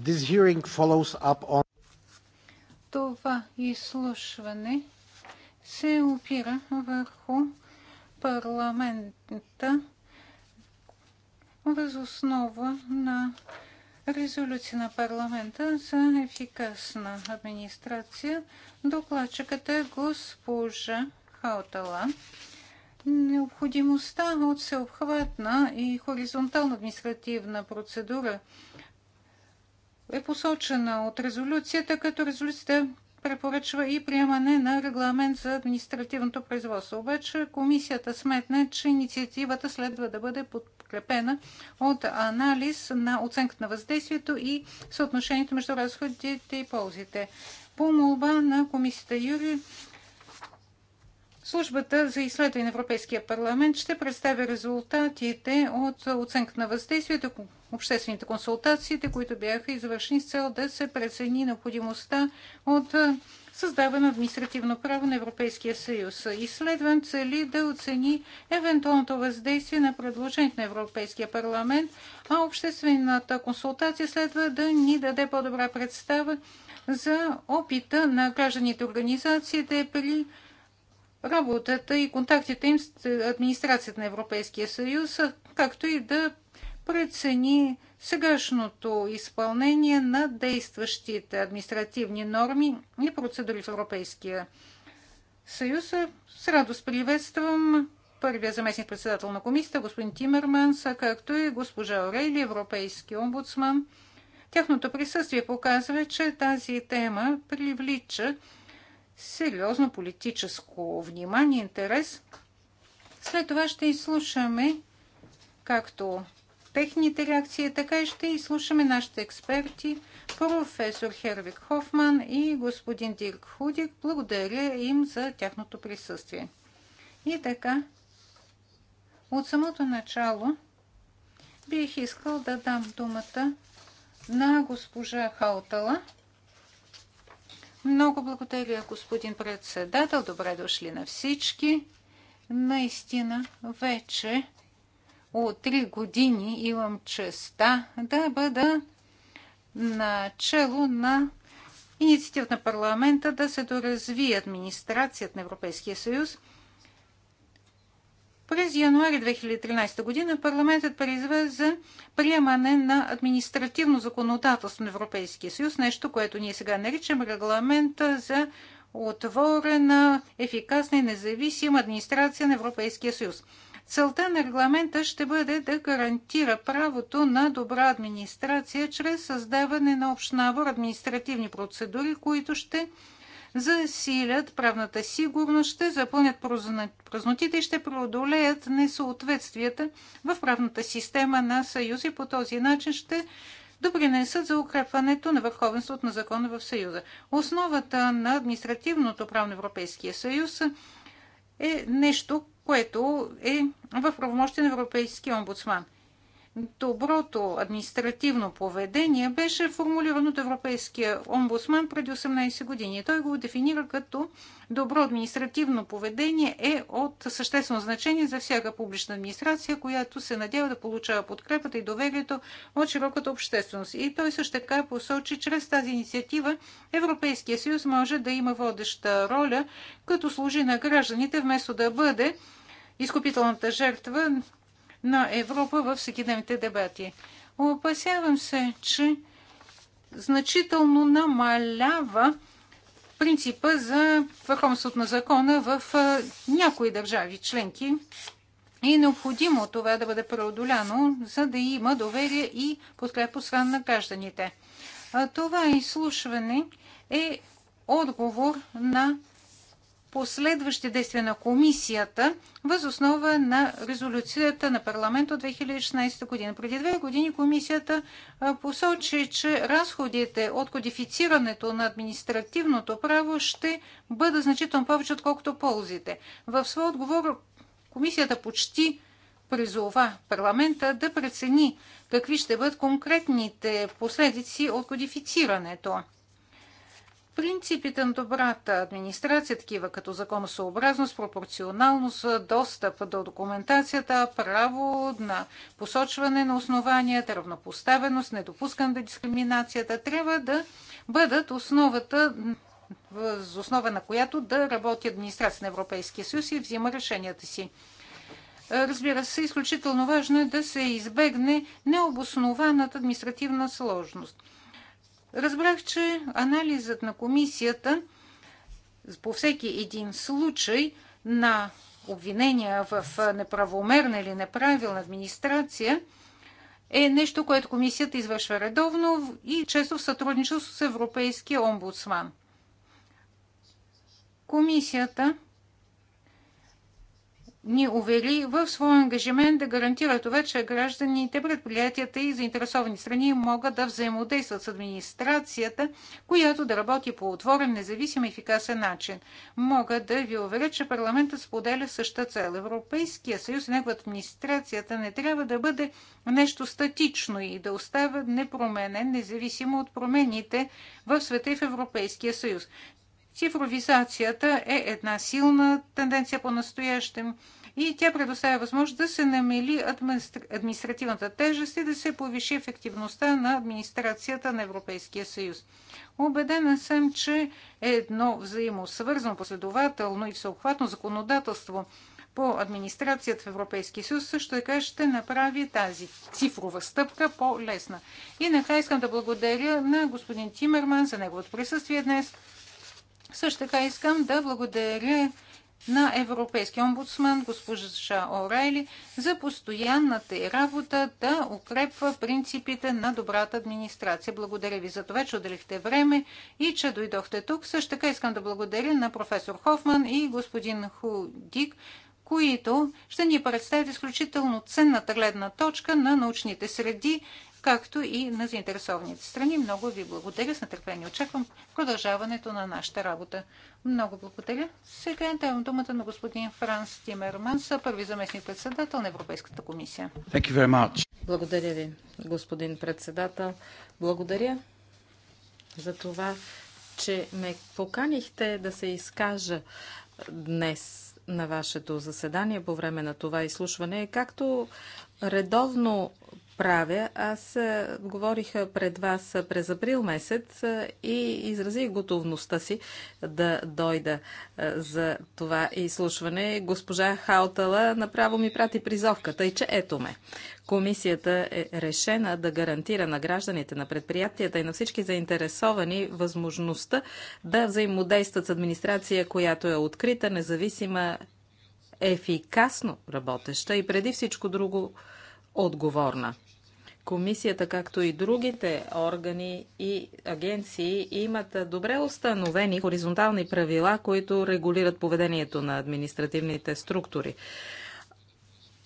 This hearing follows up on... Това изслушване се опира върху парламента основа на резолюция на парламента за ефикасна администрация. Докладчикът е госпожа Хаутала. Необходимостта от всеобхватна и хоризонтална административна процедура е посочена от резолюцията, като резолюцията препоръчва и приемане на регламент за административното производство. Обаче комисията сметне, че инициативата следва да бъде подкрепена от анализ на оценката на въздействието и съотношението между разходите и ползите. По молба на комисията Юри Службата за изследване на Европейския парламент ще представя резултатите от оценка на въздействието, обществените консултациите, които бяха извършени с цел да се прецени необходимостта от създаване на административно право на Европейския съюз. Изследван цели да оцени евентуалното въздействие на предложението на Европейския парламент, а обществената консултация следва да ни даде по-добра представа за опита на гражданите организациите при работата и контактите им с администрацията на Европейския съюз, както и да прецени сегашното изпълнение на действащите административни норми и процедури в Европейския съюз. С радост приветствам първия заместник председател на комисията, господин Тимерманс, както и госпожа Орели, европейски омбудсман. Тяхното присъствие показва, че тази тема привлича сериозно политическо внимание, интерес. След това ще изслушаме както техните реакции, така и ще изслушаме нашите експерти, професор Хервик Хофман и господин Дирк Худик. Благодаря им за тяхното присъствие. И така, от самото начало бих искал да дам думата на госпожа Халтала. Много благодаря, господин председател. Добре дошли на всички. Наистина, вече от три години имам честа да бъда начало на инициативата на парламента да се доразвие администрацията на Европейския съюз – през януари 2013 година парламентът призва за приемане на административно законодателство на Европейския съюз, нещо, което ние сега наричаме регламента за отворена, ефикасна и независима администрация на Европейския съюз. Целта на регламента ще бъде да гарантира правото на добра администрация чрез създаване на общ набор административни процедури, които ще засилят правната сигурност, ще запълнят празнотите и ще преодолеят несъответствията в правната система на Съюз и по този начин ще допринесат за укрепването на върховенството на закона в Съюза. Основата на административното право на Европейския съюз е нещо, което е в правомощие на Европейския омбудсман – доброто административно поведение беше формулирано от Европейския омбудсман преди 18 години. Той го дефинира като добро административно поведение е от съществено значение за всяка публична администрация, която се надява да получава подкрепата и доверието от широката общественост. И той също така посочи, чрез тази инициатива Европейския съюз може да има водеща роля, като служи на гражданите, вместо да бъде изкупителната жертва на Европа в всекидневните дебати. Опасявам се, че значително намалява принципа за върховенството на закона в някои държави членки. И е необходимо това да бъде преодоляно, за да има доверие и подкрепа страна на гражданите. Това изслушване е отговор на последващи действия на комисията въз основа на резолюцията на парламента от 2016 година. Преди две години комисията посочи, че разходите от кодифицирането на административното право ще бъдат значително повече, отколкото ползите. В своя отговор комисията почти призова парламента да прецени какви ще бъдат конкретните последици от кодифицирането. Принципите на добрата администрация, такива като законосъобразност, пропорционалност, достъп до документацията, право на посочване на основанията, равнопоставеност, недопускане на дискриминацията, трябва да бъдат основата въз основа на която да работи администрация на Европейския съюз и взима решенията си. Разбира се, изключително важно е да се избегне необоснованата административна сложност. Разбрах, че анализът на комисията по всеки един случай на обвинения в неправомерна или неправилна администрация е нещо, което комисията извършва редовно и често в сътрудничество с Европейския омбудсман. Комисията ни увери в своя ангажимент да гарантира това, че гражданите, предприятията и заинтересовани страни могат да взаимодействат с администрацията, която да работи по отворен, независим и ефикасен начин. Мога да ви уверя, че парламентът споделя същата цел. Европейския съюз и неговата администрацията не трябва да бъде нещо статично и да остава непроменен, независимо от промените в света и в Европейския съюз. Цифровизацията е една силна тенденция по-настоящем и тя предоставя възможност да се намели административната тежест и да се повиши ефективността на администрацията на Европейския съюз. Обедена съм, че едно взаимосвързано, последователно и всеобхватно законодателство по администрацията в Европейския съюз също така ще направи тази цифрова стъпка по-лесна. И накрая искам да благодаря на господин Тимерман за неговото присъствие днес също така искам да благодаря на Европейския омбудсман госпожа Орайли за постоянната и работа да укрепва принципите на добрата администрация. Благодаря ви за това, че отделихте време и че дойдохте тук. Също така искам да благодаря на професор Хофман и господин Худик, които ще ни представят изключително ценната гледна точка на научните среди както и на заинтересованите страни. Много ви благодаря. С нетърпение очаквам продължаването на нашата работа. Много благодаря. Сега давам думата на господин Франс Тимерманс, първи заместник председател на Европейската комисия. Благодаря ви, господин председател. Благодаря за това, че ме поканихте да се изкажа днес на вашето заседание по време на това изслушване. Както редовно правя. Аз е, говорих пред вас през април месец е, и изразих готовността си да дойда е, за това изслушване. Госпожа Хаутала направо ми прати призовката и че ето ме. Комисията е решена да гарантира на гражданите, на предприятията и на всички заинтересовани възможността да взаимодействат с администрация, която е открита, независима, ефикасно работеща и преди всичко друго отговорна. Комисията, както и другите органи и агенции, имат добре установени хоризонтални правила, които регулират поведението на административните структури.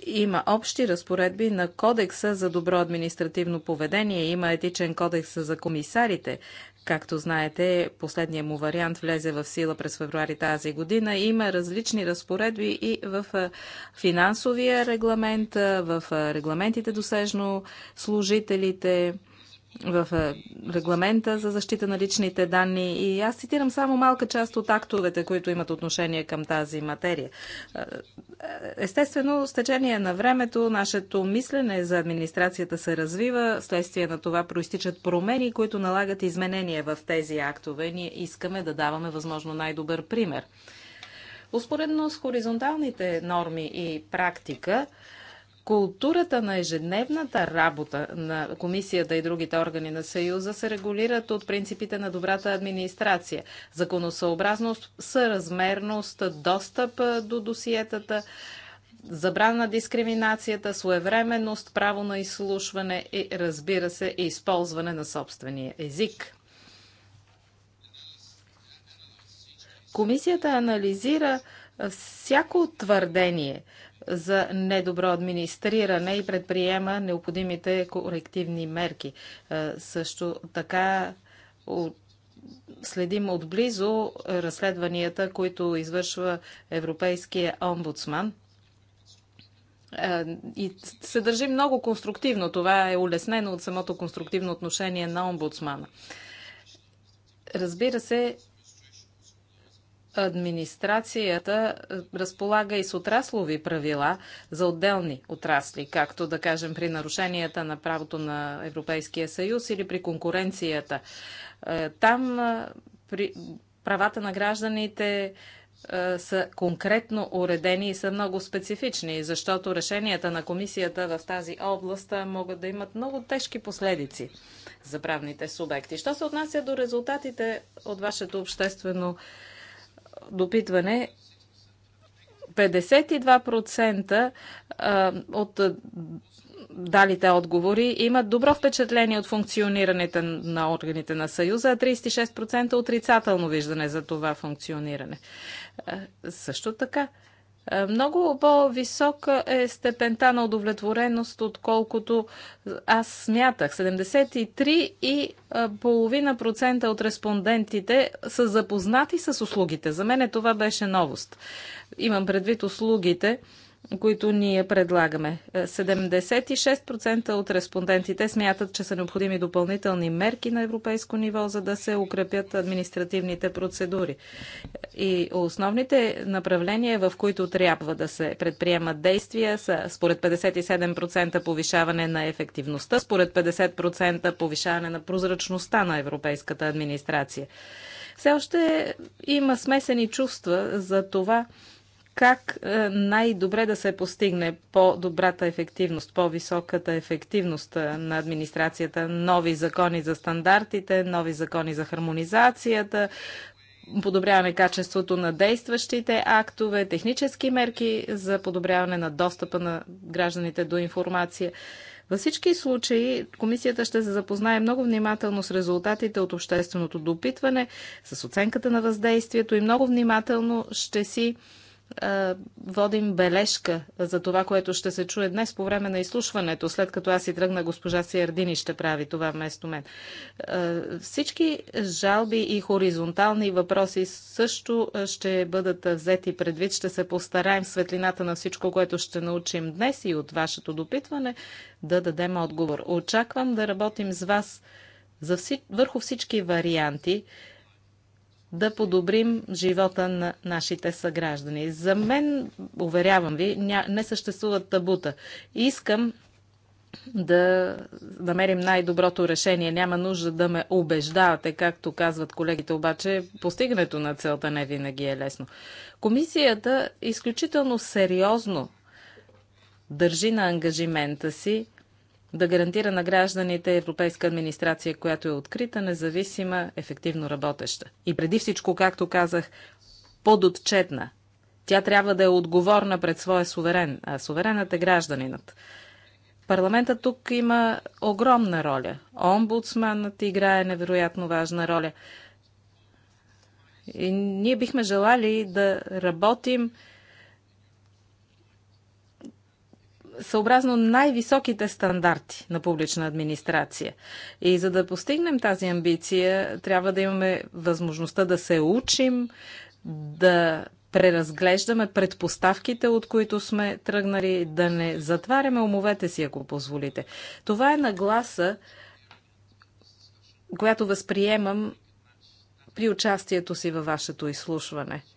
Има общи разпоредби на Кодекса за добро административно поведение, има етичен кодекс за комисарите, Както знаете, последният му вариант влезе в сила през февруари тази година. Има различни разпоредби и в финансовия регламент, в регламентите досежно служителите, в е, регламента за защита на личните данни и аз цитирам само малка част от актовете, които имат отношение към тази материя. Е, е, естествено, с течение на времето нашето мислене за администрацията се развива, следствие на това проистичат промени, които налагат изменения в тези актове. Ние искаме да даваме възможно най-добър пример. Успоредно с хоризонталните норми и практика, Културата на ежедневната работа на комисията и другите органи на Съюза се регулират от принципите на добрата администрация. Законосъобразност, съразмерност, достъп до досиетата, забрана на дискриминацията, своевременност, право на изслушване и разбира се използване на собствения език. Комисията анализира всяко твърдение, за недобро администриране и предприема необходимите корективни мерки. Е, също така следим отблизо разследванията, които извършва Европейския омбудсман. Е, и се държи много конструктивно. Това е улеснено от самото конструктивно отношение на омбудсмана. Разбира се, администрацията е, разполага и с отраслови правила за отделни отрасли, както да кажем при нарушенията на правото на Европейския съюз или при конкуренцията. Е, там е, при правата на гражданите са конкретно уредени и са много специфични, защото решенията на комисията в тази област могат да имат много тежки последици за правните субекти. Що се отнася до резултатите от вашето обществено допитване 52% от далите отговори имат добро впечатление от функционирането на органите на Съюза, а 36% отрицателно виждане за това функциониране. Също така, е, много по-висока е степента на удовлетвореност, отколкото аз смятах. 73,5% е, от респондентите са запознати с услугите. За мен това беше новост. Имам предвид услугите, които ние предлагаме. 76% е, от респондентите смятат, че са необходими допълнителни мерки на европейско ниво, за да се укрепят административните процедури. И основните направления, в които трябва да се предприемат действия, са според 57% повишаване на ефективността, според 50% повишаване на прозрачността на европейската администрация. Все още има смесени чувства за това, как е, най-добре да се постигне по-добрата ефективност, по-високата ефективност е, на администрацията, нови закони за стандартите, нови закони за хармонизацията, подобряване качеството на действащите актове, технически мерки за подобряване на достъпа на гражданите до информация. Във всички случаи комисията ще се запознае много внимателно с резултатите от общественото допитване, с оценката на въздействието и много внимателно ще си е, водим бележка за това, което ще се чуе днес по време на изслушването, след като аз и тръгна госпожа Сиердини ще прави това вместо мен. Е, всички жалби и хоризонтални въпроси също е, ще бъдат взети предвид. Ще се постараем светлината на всичко, което ще научим днес и от вашето допитване да дадем отговор. Очаквам да работим с вас за всич... върху всички варианти да подобрим живота на нашите съграждани. За мен, уверявам ви, не съществуват табута. Искам да намерим най-доброто решение. Няма нужда да ме убеждавате, както казват колегите, обаче постигането на целта не винаги е лесно. Комисията изключително сериозно държи на ангажимента си да гарантира на гражданите европейска администрация, която е открита, независима, ефективно работеща. И преди всичко, както казах, подотчетна. Тя трябва да е отговорна пред своя суверен, а суверенът е гражданинът. Парламентът тук има огромна роля. Омбудсманът играе невероятно важна роля. И ние бихме желали да работим съобразно най-високите стандарти на публична администрация. И за да постигнем тази амбиция, трябва да имаме възможността да се учим, да преразглеждаме предпоставките, от които сме тръгнали, да не затваряме умовете си, ако позволите. Това е нагласа, която възприемам при участието си във вашето изслушване –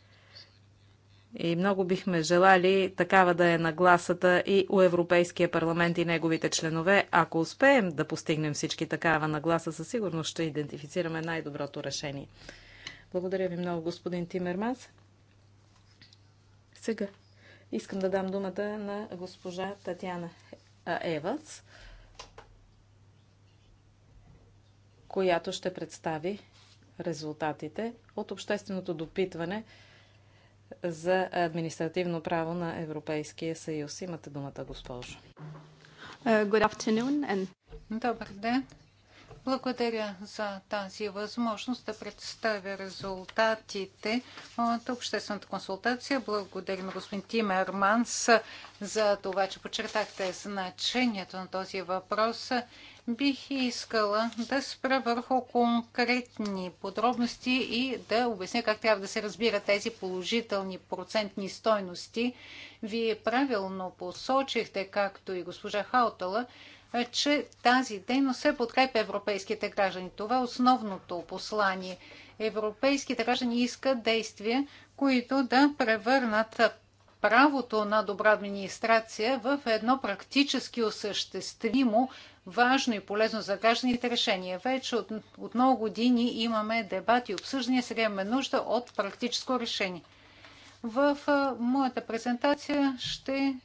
и много бихме желали такава да е нагласата и у Европейския парламент и неговите членове. Ако успеем да постигнем всички такава нагласа, със сигурност ще идентифицираме най-доброто решение. Благодаря ви много, господин Тимерманс. Сега искам да дам думата на госпожа Татьяна Евац, която ще представи резултатите от общественото допитване – за административно право на Европейския съюз. Имате думата, госпожо. Е, and... Добър ден. Благодаря за тази възможност да представя резултатите от обществената консултация. Благодаря на господин Тимер Манс за това, че подчертахте значението на този въпрос Бих искала да спра върху конкретни подробности и да обясня как трябва да се разбира тези положителни процентни стойности. Вие правилно посочихте, както и госпожа Хаутала, че тази дейност се подкрепя европейските граждани. Това е основното послание. Европейските граждани искат действия, които да превърнат правото на добра администрация в едно практически осъществимо важно и полезно за гражданите решение. Вече от, от много години имаме дебати и обсъждания, сега имаме нужда от практическо решение. В а, моята презентация ще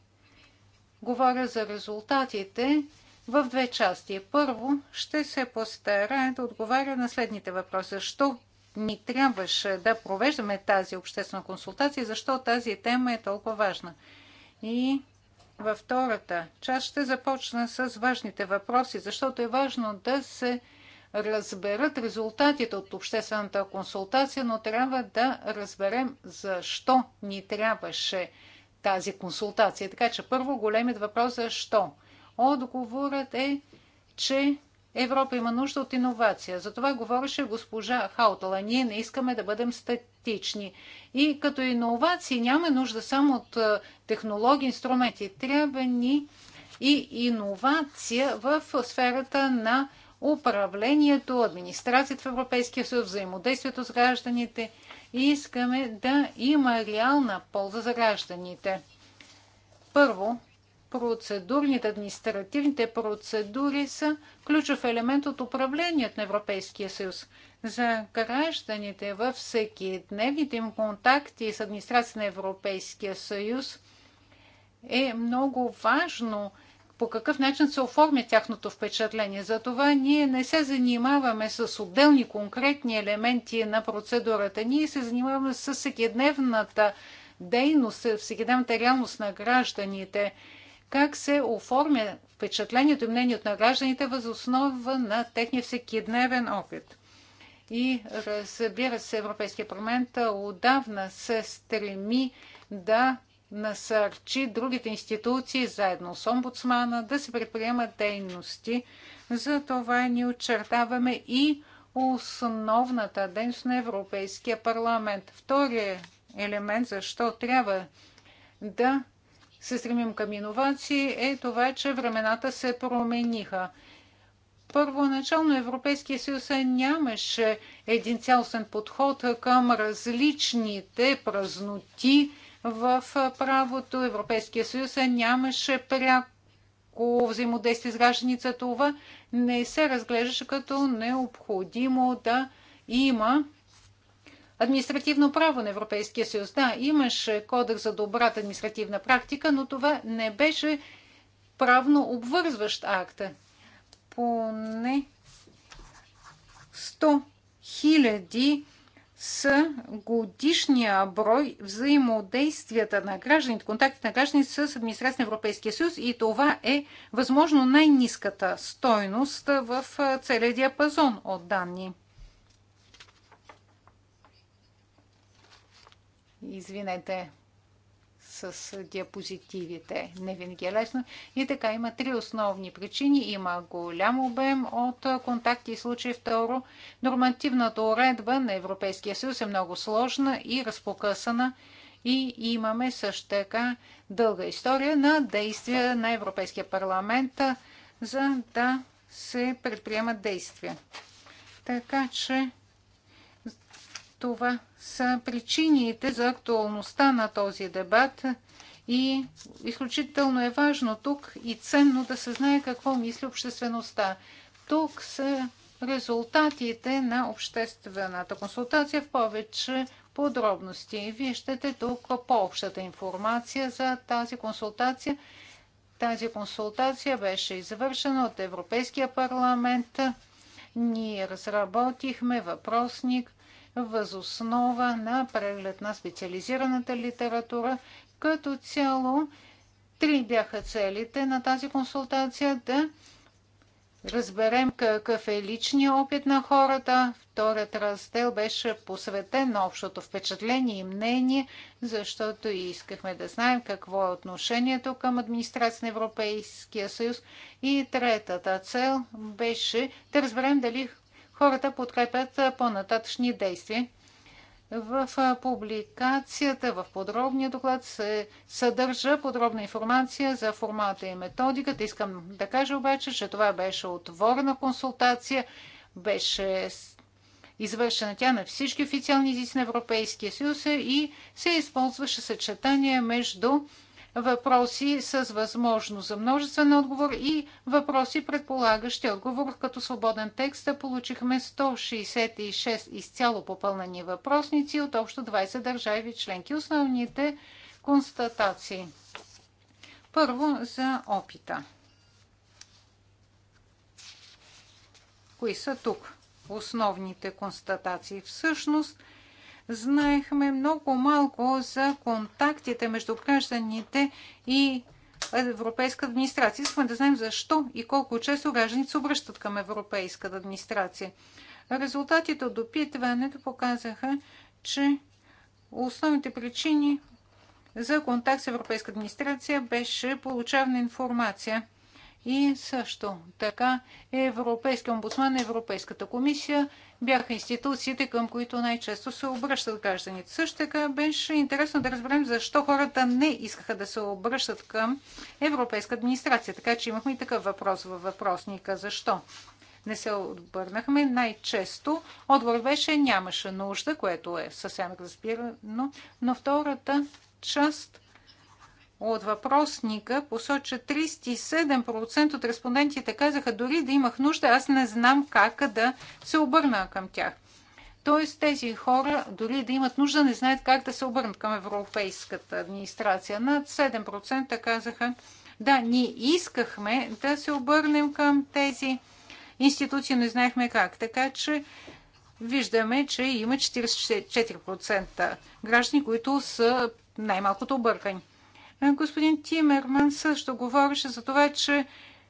говоря за резултатите в две части. Първо ще се постарая да отговаря на следните въпроси. Защо ни трябваше да провеждаме тази обществена консултация защо тази тема е толкова важна? И във втората част ще започна с важните въпроси, защото е важно да се разберат резултатите от обществената консултация, но трябва да разберем защо ни трябваше тази консултация. Така че първо големият въпрос е защо. Отговорът е, че Европа има нужда от иновация. За това говореше госпожа Хаутала. Ние не искаме да бъдем статични. И като иновации няма нужда само от технологии, инструменти. Трябва ни и иновация в сферата на управлението, администрацията в Европейския съюз, взаимодействието с гражданите. И искаме да има реална полза за гражданите. Първо, процедурните, административните процедури са ключов елемент от управлението на Европейския съюз. За гражданите във всеки дневните им контакти с администрацията на Европейския съюз е много важно по какъв начин се оформя тяхното впечатление. Затова ние не се занимаваме с отделни конкретни елементи на процедурата. Ние се занимаваме с всекидневната дейност, всекидневната реалност на гражданите как се оформя впечатлението и мнението на гражданите въз основа на техния всекидневен опит. И разбира се, Европейския парламент отдавна се стреми да насърчи другите институции, заедно с омбудсмана, да се предприемат дейности. За това ни очертаваме и основната дейност на Европейския парламент. Втория елемент, защо трябва да се стремим към иновации, е това, че времената се промениха. Първоначално Европейския съюз нямаше един цялостен подход към различните празноти в правото. Европейския съюз нямаше пряко взаимодействие с гражданица. Това не се разглеждаше като необходимо да има административно право на Европейския съюз. Да, имаше кодекс за добрата административна практика, но това не беше правно обвързващ акт. Поне 100 хиляди с годишния брой взаимодействията на гражданите, контактите на гражданите с администрация на Европейския съюз и това е възможно най-низката стойност в целия диапазон от данни. извинете, с диапозитивите. Не винаги е лесно. И така, има три основни причини. Има голям обем от контакти и случаи. Второ, нормативната уредба на Европейския съюз е много сложна и разпокъсана. И имаме също така дълга история на действия на Европейския парламент, за да се предприемат действия. Така че това са причините за актуалността на този дебат и изключително е важно тук и ценно да се знае какво мисли обществеността. Тук са резултатите на обществената консултация в повече подробности. Виждате тук по-общата информация за тази консултация. Тази консултация беше извършена от Европейския парламент. Ние разработихме въпросник, възоснова на преглед на специализираната литература. Като цяло, три бяха целите на тази консултация да разберем какъв е личният опит на хората. Вторият раздел беше посветен на общото впечатление и мнение, защото искахме да знаем какво е отношението към администрация на Европейския съюз. И третата цел беше да разберем дали хората подкрепят по-нататъчни действия. В публикацията, в подробния доклад се съдържа подробна информация за формата и методиката. Искам да кажа обаче, че това беше отворена консултация, беше извършена тя на всички официални езици на Европейския съюз и се използваше съчетание между въпроси с възможност за множествен отговор и въпроси предполагащи отговор като свободен текст. Получихме 166 изцяло попълнени въпросници от общо 20 държави членки. Основните констатации. Първо за опита. Кои са тук основните констатации? Всъщност – знаехме много малко за контактите между гражданите и Европейска администрация. Искаме да знаем защо и колко често гражданите се обръщат към Европейската администрация. Резултатите от допитването показаха, че основните причини за контакт с Европейска администрация беше получавана информация – и също така Европейския омбудсман, Европейската комисия бяха институциите, към които най-често се обръщат гражданите. Също така беше интересно да разберем защо хората не искаха да се обръщат към Европейска администрация. Така че имахме и такъв въпрос във въпросника. Защо? не се обърнахме. Най-често отговор беше нямаше нужда, което е съвсем разбирано. Но втората част от въпросника посоча 37% от респондентите казаха, дори да имах нужда, аз не знам как да се обърна към тях. Тоест тези хора, дори да имат нужда, не знаят как да се обърнат към европейската администрация. Над 7% казаха, да, ние искахме да се обърнем към тези институции, не знаехме как. Така че виждаме, че има 44% граждани, които са най-малкото объркани. Господин Тимерман също говореше за това, че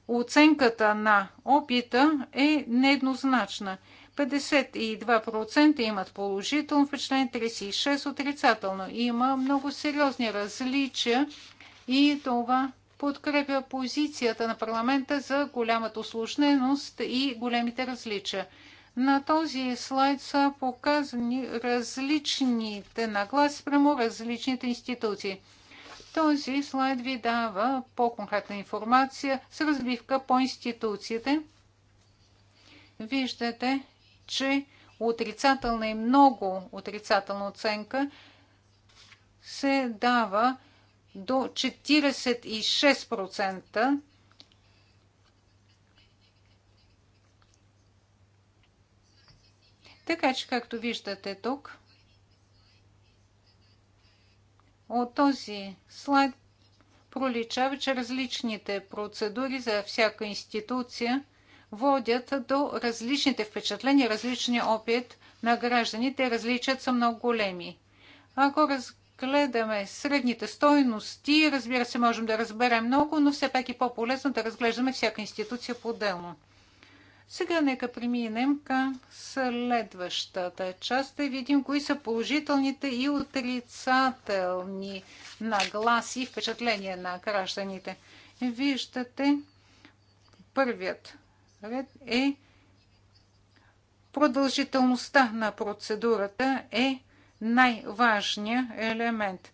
оценката на опита е нееднозначна. 52% имат положително впечатление, 36% отрицателно. Има много сериозни различия и това подкрепя позицията на парламента за голямата осложненост и големите различия. На този слайд са показани различните нагласи прямо различните институции. Този слайд ви дава по-конкретна информация с разбивка по институциите. Виждате, че отрицателна и много отрицателна оценка се дава до 46%. Така че, както виждате тук, От този слайд проличава, че различните процедури за всяка институция водят до различните впечатления, различни опит на гражданите. Различат са много големи. Ако разгледаме средните стойности, разбира се, можем да разберем много, но все пак е по-полезно да разглеждаме всяка институция по-отделно. Сега нека преминем към следващата част да видим кои са положителните и отрицателни нагласи и впечатления на гражданите. Виждате, първият ред е продължителността на процедурата е най-важният елемент.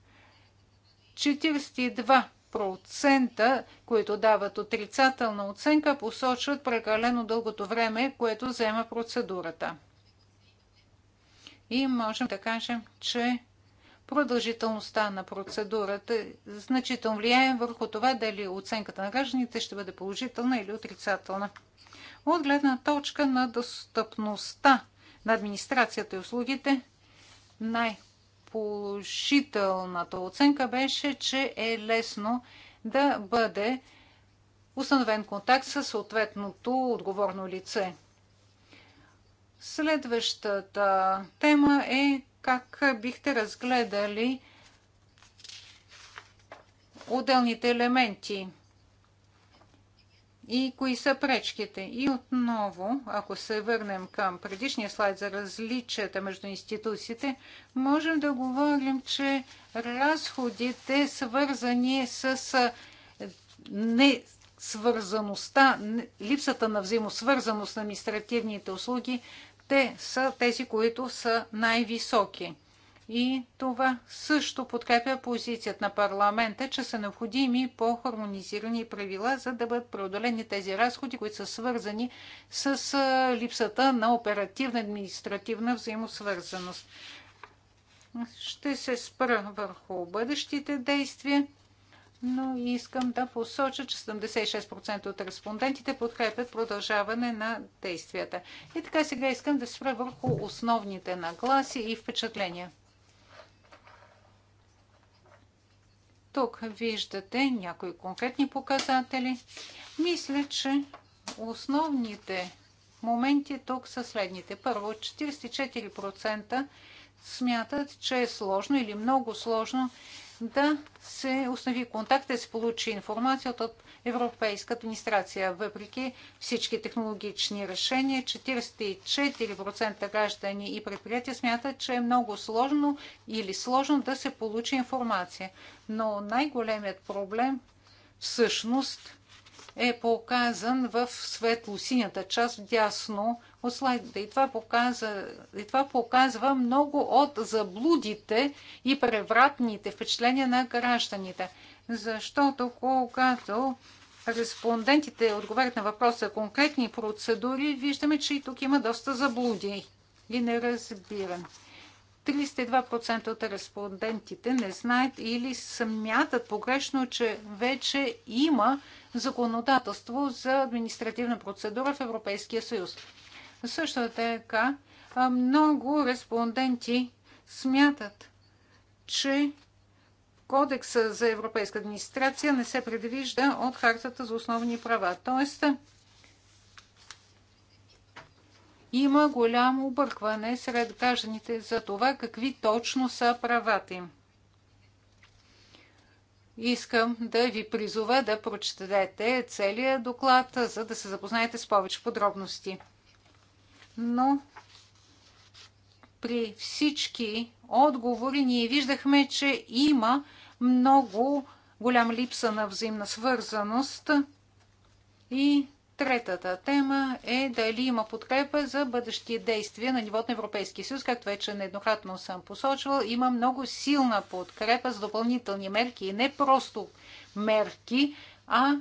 42 процента, които дават отрицателна оценка, посочват прекалено дългото време, което взема процедурата. И можем да кажем, че продължителността на процедурата значително влияе върху това дали оценката на гражданите ще бъде положителна или отрицателна. От гледна точка на достъпността на администрацията и услугите, най положителната оценка беше, че е лесно да бъде установен контакт с съответното отговорно лице. Следващата тема е как бихте разгледали отделните елементи и кои са пречките. И отново, ако се върнем към предишния слайд за различията между институциите, можем да говорим, че разходите свързани с не свързаността, липсата на взаимосвързаност на административните услуги, те са тези, които са най-високи. И това също подкрепя позицията на парламента, че са необходими по-хармонизирани правила, за да бъдат преодолени тези разходи, които са свързани с липсата на оперативна административна взаимосвързаност. Ще се спра върху бъдещите действия, но искам да посоча, че 76% от респондентите подкрепят продължаване на действията. И така сега искам да спра върху основните нагласи и впечатления. Тук виждате някои конкретни показатели. Мисля, че основните моменти тук са следните. Първо, 44% смятат, че е сложно или много сложно да се установи контакт, да се получи информация от Европейска администрация. Въпреки всички технологични решения, 44% граждани и предприятия смятат, че е много сложно или сложно да се получи информация. Но най-големият проблем всъщност е показан в светло-синята част, дясно от слайдите. И това, показа, и това показва много от заблудите и превратните впечатления на гражданите. Защото когато респондентите отговарят на въпроса конкретни процедури, виждаме, че и тук има доста заблуди и неразбиран. 32% от респондентите не знаят или смятат погрешно, че вече има законодателство за административна процедура в Европейския съюз. Също така, много респонденти смятат, че Кодекса за европейска администрация не се предвижда от Хартата за основни права. Тоест, има голямо объркване сред гражданите за това какви точно са правата им искам да ви призова да прочетете целия доклад, за да се запознаете с повече подробности. Но при всички отговори ние виждахме, че има много голям липса на взаимна свързаност и Третата тема е дали има подкрепа за бъдещи действия на нивото на Европейския съюз. Както вече нееднократно съм посочвал, има много силна подкрепа с допълнителни мерки и не просто мерки, а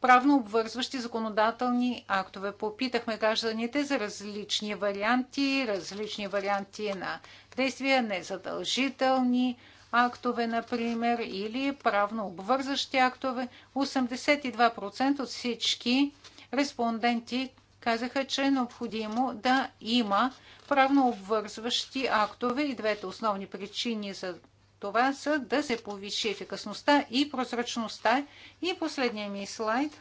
правно обвързващи законодателни актове. Попитахме гражданите за различни варианти, различни варианти на действия, незадължителни, актове, например, или правно обвързащи актове. 82% от всички респонденти казаха, че е необходимо да има правно обвързващи актове и двете основни причини за това са да се повиши ефикасността и прозрачността. И последния ми слайд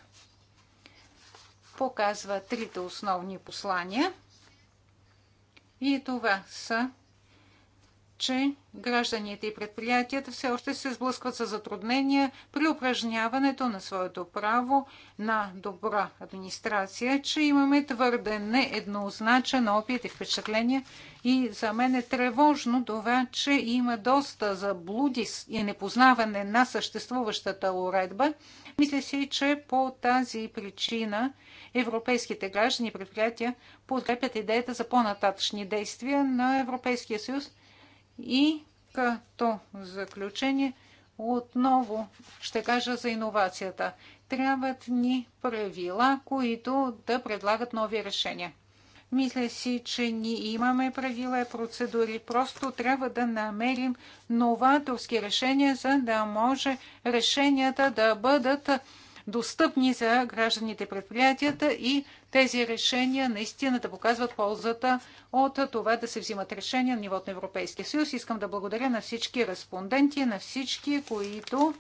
показва трите основни послания. И това са че гражданите и предприятията все още се сблъскват с затруднения при упражняването на своето право на добра администрация, че имаме твърде нееднозначен опит и впечатление и за мен е тревожно това, че има доста заблуди и непознаване на съществуващата уредба. Мисля си, че по тази причина европейските граждани и предприятия подкрепят идеята за по-нататъчни действия на Европейския съюз – и като заключение отново ще кажа за иновацията. Трябват ни правила, които да предлагат нови решения. Мисля си, че ние имаме правила и процедури. Просто трябва да намерим новаторски решения, за да може решенията да бъдат достъпни за гражданите предприятията и тези решения наистина да показват ползата от това да се взимат решения на нивото на Европейския съюз. Искам да благодаря на всички респонденти, на всички, които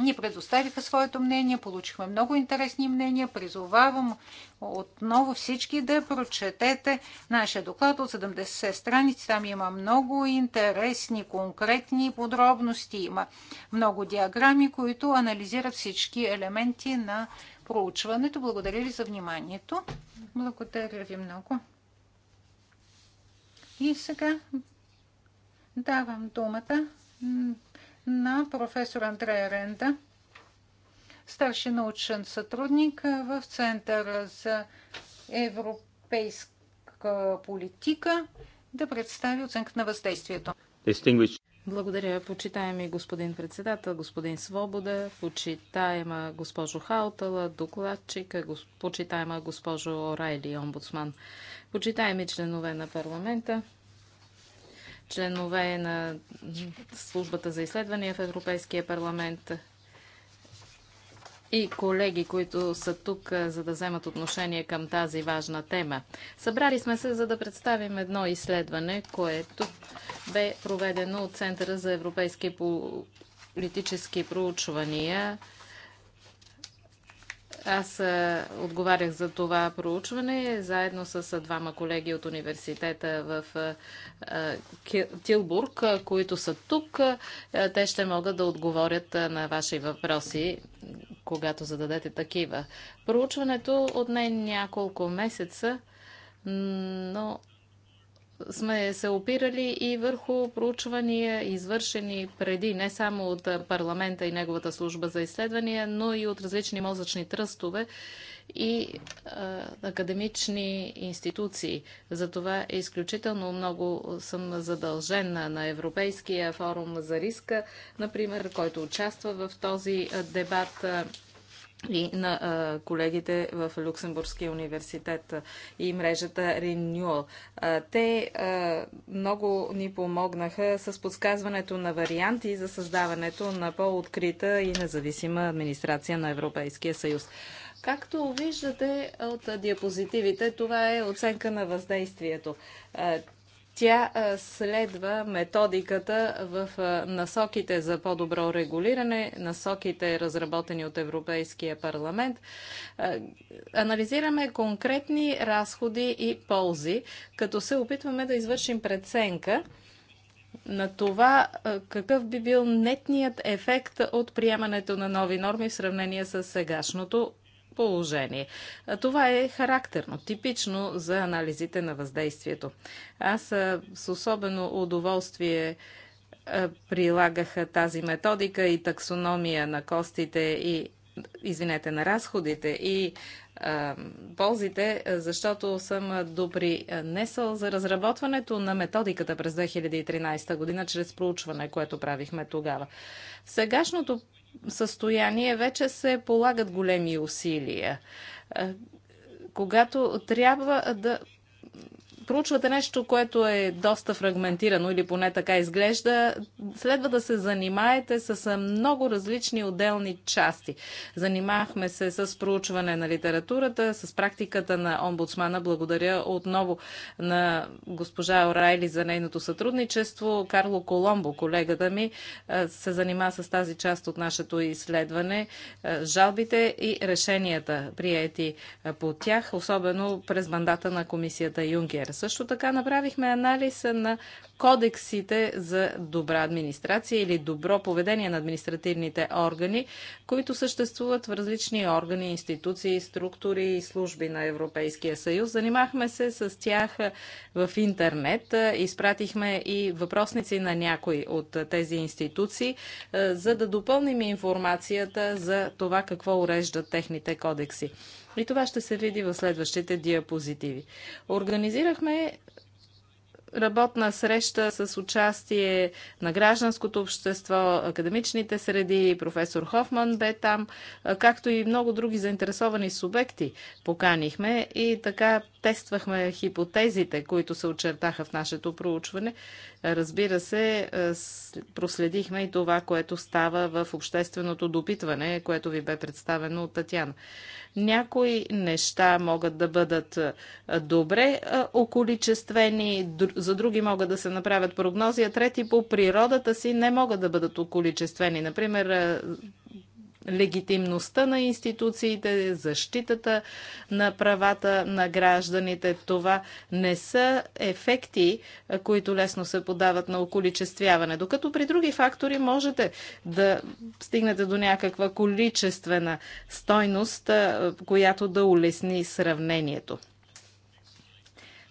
ни предоставиха своето мнение, получихме много интересни мнения. Призовавам отново всички да прочетете нашия доклад от 70 страници. Там има много интересни, конкретни подробности. Има много диаграми, които анализират всички елементи на проучването. Благодаря ви за вниманието. Благодаря ви много. И сега давам думата на професор Андрея Ренда, старши научен сътрудник в Центъра за европейска политика, да представи оценка на въздействието. Благодаря, почитаеми господин председател, господин Свобода, почитаема госпожо Хаутала, докладчика, почитаема госпожо Орайли, омбудсман, почитаеми членове на парламента, членове на службата за изследвания в Европейския парламент, и колеги, които са тук, е, за да вземат отношение към тази важна тема. Събрали сме се, за да представим едно изследване, което бе проведено от Центъра за европейски политически проучвания аз отговарях за това проучване заедно с двама колеги от университета в Тилбург, които са тук. Те ще могат да отговорят на ваши въпроси, когато зададете такива. Проучването отне няколко месеца, но сме се опирали и върху проучвания, извършени преди не само от парламента и неговата служба за изследвания, но и от различни мозъчни тръстове и а, академични институции. Затова изключително много съм задължен на Европейския форум за риска, например, който участва в този дебат и на колегите в Люксембургския университет и мрежата Renewal. Те много ни помогнаха с подсказването на варианти за създаването на по-открита и независима администрация на Европейския съюз. Както виждате от диапозитивите, това е оценка на въздействието. Тя следва методиката в насоките за по-добро регулиране, насоките разработени от Европейския парламент. Анализираме конкретни разходи и ползи, като се опитваме да извършим преценка на това какъв би бил нетният ефект от приемането на нови норми в сравнение с сегашното положение. Това е характерно, типично за анализите на въздействието. Аз с особено удоволствие прилагах тази методика и таксономия на костите и извинете, на разходите и а, ползите, защото съм допринесъл за разработването на методиката през 2013 година чрез проучване, което правихме тогава. В сегашното състояние вече се полагат големи усилия. Е, когато трябва да проучвате нещо, което е доста фрагментирано или поне така изглежда, следва да се занимаете с много различни отделни части. Занимахме се с проучване на литературата, с практиката на омбудсмана. Благодаря отново на госпожа Орайли за нейното сътрудничество. Карло Коломбо, колегата ми, се занима с тази част от нашето изследване. Жалбите и решенията, приети по тях, особено през мандата на комисията Юнкер. Също така направихме анализа на кодексите за добра администрация или добро поведение на административните органи, които съществуват в различни органи, институции, структури и служби на Европейския съюз. Занимахме се с тях в интернет. Изпратихме и въпросници на някои от тези институции, е, за да допълним информацията за това какво уреждат техните кодекси. И това ще се види в следващите диапозитиви. Организирахме работна среща с участие на гражданското общество, академичните среди, професор Хофман бе там, както и много други заинтересовани субекти поканихме и така тествахме хипотезите, които се очертаха в нашето проучване. Разбира се, проследихме и това, което става в общественото допитване, което ви бе представено от Татьяна. Някои неща могат да бъдат добре околичествени, за други могат да се направят прогнози, а трети по природата си не могат да бъдат околичествени. Например, е, легитимността на институциите, защитата на правата на гражданите. Това не са ефекти, е, които лесно се подават на околичествяване. Докато при други фактори можете да стигнете до някаква количествена стойност, е, която да улесни сравнението.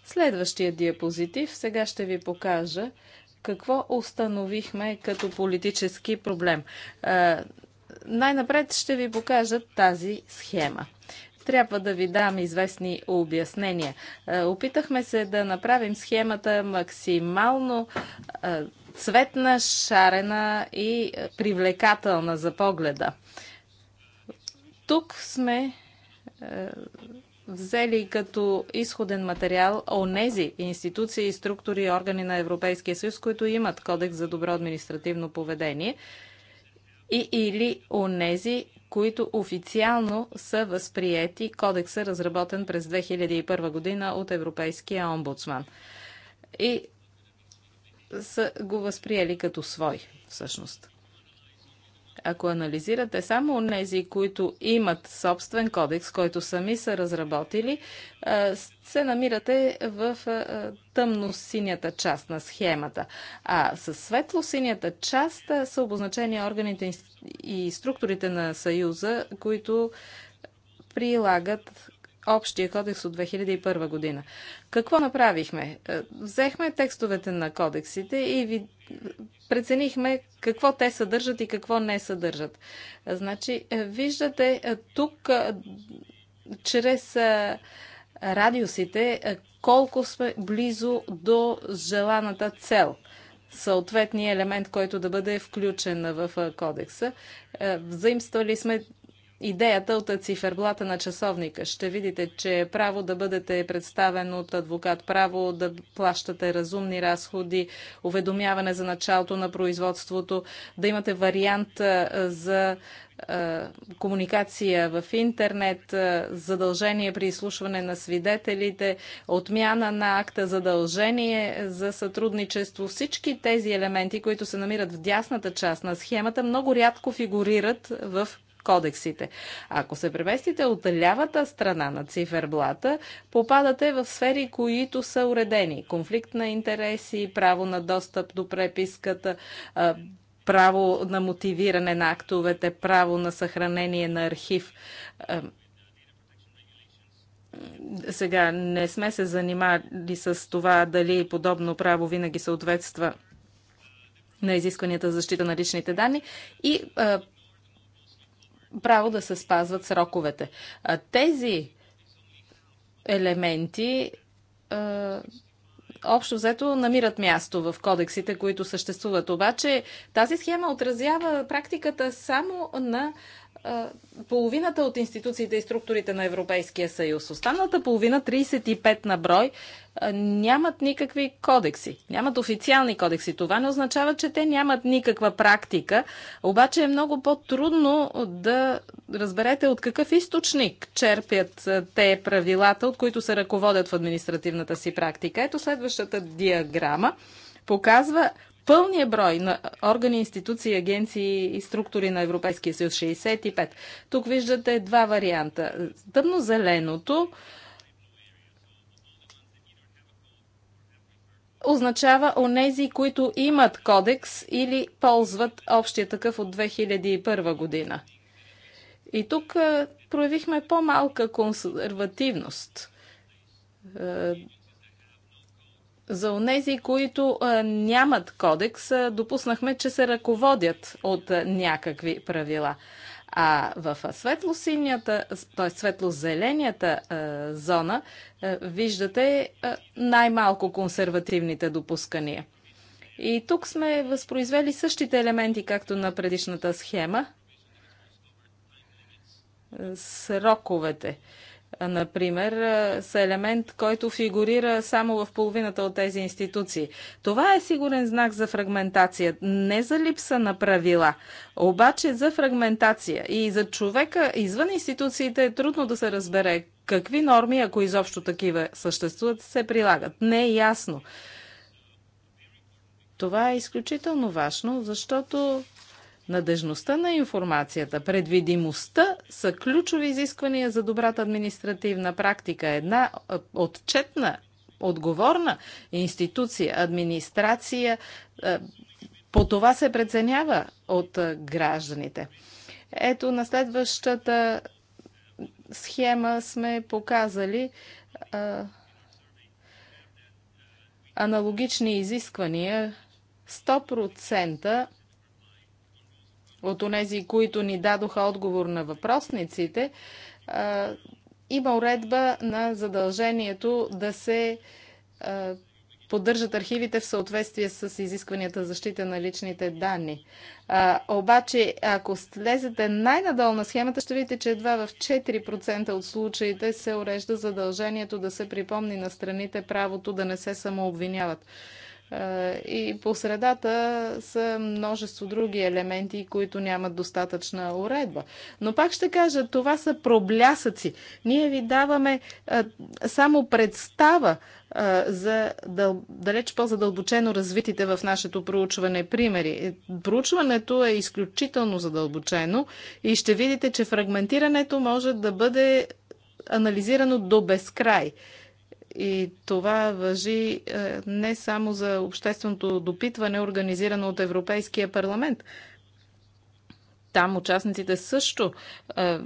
Следващия диапозитив сега ще ви покажа какво установихме като политически проблем. Най-напред ще ви покажа тази схема трябва да ви дам известни обяснения. Опитахме се да направим схемата максимално цветна, шарена и привлекателна за погледа. Тук сме взели като изходен материал онези институции, и структури и органи на Европейския съюз, които имат кодекс за добро административно поведение и или онези, които официално са възприети кодекса, разработен през 2001 година от Европейския омбудсман. И са го възприели като свой, всъщност ако анализирате само тези, които имат собствен кодекс, който сами са разработили, се намирате в тъмно-синята част на схемата. А с светло-синята част са обозначени органите и структурите на Съюза, които прилагат общия кодекс от 2001 година. Какво направихме? Е, взехме текстовете на кодексите и ви преценихме какво те съдържат и какво не съдържат. Значи, е, виждате е, тук чрез радиусите колко сме близо до желаната цел съответния елемент, който да бъде включен в кодекса. Взаимствали сме идеята от циферблата на часовника. Ще видите, че е право да бъдете представен от адвокат, право да плащате разумни разходи, уведомяване за началото на производството, да имате вариант за комуникация в интернет, задължение при изслушване на свидетелите, отмяна на акта, задължение за сътрудничество. Всички тези елементи, които се намират в дясната част на схемата, много рядко фигурират в кодексите. Ако се преместите от лявата страна на циферблата, попадате в сфери, които са уредени. Конфликт на интереси, право на достъп до преписката, право на мотивиране на актовете, право на съхранение на архив. Сега не сме се занимали с това дали подобно право винаги съответства на изискванията за защита на личните данни и а, право да се спазват сроковете. А тези елементи общо взето намират място в кодексите, които съществуват. Обаче тази схема отразява практиката само на половината от институциите и структурите на Европейския съюз. останата половина, 35 на брой, нямат никакви кодекси. Нямат официални кодекси. Това не означава, че те нямат никаква практика. Обаче е много по-трудно да разберете от какъв източник черпят те правилата, от които се ръководят в административната си практика. Ето следващата диаграма показва пълния брой на органи, институции, агенции и структури на Европейския съюз 65. Тук виждате два варианта. Тъмнозеленото, зеленото означава онези, които имат кодекс или ползват общия такъв от 2001 година. И тук проявихме по-малка консервативност за онези, които нямат кодекс, допуснахме, че се ръководят от някакви правила. А в светло-синята, т.е. светло-зеленията зона, виждате най-малко консервативните допускания. И тук сме възпроизвели същите елементи, както на предишната схема. Сроковете например, са елемент, който фигурира само в половината от тези институции. Това е сигурен знак за фрагментация, не за липса на правила, обаче за фрагментация. И за човека извън институциите е трудно да се разбере какви норми, ако изобщо такива съществуват, се прилагат. Не е ясно. Това е изключително важно, защото Надежността на информацията, предвидимостта са ключови изисквания за добрата административна практика. Една отчетна, отговорна институция, администрация, по това се преценява от гражданите. Ето на следващата схема сме показали аналогични изисквания 100% от онези, които ни дадоха отговор на въпросниците, има уредба на задължението да се поддържат архивите в съответствие с изискванията за защита на личните данни. А, обаче, ако слезете най-надолу на схемата, ще видите, че едва в 4% от случаите се урежда задължението да се припомни на страните правото да не се самообвиняват. Е, и по средата са множество други елементи, които нямат достатъчна уредба. Но пак ще кажа, това са проблясъци. Ние ви даваме е, само представа е, за дъл... далеч по-задълбочено развитите в нашето проучване примери. Проучването е изключително задълбочено и ще видите, че фрагментирането може да бъде анализирано до безкрай. И това въжи е, не само за общественото допитване, организирано от Европейския парламент. Там участниците също е,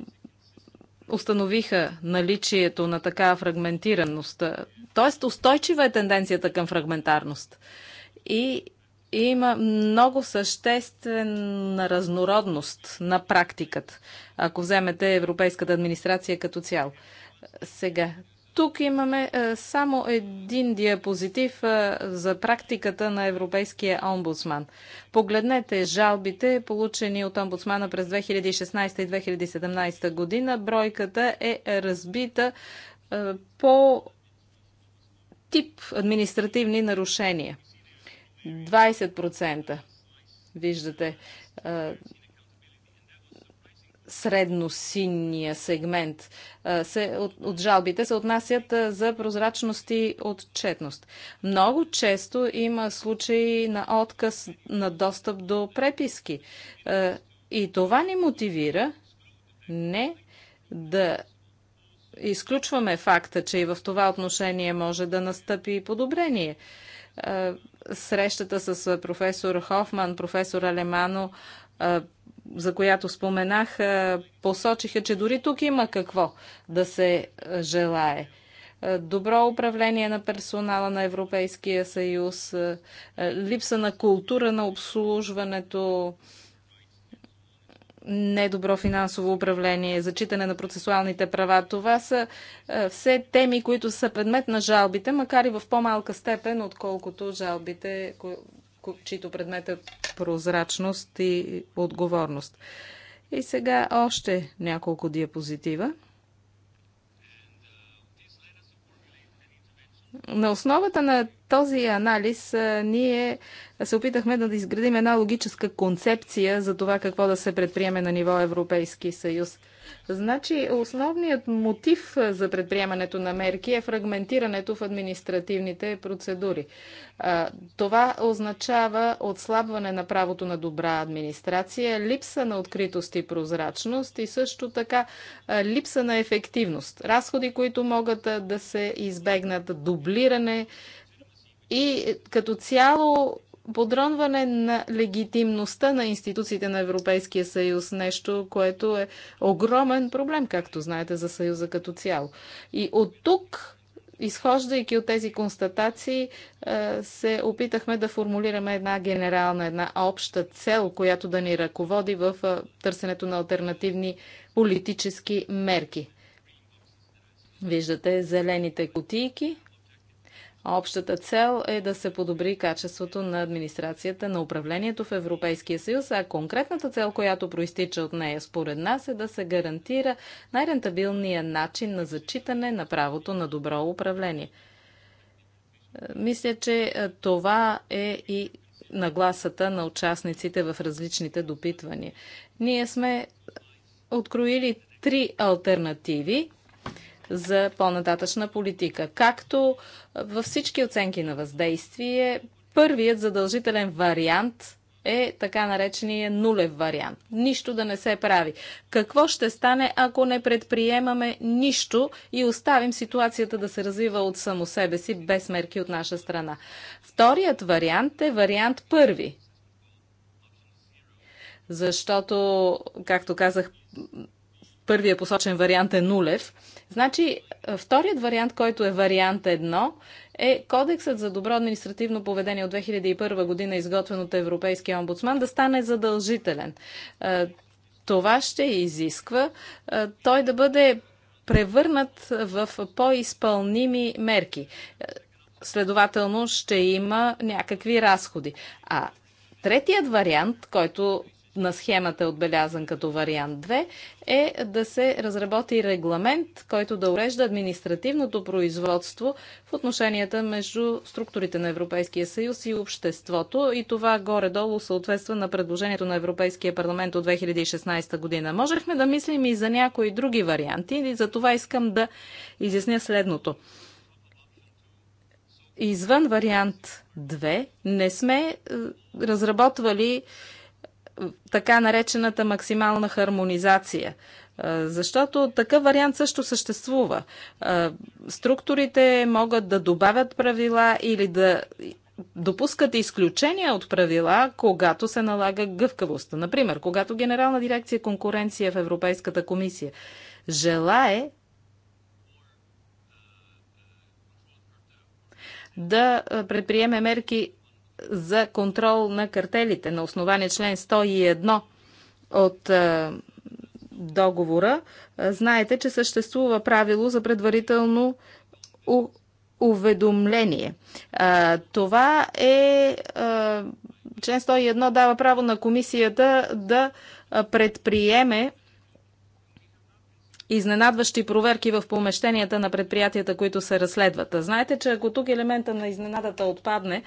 установиха наличието на такава фрагментираност. Тоест устойчива е тенденцията към фрагментарност. И има много съществена разнородност на практиката, ако вземете европейската администрация като цяло. Сега, тук имаме е, само един диапозитив е, за практиката на Европейския омбудсман. Погледнете жалбите, получени от омбудсмана през 2016 и 2017 година. Бройката е разбита е, по тип административни нарушения. 20% виждате средносинния сегмент. Се, от, от жалбите се отнасят за прозрачност и отчетност. Много често има случаи на отказ на достъп до преписки. И това ни мотивира не да изключваме факта, че и в това отношение може да настъпи подобрение. Срещата с професор Хофман, професор Алемано за която споменах, посочиха, че дори тук има какво да се желае. Добро управление на персонала на Европейския съюз, липса на култура на обслужването, недобро финансово управление, зачитане на процесуалните права. Това са все теми, които са предмет на жалбите, макар и в по-малка степен, отколкото жалбите, чието предмет е прозрачност и отговорност. И сега още няколко диапозитива. На основата на този анализ ние се опитахме да изградим една логическа концепция за това какво да се предприеме на ниво Европейски съюз – Значи основният мотив за предприемането на мерки е фрагментирането в административните процедури. Това означава отслабване на правото на добра администрация, липса на откритост и прозрачност и също така липса на ефективност. Разходи, които могат да се избегнат, дублиране и като цяло подронване на легитимността на институциите на Европейския съюз, нещо, което е огромен проблем, както знаете, за съюза като цяло. И от тук изхождайки от тези констатации, се опитахме да формулираме една генерална, една обща цел, която да ни ръководи в търсенето на альтернативни политически мерки. Виждате зелените кутийки. Общата цел е да се подобри качеството на администрацията на управлението в Европейския съюз, а конкретната цел, която проистича от нея според нас е да се гарантира най-рентабилният начин на зачитане на правото на добро управление. Мисля, че това е и нагласата на участниците в различните допитвания. Ние сме откроили три альтернативи – за по-нататъчна политика. Както във всички оценки на въздействие, първият задължителен вариант е така наречения нулев вариант. Нищо да не се прави. Какво ще стане, ако не предприемаме нищо и оставим ситуацията да се развива от само себе си, без мерки от наша страна? Вторият вариант е вариант първи. Защото, както казах, първия посочен вариант е нулев. Значи, вторият вариант, който е вариант 1, е Кодексът за добро административно поведение от 2001 година, изготвен от Европейския омбудсман, да стане задължителен. Това ще изисква той да бъде превърнат в по-изпълними мерки. Следователно ще има някакви разходи. А третият вариант, който на схемата е отбелязан като вариант 2, е да се разработи регламент, който да урежда административното производство в отношенията между структурите на Европейския съюз и обществото. И това горе-долу съответства на предложението на Европейския парламент от 2016 година. Можехме да мислим и за някои други варианти, и за това искам да изясня следното извън вариант 2 не сме е, разработвали така наречената максимална хармонизация. Защото такъв вариант също съществува. Структурите могат да добавят правила или да допускат изключения от правила, когато се налага гъвкавост. Например, когато Генерална дирекция конкуренция в Европейската комисия желае да предприеме мерки за контрол на картелите на основание член 101 от е, договора. Е, знаете, че съществува правило за предварително уведомление. Е, това е член 101 дава право на комисията да предприеме изненадващи проверки в помещенията на предприятията, които се разследват. Знаете, че ако тук елемента на изненадата отпадне,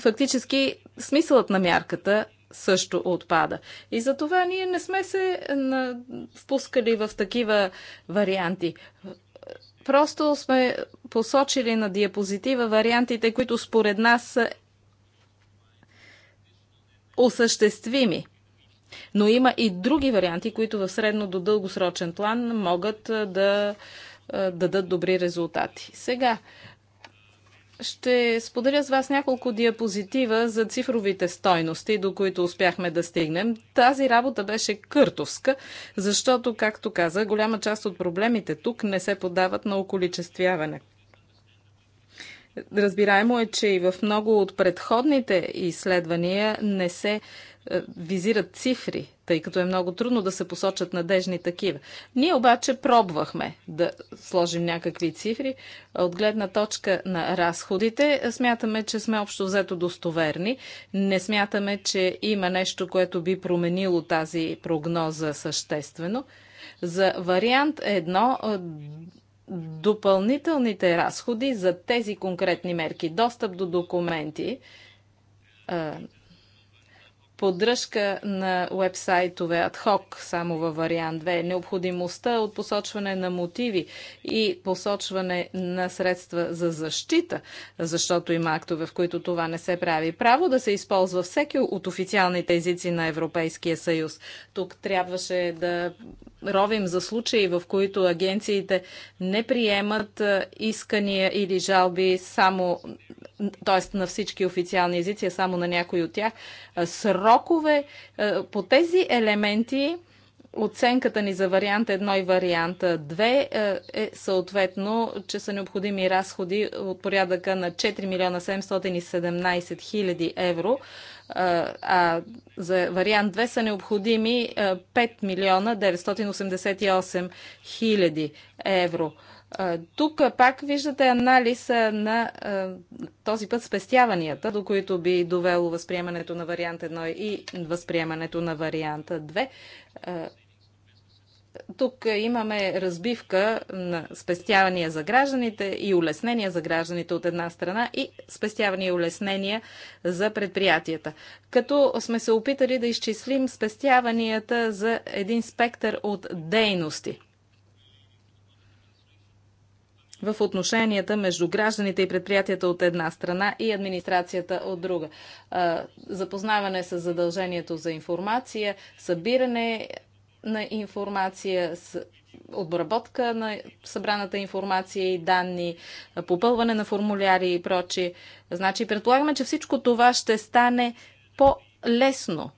фактически смисълът на мярката също отпада. И за това ние не сме се впускали в такива варианти. Просто сме посочили на диапозитива вариантите, които според нас са осъществими. Но има и други варианти, които в средно до дългосрочен план могат да дадат добри резултати. Сега, ще споделя с вас няколко диапозитива за цифровите стойности, до които успяхме да стигнем. Тази работа беше къртовска, защото, както каза, голяма част от проблемите тук не се подават на околичествяване. Разбираемо е, че и в много от предходните изследвания не се е, визират цифри, тъй като е много трудно да се посочат надежни такива. Ние обаче пробвахме да сложим някакви цифри. От гледна точка на разходите е, смятаме, че сме общо взето достоверни. Не смятаме, че има нещо, което би променило тази прогноза съществено. За вариант едно е, допълнителните разходи за тези конкретни мерки, достъп до документи, поддръжка на уебсайтове адхок, само във вариант 2, необходимостта от посочване на мотиви и посочване на средства за защита, защото има актове, в които това не се прави. Право да се използва всеки от официалните езици на Европейския съюз. Тук трябваше да ровим за случаи, в които агенциите не приемат искания или жалби само т.е. на всички официални езици, а само на някои от тях, срокове. По тези елементи оценката ни за вариант 1 и вариант 2 е съответно, че са необходими разходи от порядъка на 4 милиона 717 хиляди евро, а за вариант 2 са необходими 5 милиона 988 хиляди евро. Тук пак виждате анализ на този път спестяванията, до които би довело възприемането на вариант 1 и възприемането на вариант 2. Тук имаме разбивка на спестявания за гражданите и улеснения за гражданите от една страна и спестявания и улеснения за предприятията. Като сме се опитали да изчислим спестяванията за един спектър от дейности в отношенията между гражданите и предприятията от една страна и администрацията от друга. Запознаване с задължението за информация, събиране на информация, обработка на събраната информация и данни, попълване на формуляри и прочие. Значи, предполагаме, че всичко това ще стане по-лесно.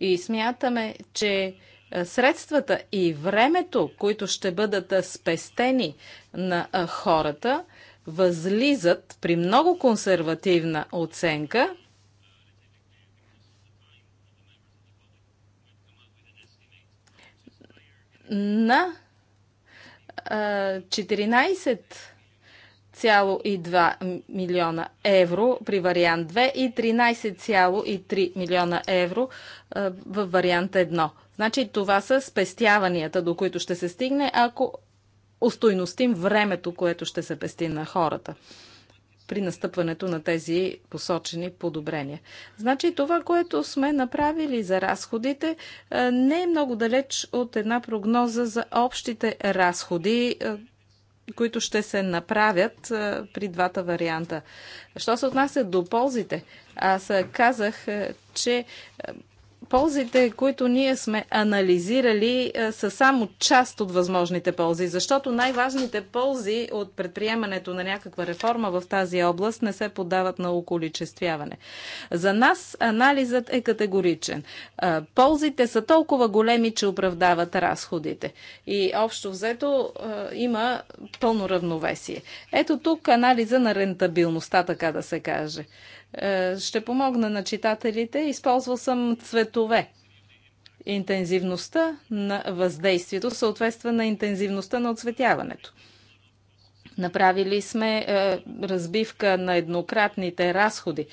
И смятаме, че е, средствата и времето, които ще бъдат е, спестени на е, хората, възлизат при много консервативна оценка на 14,2 милиона евро при вариант 2 и 13,3 милиона евро в вариант 1. Значи това са спестяванията, до които ще се стигне, ако устойностим времето, което ще се пести на хората при настъпването на тези посочени подобрения. Значи това, което сме направили за разходите, е, не е много далеч от една прогноза за общите разходи, е, които ще се направят е, при двата варианта. Що се отнася до ползите, аз казах, че ползите, които ние сме анализирали, е, са само част от възможните ползи, защото най-важните ползи от предприемането на някаква реформа в тази област не се подават на околичествяване. За нас анализът е категоричен. Е, ползите са толкова големи, че оправдават разходите. И общо взето е, има пълно равновесие. Ето тук анализа на рентабилността, така да се каже. Е, ще помогна на читателите. Използвал съм цветове. Интензивността на въздействието съответства на интензивността на оцветяването. Направили сме е, разбивка на еднократните разходи.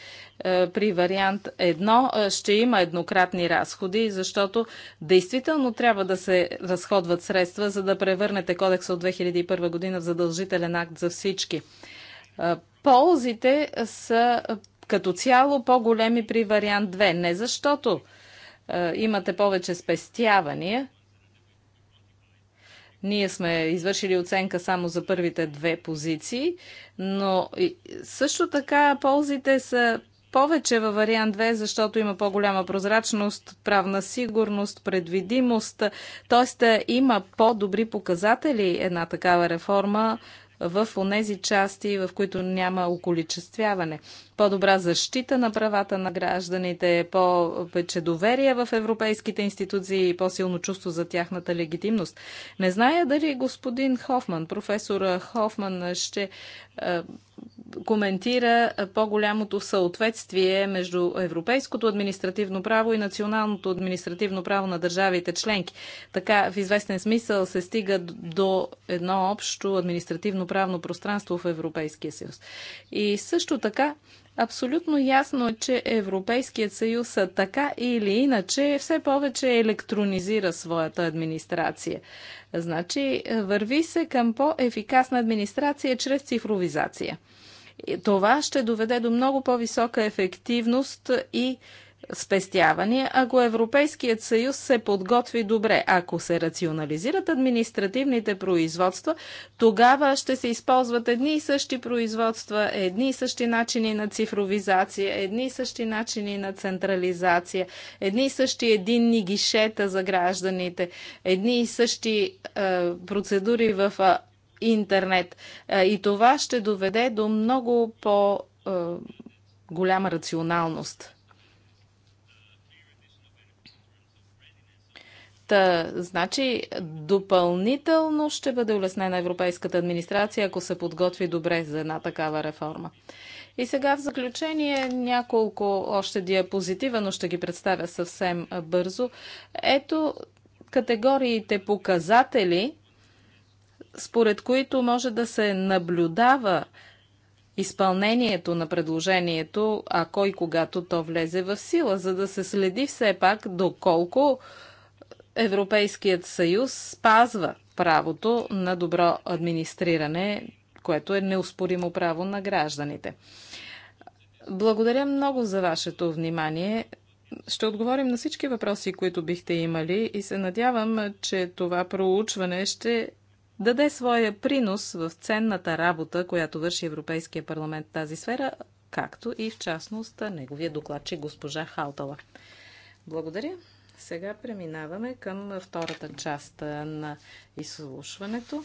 Е, при вариант 1 е, ще има еднократни разходи, защото действително трябва да се разходват средства, за да превърнете кодекса от 2001 година в задължителен акт за всички. Е, ползите са като цяло по-големи при вариант 2. Не защото е, имате повече спестявания. Ние сме извършили оценка само за първите две позиции, но също така ползите са повече във вариант 2, защото има по-голяма прозрачност, правна сигурност, предвидимост, т.е. има по-добри показатели една такава реформа в онези части, в които няма околичествяване. По-добра защита на правата на гражданите, повече доверие в европейските институции и по-силно чувство за тяхната легитимност. Не зная дали господин Хофман, професор Хофман, ще е, коментира по-голямото съответствие между европейското административно право и националното административно право на държавите членки. Така в известен смисъл се стига до едно общо административно право правно пространство в Европейския съюз. И също така, абсолютно ясно е, че Европейският съюз така или иначе все повече електронизира своята администрация. Значи, върви се към по-ефикасна администрация чрез цифровизация. Това ще доведе до много по-висока ефективност и спестявания, ако Европейският съюз се подготви добре. Ако се рационализират административните производства, тогава ще се използват едни и същи производства, едни и същи начини на цифровизация, едни и същи начини на централизация, едни и същи единни гишета за гражданите, едни и същи е, процедури в е, интернет. Е, и това ще доведе до много по- е, голяма рационалност Та, значи, допълнително ще бъде улеснена европейската администрация, ако се подготви добре за една такава реформа. И сега в заключение няколко още диапозитива, но ще ги представя съвсем бързо. Ето категориите показатели, според които може да се наблюдава изпълнението на предложението, ако и когато то влезе в сила, за да се следи все пак доколко Европейският съюз спазва правото на добро администриране, което е неоспоримо право на гражданите. Благодаря много за вашето внимание. Ще отговорим на всички въпроси, които бихте имали и се надявам, че това проучване ще даде своя принос в ценната работа, която върши Европейския парламент в тази сфера, както и в частност неговия докладчик госпожа Халтала. Благодаря. Сега преминаваме към втората част на изслушването.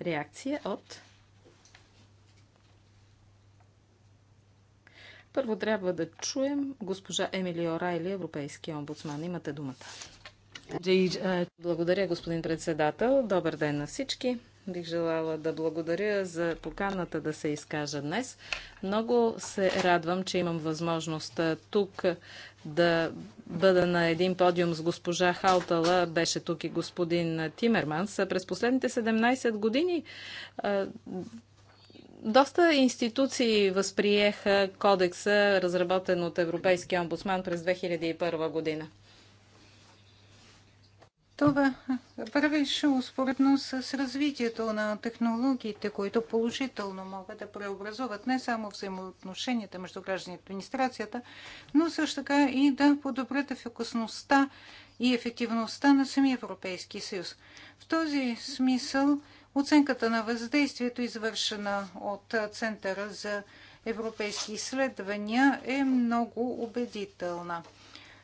Реакция от Първо трябва да чуем госпожа Емили Орайли, европейски омбудсман. Имате думата. Uh, Благодаря, господин председател. Добър ден на всички. Бих желала да благодаря за поканата да се изкажа днес. Много се радвам, че имам възможност тук да бъда на един подиум с госпожа Халтала, беше тук и господин Тимерманс. През последните 17 години доста институции възприеха кодекса, разработен от Европейския омбудсман през 2001 година. Това вървеше успоредно с развитието на технологиите, които положително могат да преобразуват не само взаимоотношенията между гражданите и администрацията, но също така и да подобрят ефикусността и ефективността на самия Европейски съюз. В този смисъл оценката на въздействието, извършена от Центъра за европейски изследвания, е много убедителна.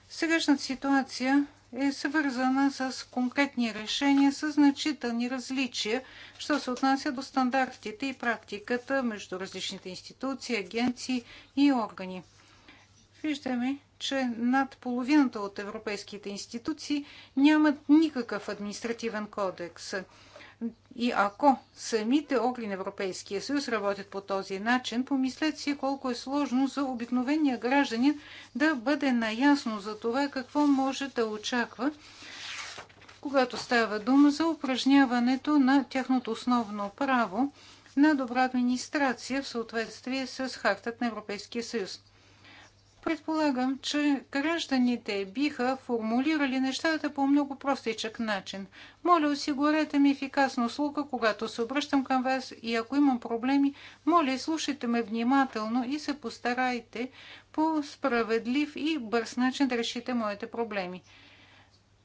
Сегашната ситуация е свързана с конкретни решения с значителни различия, що се отнася до стандартите и практиката между различните институции, агенции и органи. Виждаме, че над половината от европейските институции нямат никакъв административен кодекс – и ако самите огли на Европейския съюз работят по този начин, помислят си колко е сложно за обикновения гражданин да бъде наясно за това какво може да очаква, когато става дума за упражняването на тяхното основно право на добра администрация в съответствие с хартът на Европейския съюз. Предполагам, че гражданите биха формулирали нещата по много простичък начин. Моля, осигурете ми ефикасна услуга, когато се обръщам към вас и ако имам проблеми, моля, слушайте ме внимателно и се постарайте по справедлив и бърз начин да решите моите проблеми.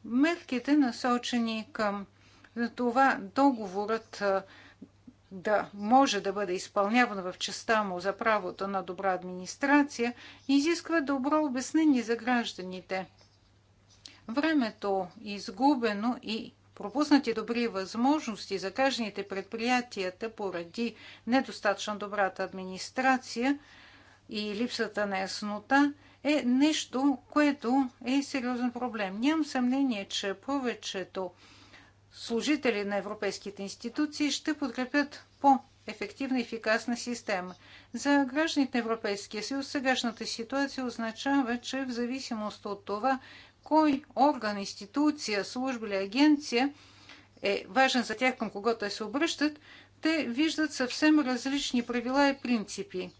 Мерките, насочени към това договорът да може да бъде изпълнявано в частта му за правото на добра администрация, изисква добро обяснение за гражданите. Времето изгубено и пропуснати добри възможности за гражданите предприятията поради недостатъчно добрата администрация и липсата на яснота е нещо, което е сериозен проблем. Нямам съмнение, че повечето служители на европейските институции ще подкрепят по-ефективна и ефикасна система. За гражданите на Европейския съюз сегашната ситуация означава, че в зависимост от това, кой орган, институция, служба или агенция е важен за тях, към когато се обръщат, те виждат съвсем различни правила и принципи.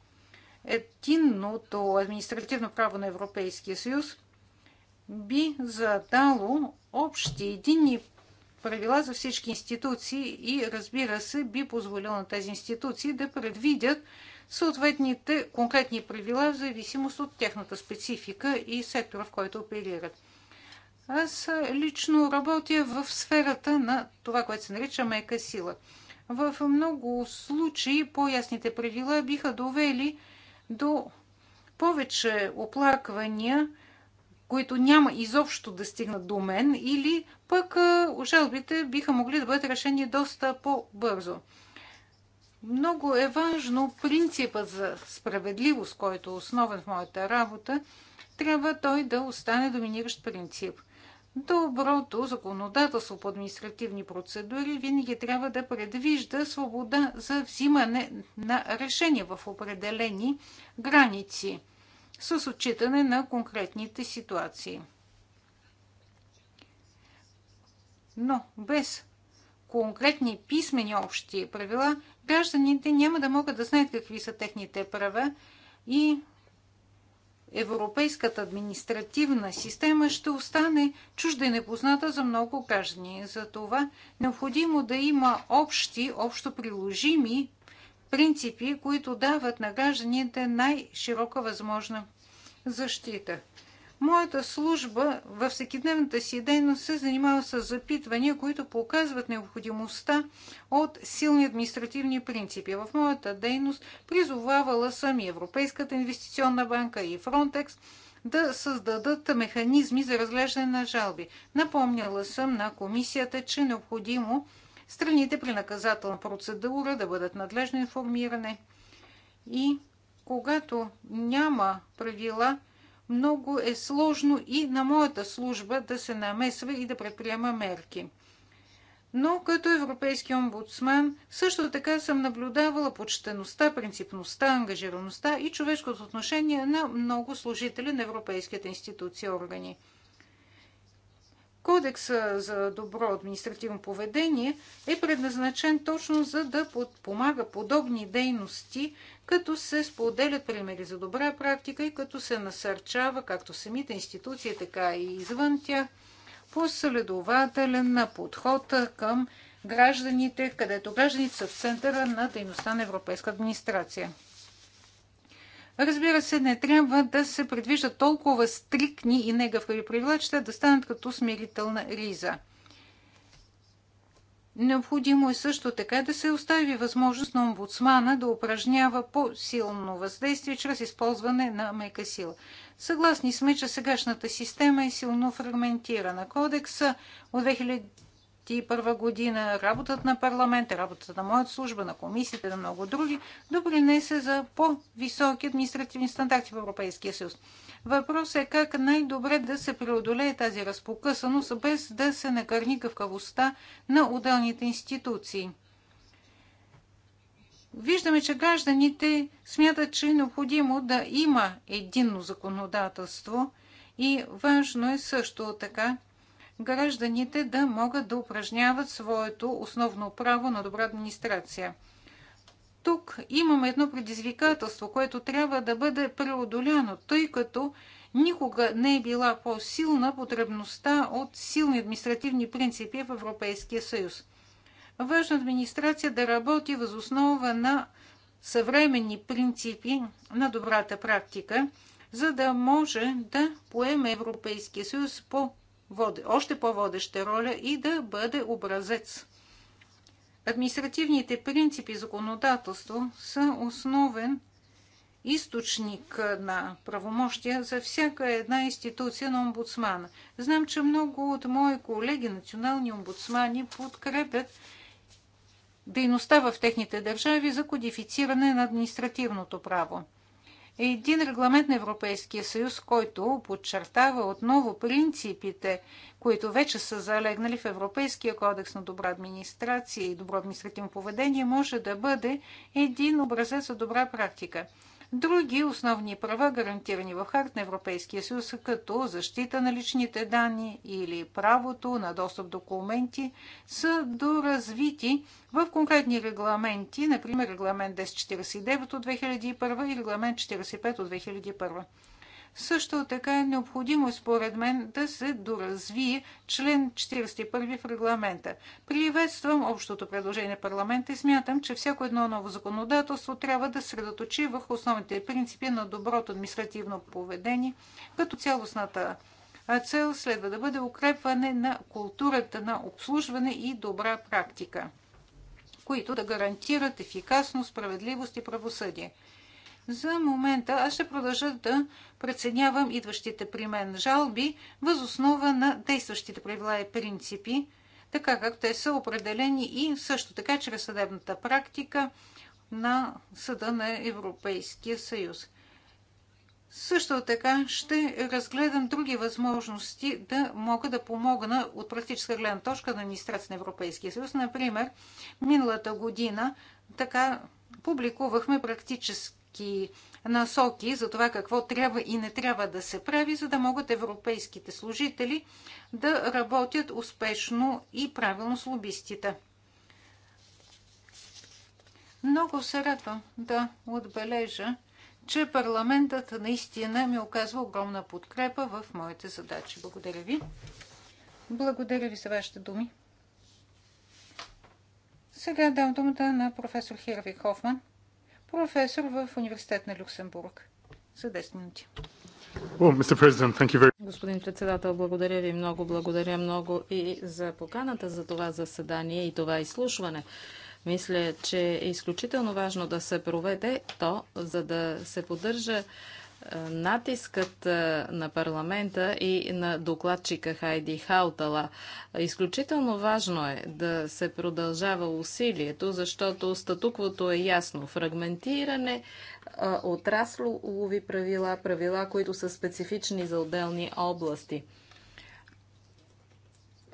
Единното административно право на Европейския съюз би задало общи единни правила за всички институции и разбира се би позволило на тези институции да предвидят съответните конкретни правила в зависимост от техната специфика и сектора, в който оперират. Аз лично работя в сферата на това, което се нарича мека сила. В много случаи по-ясните правила биха довели до повече оплаквания които няма изобщо да стигнат до мен, или пък жалбите биха могли да бъдат решени доста по-бързо. Много е важно принципът за справедливост, който е основен в моята работа, трябва той да остане доминиращ принцип. Доброто законодателство по административни процедури винаги трябва да предвижда свобода за взимане на решения в определени граници – с отчитане на конкретните ситуации. Но без конкретни писмени общи правила, гражданите няма да могат да знаят какви са техните права и европейската административна система ще остане чужда и непозната за много граждани. Затова необходимо да има общи, общо приложими принципи, които дават на гражданите най-широка възможна защита. Моята служба във всекидневната си дейност се занимава с запитвания, които показват необходимостта от силни административни принципи. В моята дейност призовавала съм и Европейската инвестиционна банка и Frontex да създадат механизми за разглеждане на жалби. Напомняла съм на комисията, че е необходимо страните при наказателна процедура да бъдат надлежно информирани. И когато няма правила, много е сложно и на моята служба да се намесва и да предприема мерки. Но като европейски омбудсман също така съм наблюдавала почтеността, принципността, ангажираността и човешкото отношение на много служители на европейските институции и органи. Кодекса за добро административно поведение е предназначен точно за да подпомага подобни дейности, като се споделят примери за добра практика и като се насърчава както самите институции, така и извън тях последователен подход към гражданите, където гражданите са в центъра на дейността на европейска администрация. Разбира се, не трябва да се предвижда толкова стрикни и негъвкави правила, че да станат като смирителна риза. Необходимо е също така да се остави възможност на омбудсмана да упражнява по-силно въздействие чрез използване на мека сила. Съгласни сме, че сегашната система е силно фрагментирана. Кодекса от 2000 2021 година, работата на парламента, работата на моята служба, на комисията, на много други, допринесе за по-високи административни стандарти в Европейския съюз. Въпросът е как най-добре да се преодолее тази разпокъсаност, без да се накърни гъвкавостта на отделните институции. Виждаме, че гражданите смятат, че е необходимо да има единно законодателство и важно е също така гражданите да могат да упражняват своето основно право на добра администрация. Тук имаме едно предизвикателство, което трябва да бъде преодоляно, тъй като никога не е била по-силна потребността от силни административни принципи в Европейския съюз. Важна администрация да работи възоснова на съвременни принципи на добрата практика, за да може да поеме Европейския съюз по още по-водеща роля и да бъде образец. Административните принципи и законодателство са основен източник на правомощия за всяка една институция на омбудсмана. Знам, че много от мои колеги, национални омбудсмани, подкрепят дейността в техните държави за кодифициране на административното право един регламент на Европейския съюз, който подчертава отново принципите, които вече са залегнали в Европейския кодекс на добра администрация и добро административно поведение, може да бъде един образец за добра практика други основни права, гарантирани в Харт на Европейския съюз, като защита на личните данни или правото на достъп до документи, са доразвити в конкретни регламенти, например регламент 1049 от 2001 и регламент 45 от 2001. Също така е необходимо, според мен, да се доразвие член 41 в регламента. Приветствам общото предложение на парламента и смятам, че всяко едно ново законодателство трябва да средоточи върху основните принципи на доброто административно поведение, като цялостната цел следва да бъде укрепване на културата на обслужване и добра практика които да гарантират ефикасност, справедливост и правосъдие. За момента аз ще продължа да преценявам идващите при мен жалби възоснова на действащите правила и принципи, така както те са определени и също така чрез съдебната практика на Съда на Европейския съюз. Също така ще разгледам други възможности да мога да помогна от практическа гледна точка на администрация на Европейския съюз. Например, миналата година така публикувахме практически кратки насоки за това какво трябва и не трябва да се прави, за да могат европейските служители да работят успешно и правилно с лобистите. Много се радвам да отбележа, че парламентът наистина ми оказва огромна подкрепа в моите задачи. Благодаря ви. Благодаря ви за вашите думи. Сега дам думата на професор Хирви Хофман професор в Университет на Люксембург. За 10 минути. Господин председател, благодаря ви много. Благодаря много и за поканата за това заседание и това изслушване. Мисля, че е изключително важно да се проведе то, за да се поддържа е, натискът е, на парламента и на докладчика Хайди Хаутала. Изключително важно е да се продължава усилието, защото статуквото е ясно. Фрагментиране, е, отраслови правила, правила, които са специфични за отделни области –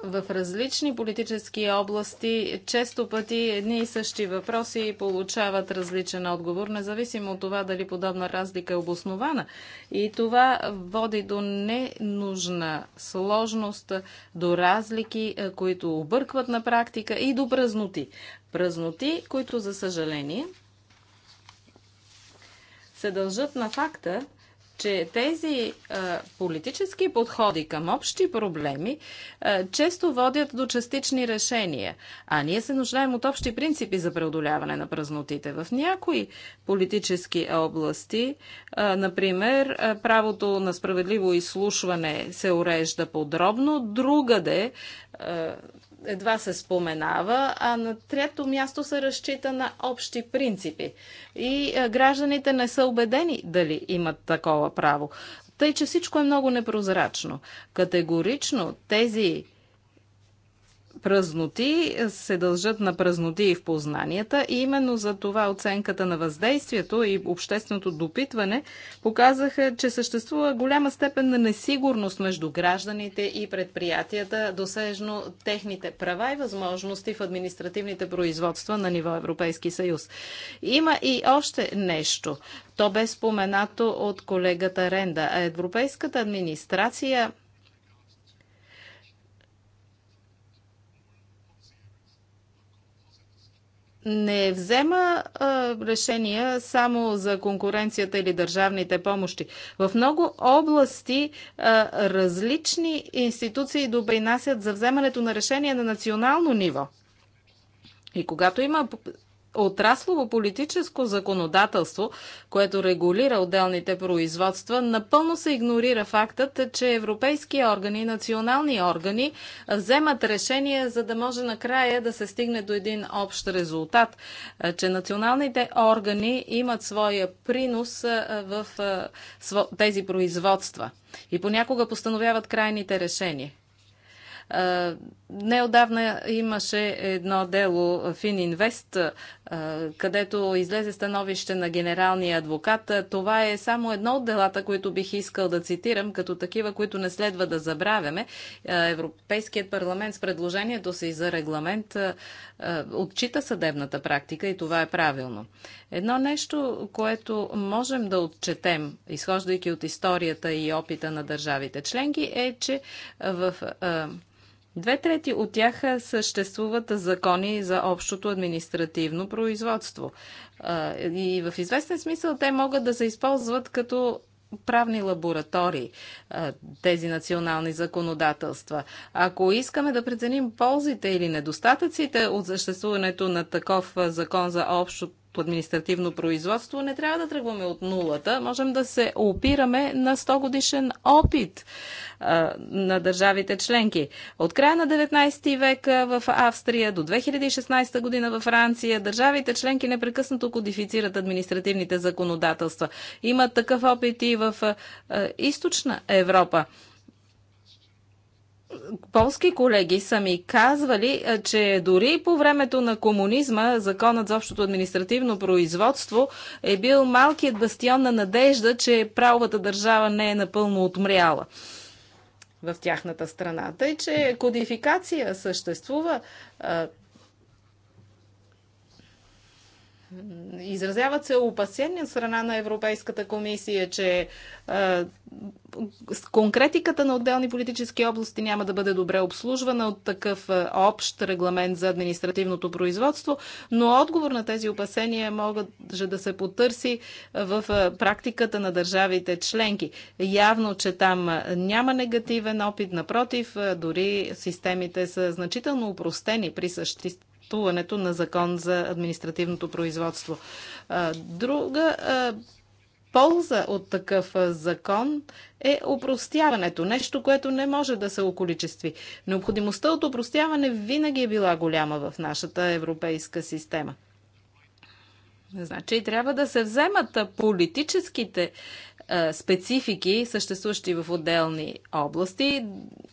в различни политически области често пъти едни и същи въпроси получават различен отговор, независимо от това дали подобна разлика е обоснована. И това води до ненужна сложност, до разлики, е, които объркват на практика и до празноти. Празноти, които, за съжаление, се дължат на факта, че тези а, политически подходи към общи проблеми а, често водят до частични решения, а ние се нуждаем от общи принципи за преодоляване на празнотите. В някои политически области, а, например, а, правото на справедливо изслушване се урежда подробно, другаде е, едва се споменава, а на трето място се разчита на общи принципи. И е, гражданите не са убедени дали имат такова право. Тъй, че всичко е много непрозрачно. Категорично тези празноти се дължат на празноти в познанията и именно за това оценката на въздействието и общественото допитване показаха, че съществува голяма степен на несигурност между гражданите и предприятията, досежно техните права и възможности в административните производства на ниво Европейски съюз. Има и още нещо. То бе споменато от колегата Ренда. Европейската администрация не взема а, решения само за конкуренцията или държавните помощи. В много области а, различни институции допринасят за вземането на решения на национално ниво. И когато има отраслово политическо законодателство, което регулира отделните производства, напълно се игнорира фактът, че европейски органи и национални органи вземат решение, за да може накрая да се стигне до един общ резултат, че националните органи имат своя принос в тези производства и понякога постановяват крайните решения. Неодавна имаше едно дело в Инвест, където излезе становище на генералния адвокат. Това е само едно от делата, които бих искал да цитирам, като такива, които не следва да забравяме. Европейският парламент с предложението си за регламент отчита съдебната практика и това е правилно. Едно нещо, което можем да отчетем, изхождайки от историята и опита на държавите членки, е, че в Две трети от тях съществуват закони за общото административно производство. И в известен смисъл те могат да се използват като правни лаборатории, тези национални законодателства. Ако искаме да преценим ползите или недостатъците от съществуването на такъв закон за общото по административно производство, не трябва да тръгваме от нулата. Можем да се опираме на 100 годишен опит а, на държавите членки. От края на 19 век в Австрия до 2016 година във Франция държавите членки непрекъснато кодифицират административните законодателства. Има такъв опит и в а, източна Европа полски колеги са ми казвали, е, че дори по времето на комунизма законът за общото административно производство е бил малкият бастион на надежда, че правовата държава не е напълно отмряла в тяхната страна. Тъй, че кодификация съществува. Е, Изразяват се опасения страна на Европейската комисия, че а, конкретиката на отделни политически области няма да бъде добре обслужвана от такъв общ регламент за административното производство, но отговор на тези опасения могат да се потърси в практиката на държавите членки. Явно, че там няма негативен опит, напротив, дори системите са значително упростени при съществуването съществуването на закон за административното производство. Друга полза от такъв закон е опростяването, нещо, което не може да се околичестви. Необходимостта от опростяване винаги е била голяма в нашата европейска система. Значи трябва да се вземат политическите специфики, съществуващи в отделни области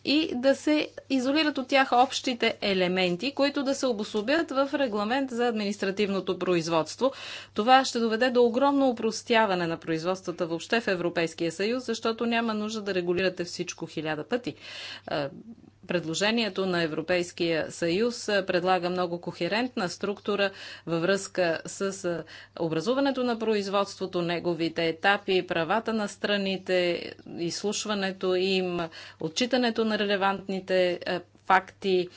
и да се изолират от тях общите елементи, които да се обособят в регламент за административното производство. Това ще доведе до огромно упростяване на производствата въобще в Европейския съюз, защото няма нужда да регулирате всичко хиляда пъти предложението на Европейския съюз е, предлага много кохерентна структура във връзка с е, образуването на производството, неговите етапи, правата на страните, изслушването им, отчитането на релевантните е, факти,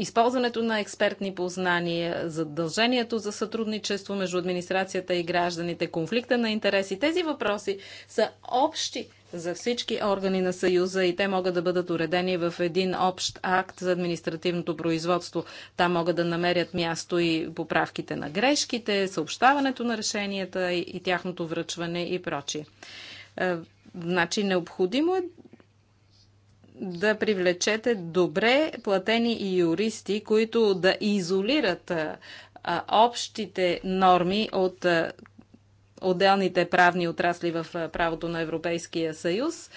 използването на експертни познания, задължението за сътрудничество между администрацията и гражданите, конфликта на интереси. Тези въпроси са общи за всички органи на Съюза и те могат да бъдат уредени в един общ акт за административното производство. Там могат да намерят място и поправките на грешките, съобщаването на решенията и, и тяхното връчване и прочие. Е, значи необходимо е да привлечете добре платени юристи, които да изолират общите норми от отделните правни отрасли в правото на Европейския съюз,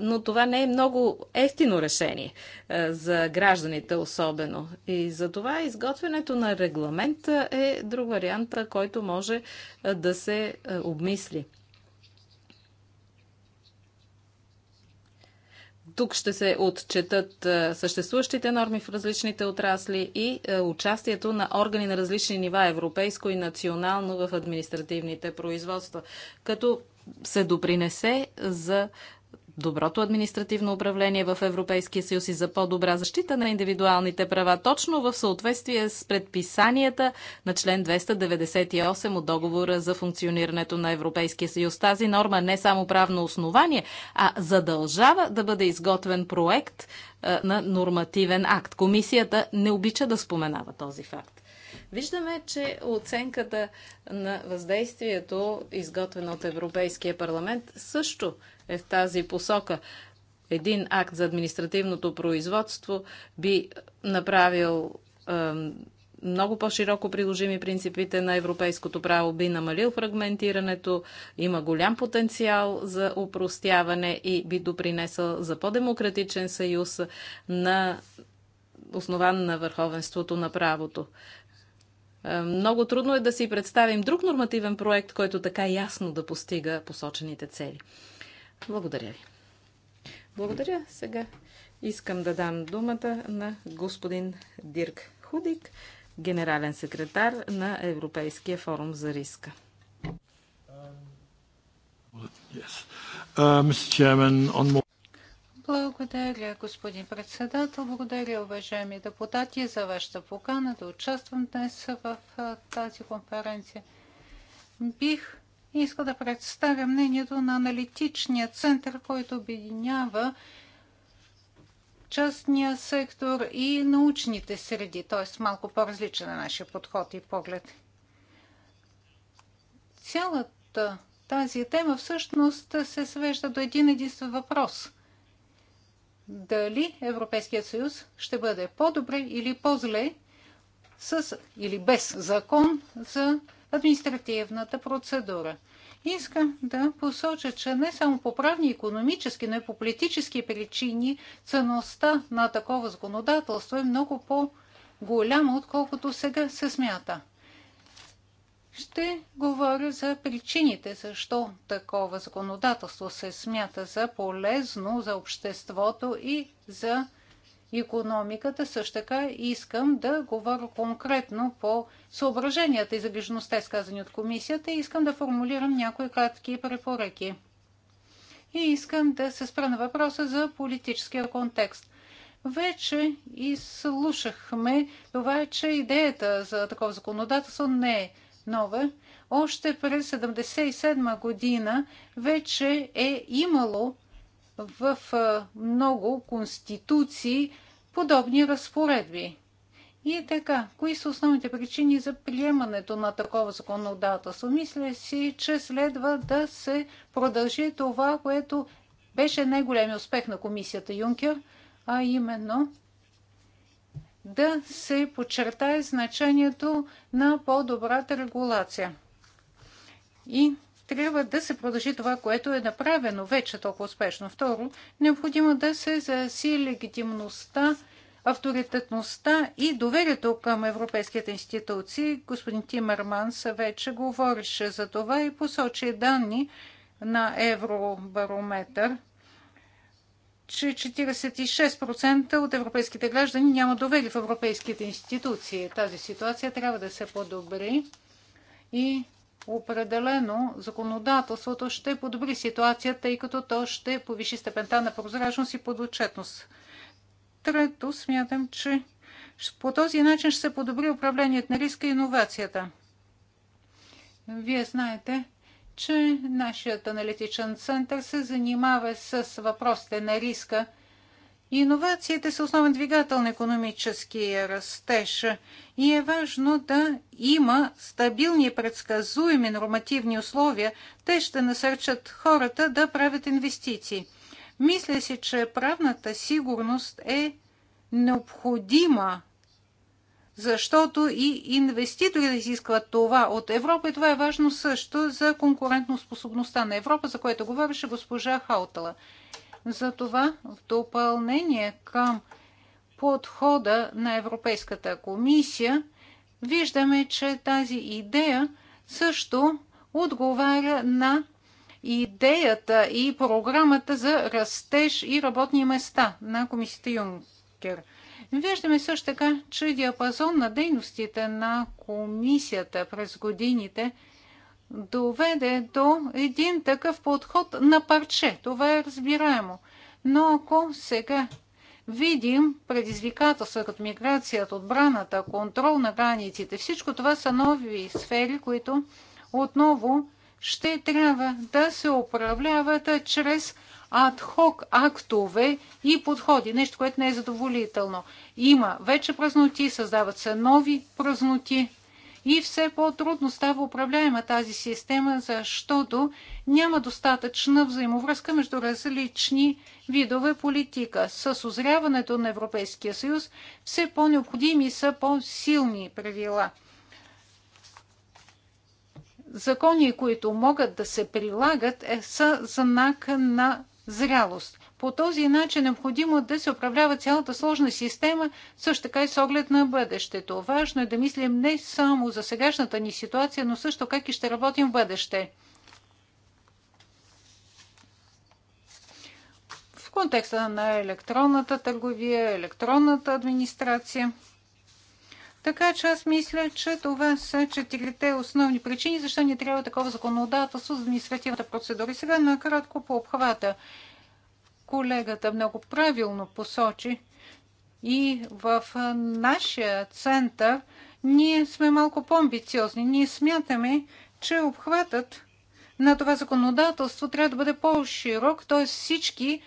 но това не е много ефтино решение за гражданите особено. И за това изготвянето на регламент е друг вариант, който може да се обмисли. Тук ще се отчетат е, съществуващите норми в различните отрасли и е, участието на органи на различни нива, европейско и национално в административните производства, като се допринесе за доброто административно управление в Европейския съюз и за по-добра защита на индивидуалните права, точно в съответствие с предписанията на член 298 от договора за функционирането на Европейския съюз. Тази норма не е само правно основание, а задължава да бъде изготвен проект е, на нормативен акт. Комисията не обича да споменава този факт. Виждаме, че оценката на въздействието, изготвена от Европейския парламент, също е в тази посока. Един акт за административното производство би направил е, много по-широко приложими принципите на европейското право, би намалил фрагментирането, има голям потенциал за упростяване и би допринесъл за по-демократичен съюз на основан на върховенството на правото. Много трудно е да си представим друг нормативен проект, който така ясно да постига посочените цели. Благодаря ви. Благодаря. Сега искам да дам думата на господин Дирк Худик, генерален секретар на Европейския форум за риска. Благодаря, господин председател. Благодаря, уважаеми депутати, за вашата покана да участвам днес в тази конференция. Бих иска да представя мнението на аналитичния център, който обединява частния сектор и научните среди, т.е. малко по-различен на е нашия подход и поглед. Цялата тази тема всъщност се свежда до един единствен въпрос. Дали Европейският съюз ще бъде по-добре или по-зле с или без закон за административната процедура. Искам да посоча, че не само по правни, економически, но и по политически причини ценността на такова законодателство е много по-голяма, отколкото сега се смята. Ще говоря за причините, защо такова законодателство се смята за полезно за обществото и за економиката. Също така искам да говоря конкретно по съображенията и забежността, сказани от комисията, и искам да формулирам някои кратки препоръки. И искам да се спра на въпроса за политическия контекст. Вече изслушахме това, че идеята за такова законодателство не е нова. Още през 1977 година вече е имало в много конституции подобни разпоредби. И е така, кои са основните причини за приемането на такова законодателство? Мисля си, че следва да се продължи това, което беше най-големият успех на комисията Юнкер, а именно да се подчертае значението на по-добрата регулация. И трябва да се продължи това, което е направено вече толкова успешно. Второ, необходимо да се засили легитимността, авторитетността и доверието към европейските институции. Господин Тимерманс вече говореше за това и посочи данни на Евробарометър че 46% от европейските граждани няма доверие в европейските институции. Тази ситуация трябва да се подобри и определено законодателството ще подобри ситуацията, тъй като то ще повиши степента на прозрачност и подотчетност. Трето, смятам, че по този начин ще се подобри управлението на риска и иновацията. Вие знаете, че нашият аналитичен център се занимава с въпросите на риска – Иновациите са основен двигател на економическия растеж и е важно да има стабилни и предсказуеми нормативни условия. Те ще насърчат хората да правят инвестиции. Мисля си, че правната сигурност е необходима, защото и инвеститорите да изискват това от Европа и това е важно също за конкурентоспособността на Европа, за което говореше госпожа Хаутала. Затова в допълнение към подхода на Европейската комисия виждаме, че тази идея също отговаря на идеята и програмата за растеж и работни места на комисията Юнкер. Виждаме също така, че диапазон на дейностите на комисията през годините – доведе до един такъв подход на парче. Това е разбираемо. Но ако сега видим предизвикателства като миграцията, отбраната, контрол на границите, всичко това са нови сфери, които отново ще трябва да се управляват чрез адхок актове и подходи. Нещо, което не е задоволително. Има вече празноти, създават се нови празноти и все по-трудно става управляема тази система, защото няма достатъчна взаимовръзка между различни видове политика. С озряването на Европейския съюз все по-необходими са по-силни правила. Закони, които могат да се прилагат, е, са знак на зрялост. По този начин е необходимо да се управлява цялата сложна система, също така и с оглед на бъдещето. Важно е да мислим не само за сегашната ни ситуация, но също как и ще работим в бъдеще. В контекста на електронната търговия, електронната администрация. Така че аз мисля, че това са четирите основни причини, защо ни трябва такова законодателство за административната процедура. И сега накратко по обхвата колегата много правилно посочи, и в нашия център ние сме малко по-амбициозни. Ние смятаме, че обхватът на това законодателство трябва да бъде по-широк, т.е. всички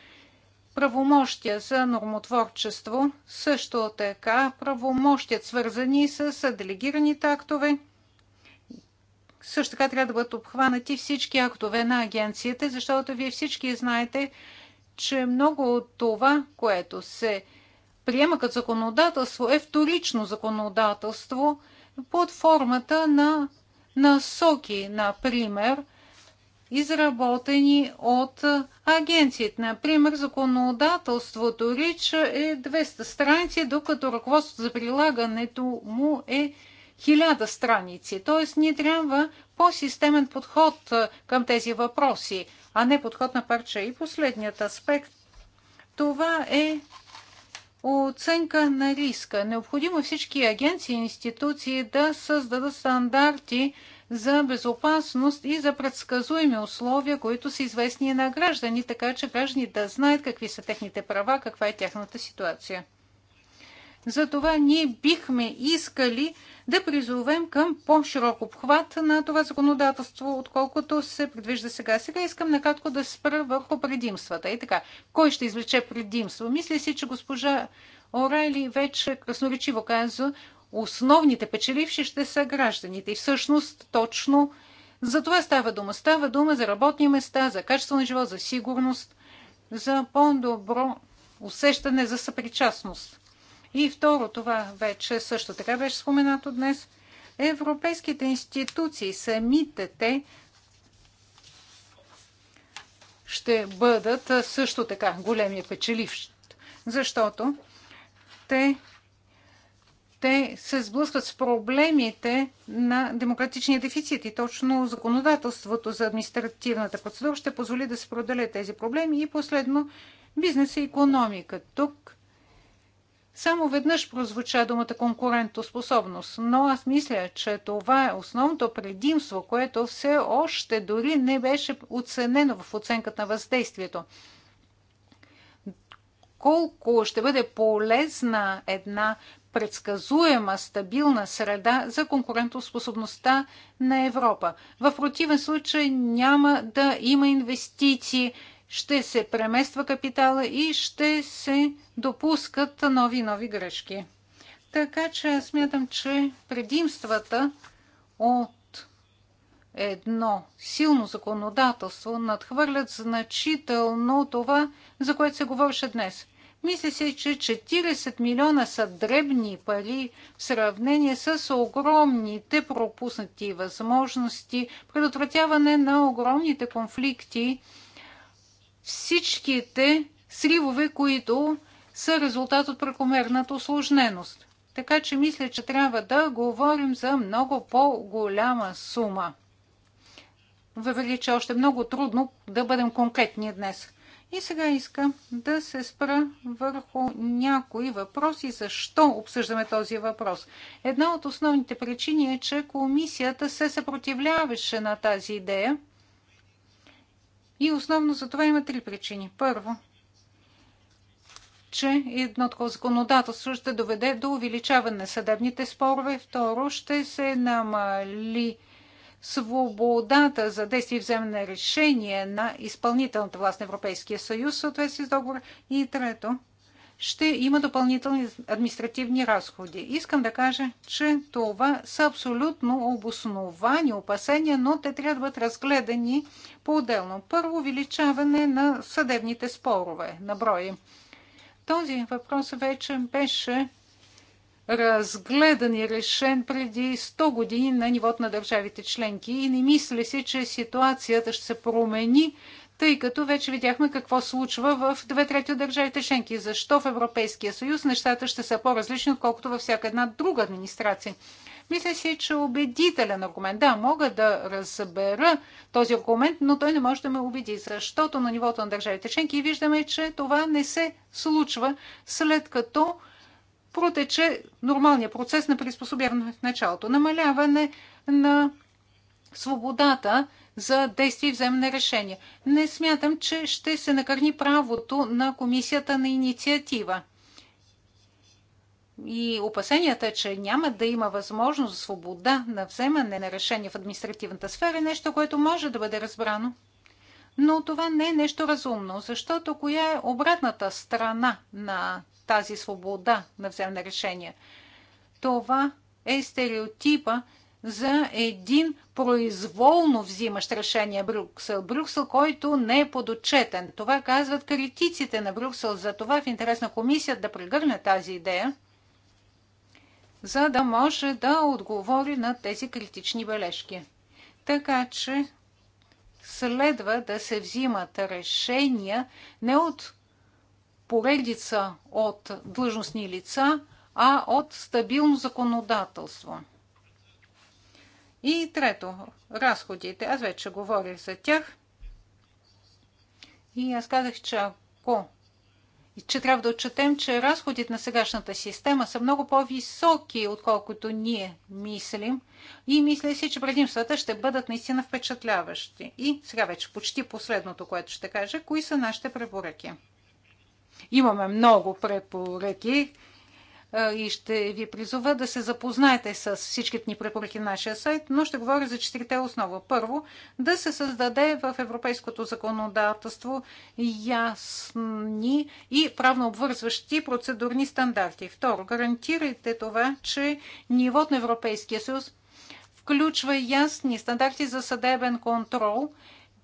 правомощия за нормотворчество, също така правомощият свързани с делегираните актове. Също така трябва да бъдат обхванати всички актове на агенцията, защото вие всички знаете, че много от това, което се приема като законодателство, е вторично законодателство под формата на насоки, например, изработени от агенциите. Например, законодателството РИЧ е 200 страници, докато ръководството за прилагането му е хиляда страници. Т.е. ни трябва по-системен подход към тези въпроси, а не подход на парче. И последният аспект, това е оценка на риска. Необходимо е всички агенции и институции да създадат стандарти за безопасност и за предсказуеми условия, които са известни на граждани, така че граждани да знаят какви са техните права, каква е тяхната ситуация. Затова ние бихме искали да призовем към по-широк обхват на това законодателство, отколкото се предвижда сега. Сега искам накратко да спра върху предимствата. И така, кой ще извлече предимство? Мисля си, че госпожа Орайли вече красноречиво каза, основните печеливши ще са гражданите. И всъщност точно за това става дума. Става дума за работни места, за качество на живот, за сигурност, за по-добро усещане за съпричастност. И второ, това вече също така беше споменато днес. Европейските институции, самите те, ще бъдат също така големия печеливш, защото те, те се сблъскват с проблемите на демократичния дефицит и точно законодателството за административната процедура ще позволи да се проделят тези проблеми и последно бизнес и економика. Тук само веднъж прозвуча думата конкурентоспособност, но аз мисля, че това е основното предимство, което все още дори не беше оценено в оценката на въздействието. Колко ще бъде полезна една предсказуема, стабилна среда за конкурентоспособността на Европа. В противен случай няма да има инвестиции, ще се премества капитала и ще се допускат нови нови грешки. Така че аз смятам, че предимствата от едно силно законодателство надхвърлят значително това, за което се говореше днес. Мисля се, че 40 милиона са дребни пари в сравнение с огромните пропуснати възможности, предотвратяване на огромните конфликти всичките сривове, които са резултат от прекомерната осложненост. Така че мисля, че трябва да говорим за много по-голяма сума. Въвели, че още много трудно да бъдем конкретни днес. И сега искам да се спра върху някои въпроси. Защо обсъждаме този въпрос? Една от основните причини е, че комисията се съпротивляваше на тази идея – и основно за това има три причини. Първо, че едно такова законодателство ще доведе до увеличаване на съдебните спорове. Второ, ще се намали свободата за действие и вземане решение на изпълнителната власт на Европейския съюз, съответствие с договора. И трето, ще има допълнителни административни разходи. Искам да кажа, че това са абсолютно обосновани опасения, но те трябва да бъдат разгледани по-отделно. Първо, увеличаване на съдебните спорове на брои. Този въпрос вече беше разгледан и решен преди 100 години на нивото на държавите членки и не мисля си, че ситуацията ще се промени тъй като вече видяхме какво случва в две трети от държавите членки. Защо в Европейския съюз нещата ще са по-различни, отколкото във всяка една друга администрация. Мисля си, че убедителен аргумент. Да, мога да разбера този аргумент, но той не може да ме убеди, защото на нивото на държавите членки виждаме, че това не се случва след като протече нормалния процес на приспособяване в началото. Намаляване на свободата за действие и вземане решение. Не смятам, че ще се накърни правото на комисията на инициатива. И опасенията, че няма да има възможност за свобода на вземане на решение в административната сфера е нещо, което може да бъде разбрано. Но това не е нещо разумно, защото коя е обратната страна на тази свобода на вземане решение? Това е стереотипа за един произволно взимащ решение Брюксел. Брюксел, който не е подотчетен. Това казват критиците на Брюксел. За това е в интерес на комисията да прегърне тази идея, за да може да отговори на тези критични бележки. Така че следва да се взимат решения не от поредица от длъжностни лица, а от стабилно законодателство. И трето, разходите. Аз вече говорих за тях. И аз казах, че ако че трябва да отчетем, че разходите на сегашната система са много по-високи, отколкото ние мислим. И мисля си, че предимствата ще бъдат наистина впечатляващи. И сега вече почти последното, което ще кажа, кои са нашите препоръки. Имаме много препоръки, е, и ще ви призова да се запознаете с всичките ни препоръки на нашия сайт, но ще говоря за четирите основа. Първо, да се създаде в европейското законодателство ясни и правно обвързващи процедурни стандарти. Второ, гарантирайте това, че нивото на Европейския съюз включва ясни стандарти за съдебен контрол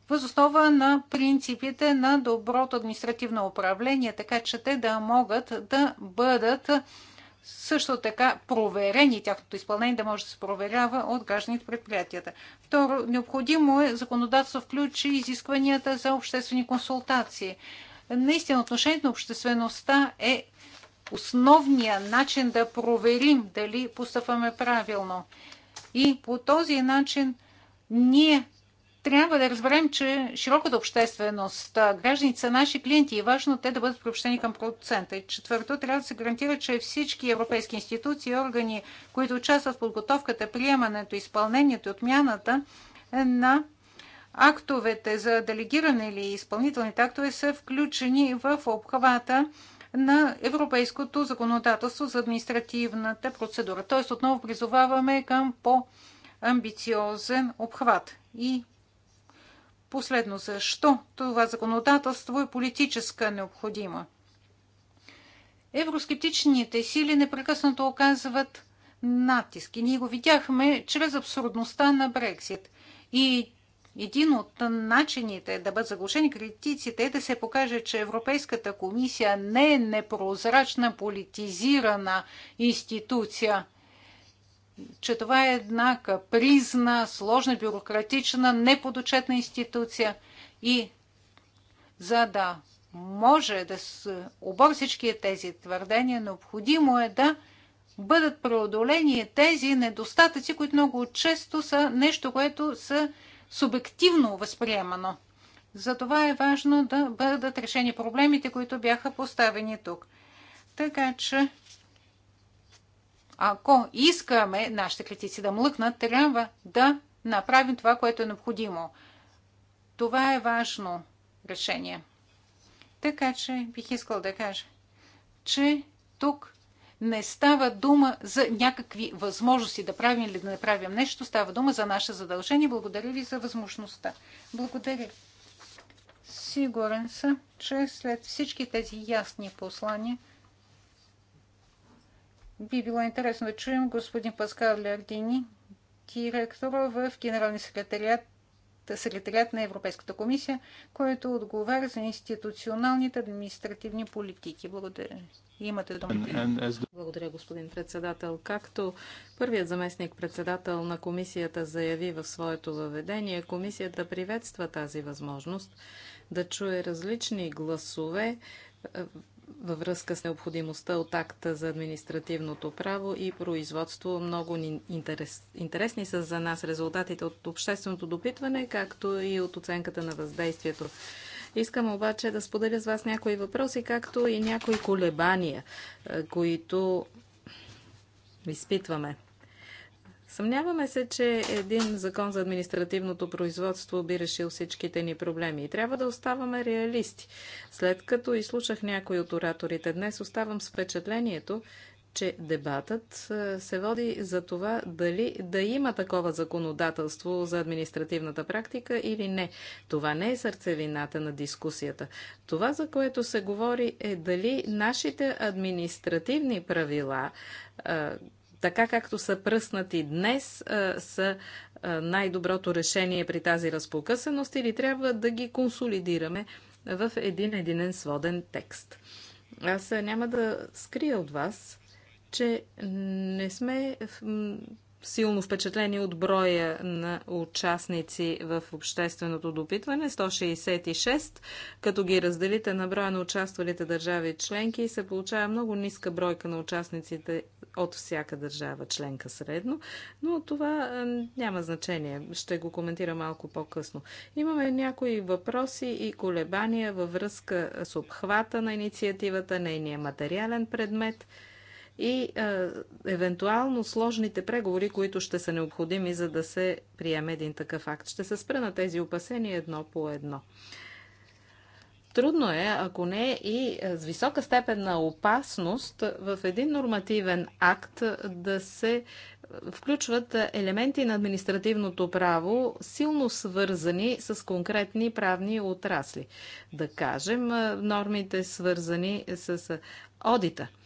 въз основа на принципите на доброто административно управление, така че те да могат да бъдат също така проверени, тяхното изпълнение да може да се проверява от гражданите предприятията. Второ, необходимо е законодателство включи изискванията за обществени консултации. Наистина отношението на обществеността е основният начин да проверим дали постъпваме правилно. И по този начин ние трябва да разберем, че широката общественост, гражданите са наши клиенти и е важно те да бъдат приобщени към продуцента. И четвърто, трябва да се гарантира, че всички европейски институции и органи, които участват в подготовката, приемането, изпълнението и отмяната на актовете за делегиране или изпълнителните актове са включени в обхвата на европейското законодателство за административната процедура. Тоест отново призоваваме към по-амбициозен обхват. И Последно, защо това законодателство е политическа необходима? Евроскептичните сили непрекъснато оказват натиск и ние го видяхме чрез абсурдността на Брексит. И един от начините да бъдат заглушени критиците е да се покаже, че Европейската комисия не е непрозрачна, политизирана институция че това е една капризна, сложна, бюрократична, неподочетна институция и за да може да се обор всички тези твърдения, необходимо е да бъдат преодолени тези недостатъци, които много често са нещо, което са субективно възприемано. Затова е важно да бъдат решени проблемите, които бяха поставени тук. Така че ако искаме нашите критици да млъкнат, трябва да направим това, което е необходимо. Това е важно решение. Така че бих искал да кажа, че тук не става дума за някакви възможности да правим или да не правим нещо. Става дума за наше задължение. Благодаря ви за възможността. Благодаря. Сигурен съм, че след всички тези ясни послания би било интересно да чуем господин Паскал Лярдини, директора в Генералния секретариат секретарят на Европейската комисия, който отговаря за институционалните административни политики. Благодаря. Имате думата. Благодаря, господин председател. Както първият заместник председател на комисията заяви в своето въведение, комисията приветства тази възможност да чуе различни гласове във връзка с необходимостта от акта за административното право и производство. Много ни интерес, интересни са за нас резултатите от общественото допитване, както и от оценката на въздействието. Искам обаче да споделя с вас някои въпроси, както и някои колебания, които изпитваме. Съмняваме се, че един закон за административното производство би решил всичките ни проблеми и трябва да оставаме реалисти. След като изслушах някои от ораторите днес, оставам с впечатлението, че дебатът се води за това дали да има такова законодателство за административната практика или не. Това не е сърцевината на дискусията. Това, за което се говори, е дали нашите административни правила така както са пръснати днес, са най-доброто решение при тази разпокъсаност или трябва да ги консолидираме в един единен своден текст. Аз няма да скрия от вас, че не сме силно впечатление от броя на участници в общественото допитване 166. Като ги разделите на броя на участвалите държави членки, се получава много ниска бройка на участниците от всяка държава членка средно, но това е, няма значение. Ще го коментира малко по-късно. Имаме някои въпроси и колебания във връзка с обхвата на инициативата, нейния материален предмет – и е, евентуално сложните преговори, които ще са необходими, за да се приеме един такъв акт. Ще се спра на тези опасения едно по едно. Трудно е, ако не и е, с висока степен на опасност в един нормативен акт да се е, включват е, елементи на административното право, силно свързани с конкретни правни отрасли. Да кажем, нормите свързани с одита –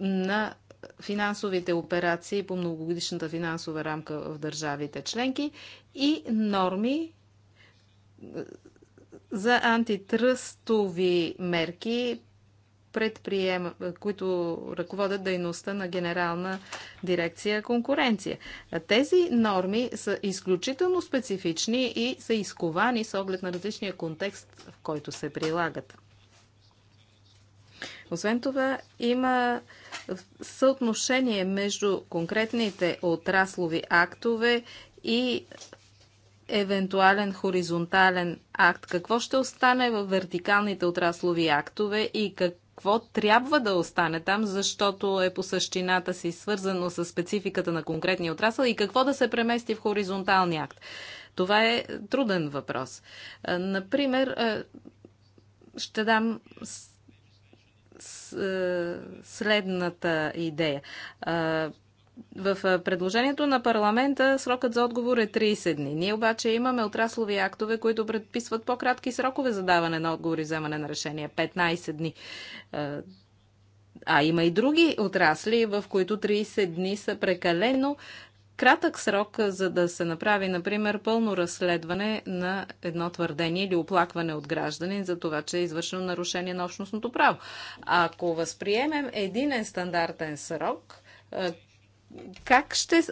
на финансовите операции по многогодишната финансова рамка в държавите членки и норми е, за антитръстови мерки, предприема, които ръководят дейността на Генерална дирекция конкуренция. Тези норми са изключително специфични и са изковани с оглед на различния контекст, в който се прилагат. Освен това, има съотношение между конкретните отраслови актове и евентуален хоризонтален акт? Какво ще остане в вертикалните отраслови актове и какво трябва да остане там, защото е по същината си свързано с спецификата на конкретния отрасъл и какво да се премести в хоризонталния акт? Това е труден въпрос. Е, например, е, ще дам е, следната идея. Е, в е, предложението на парламента срокът за отговор е 30 дни. Ние обаче имаме отраслови актове, които предписват по-кратки срокове за даване на отговор и вземане на решение 15 дни. А има и други отрасли, в които 30 дни са прекалено кратък срок, за да се направи, например, пълно разследване на едно твърдение или оплакване от гражданин за това, че е извършено нарушение на общностното право. Ако възприемем единен стандартен срок, как ще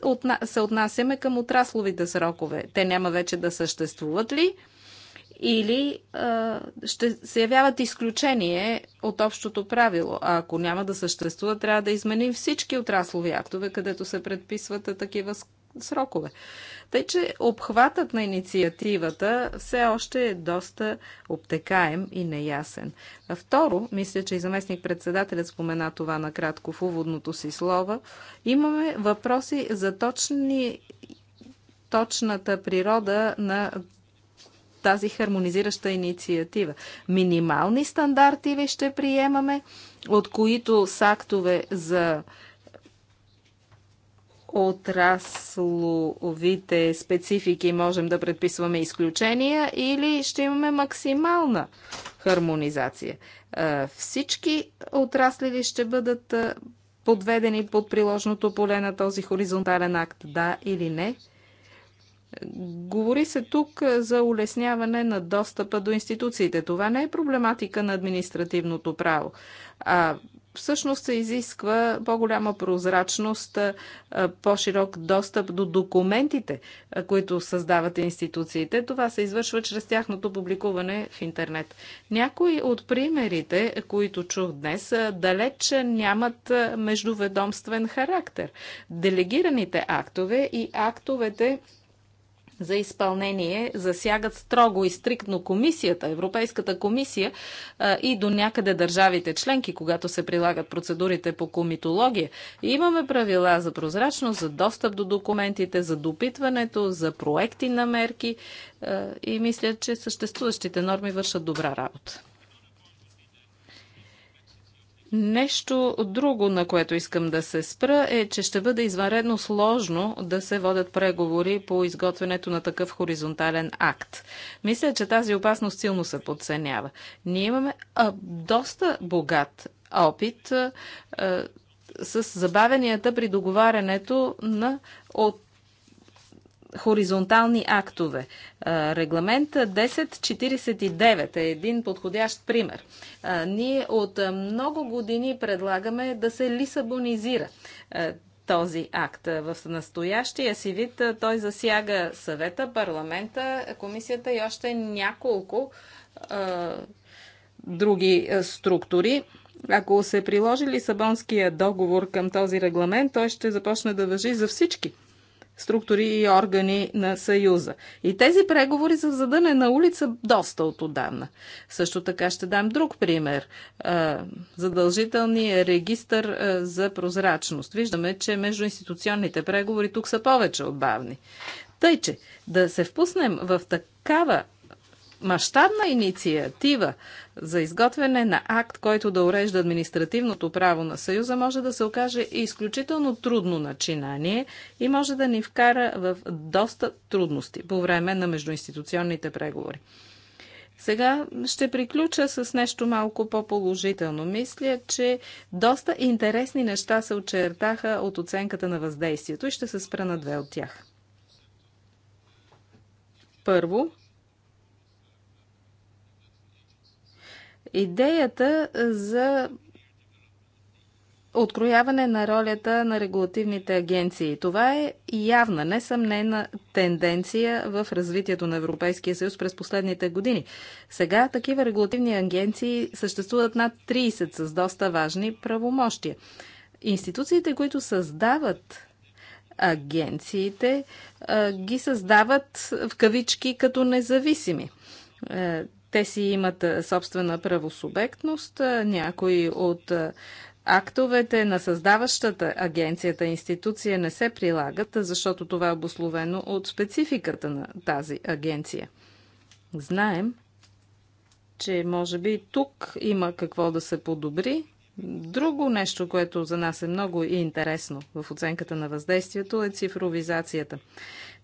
се отнасяме към отрасловите срокове? Те няма вече да съществуват ли? или а, ще се явяват изключение от общото правило. А ако няма да съществува, трябва да изменим всички отраслови актове, където се предписват такива срокове. Тъй, че обхватът на инициативата все още е доста обтекаем и неясен. А второ, мисля, че и заместник председателят спомена това накратко в уводното си слово. имаме въпроси за точни точната природа на тази хармонизираща инициатива? Минимални стандарти ли ще приемаме, от които с актове за отрасловите специфики можем да предписваме изключения или ще имаме максимална хармонизация? Всички отрасли ли ще бъдат подведени под приложното поле на този хоризонтален акт, да или не? Говори се тук е, за улесняване на достъпа до институциите. Това не е проблематика на административното право, а всъщност се изисква по-голяма прозрачност, е, е, по-широк достъп до документите, които създават институциите. Това се извършва чрез тяхното публикуване в интернет. Някои от примерите, които чух днес, далеч нямат междуведомствен характер. Делегираните актове и актовете, за изпълнение засягат строго и стриктно комисията, Европейската комисия и до някъде държавите членки, когато се прилагат процедурите по комитология. И имаме правила за прозрачност, за достъп до документите, за допитването, за проекти на мерки и мисля, че съществуващите норми вършат добра работа. Нещо друго, на което искам да се спра, е, че ще бъде извънредно сложно да се водят преговори по изготвянето на такъв хоризонтален акт. Мисля, че тази опасност силно се подценява. Ние имаме а, доста богат опит а, с забавенията при договарянето на от хоризонтални актове. Регламент 1049 е един подходящ пример. Ние от много години предлагаме да се лисабонизира този акт. В настоящия си вид той засяга съвета, парламента, комисията и още няколко други структури. Ако се приложи Лисабонския договор към този регламент, той ще започне да въжи за всички структури и органи на Съюза. И тези преговори са задъне на улица доста от отдавна. Също така ще дам друг пример. Задължителният е регистър за прозрачност. Виждаме, че между институционните преговори тук са повече отбавни. Тъй, че да се впуснем в такава мащабна инициатива за изготвяне на акт, който да урежда административното право на Съюза, може да се окаже изключително трудно начинание и може да ни вкара в доста трудности по време на междуинституционните преговори. Сега ще приключа с нещо малко по-положително. Мисля, че доста интересни неща се очертаха от оценката на въздействието и ще се спра на две от тях. Първо, Идеята е, за открояване на ролята на регулативните агенции. Това е явна, несъмнена тенденция в развитието на Европейския съюз през последните години. Сега такива регулативни агенции съществуват над 30 с доста важни правомощия. Институциите, които създават агенциите, е, ги създават в кавички като независими. Е, те си имат собствена правосубектност. Някои от Актовете на създаващата агенцията институция не се прилагат, защото това е обословено от спецификата на тази агенция. Знаем, че може би тук има какво да се подобри, Друго нещо, което за нас е много и интересно в оценката на въздействието е цифровизацията.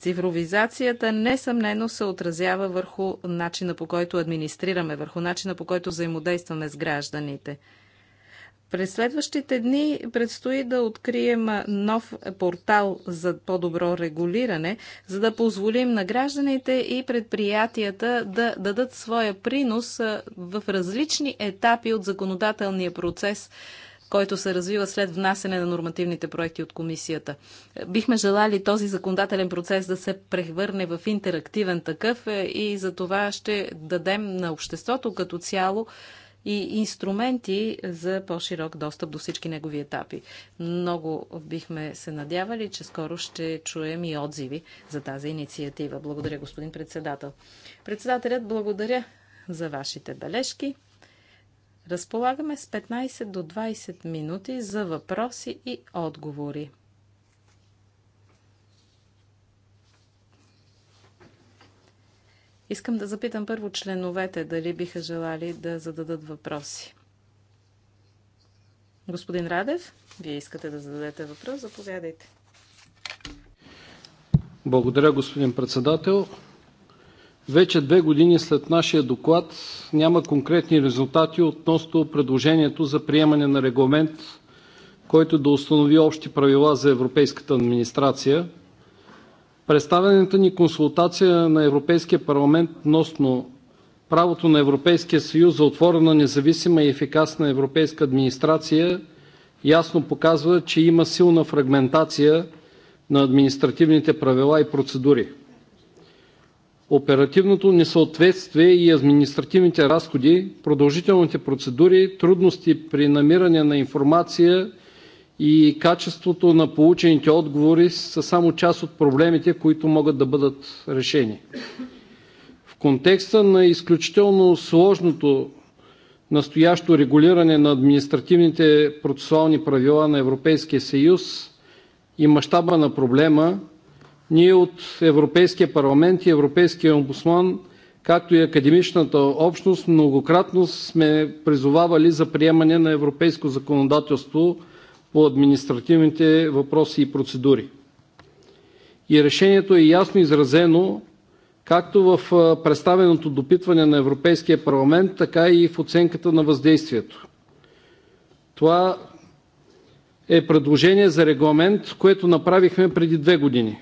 Цифровизацията несъмнено се отразява върху начина по който администрираме, върху начина по който взаимодействаме с гражданите. През следващите дни предстои да открием нов портал за по-добро регулиране, за да позволим на гражданите и предприятията да дадат своя принос в различни етапи от законодателния процес, който се развива след внасене на нормативните проекти от комисията. Бихме желали този законодателен процес да се превърне в интерактивен такъв е, и за това ще дадем на обществото като цяло и инструменти за по-широк достъп до всички негови етапи. Много бихме се надявали, че скоро ще чуем и отзиви за тази инициатива. Благодаря, господин председател. Председателят, благодаря за вашите бележки. Разполагаме с 15 до 20 минути за въпроси и отговори. Искам да запитам първо членовете дали биха желали да зададат въпроси. Господин Радев, вие искате да зададете въпрос, заповядайте. Благодаря, господин председател. Вече две години след нашия доклад няма конкретни резултати относно предложението за приемане на регламент, който да установи общи правила за европейската администрация, Представената ни консултация на Европейския парламент относно правото на Европейския съюз за отворена, независима и ефикасна европейска администрация ясно показва, че има силна фрагментация на административните правила и процедури. Оперативното несъответствие и административните разходи, продължителните процедури, трудности при намиране на информация и качеството на получените отговори са само част от проблемите, които могат да бъдат решени. В контекста на изключително сложното настоящо регулиране на административните процесуални правила на Европейския съюз и мащаба на проблема, ние от Европейския парламент и Европейския омбудсман, както и академичната общност, многократно сме призовавали за приемане на европейско законодателство по административните въпроси и процедури. И решението е ясно изразено както в представеното допитване на Европейския парламент, така и в оценката на въздействието. Това е предложение за регламент, което направихме преди две години.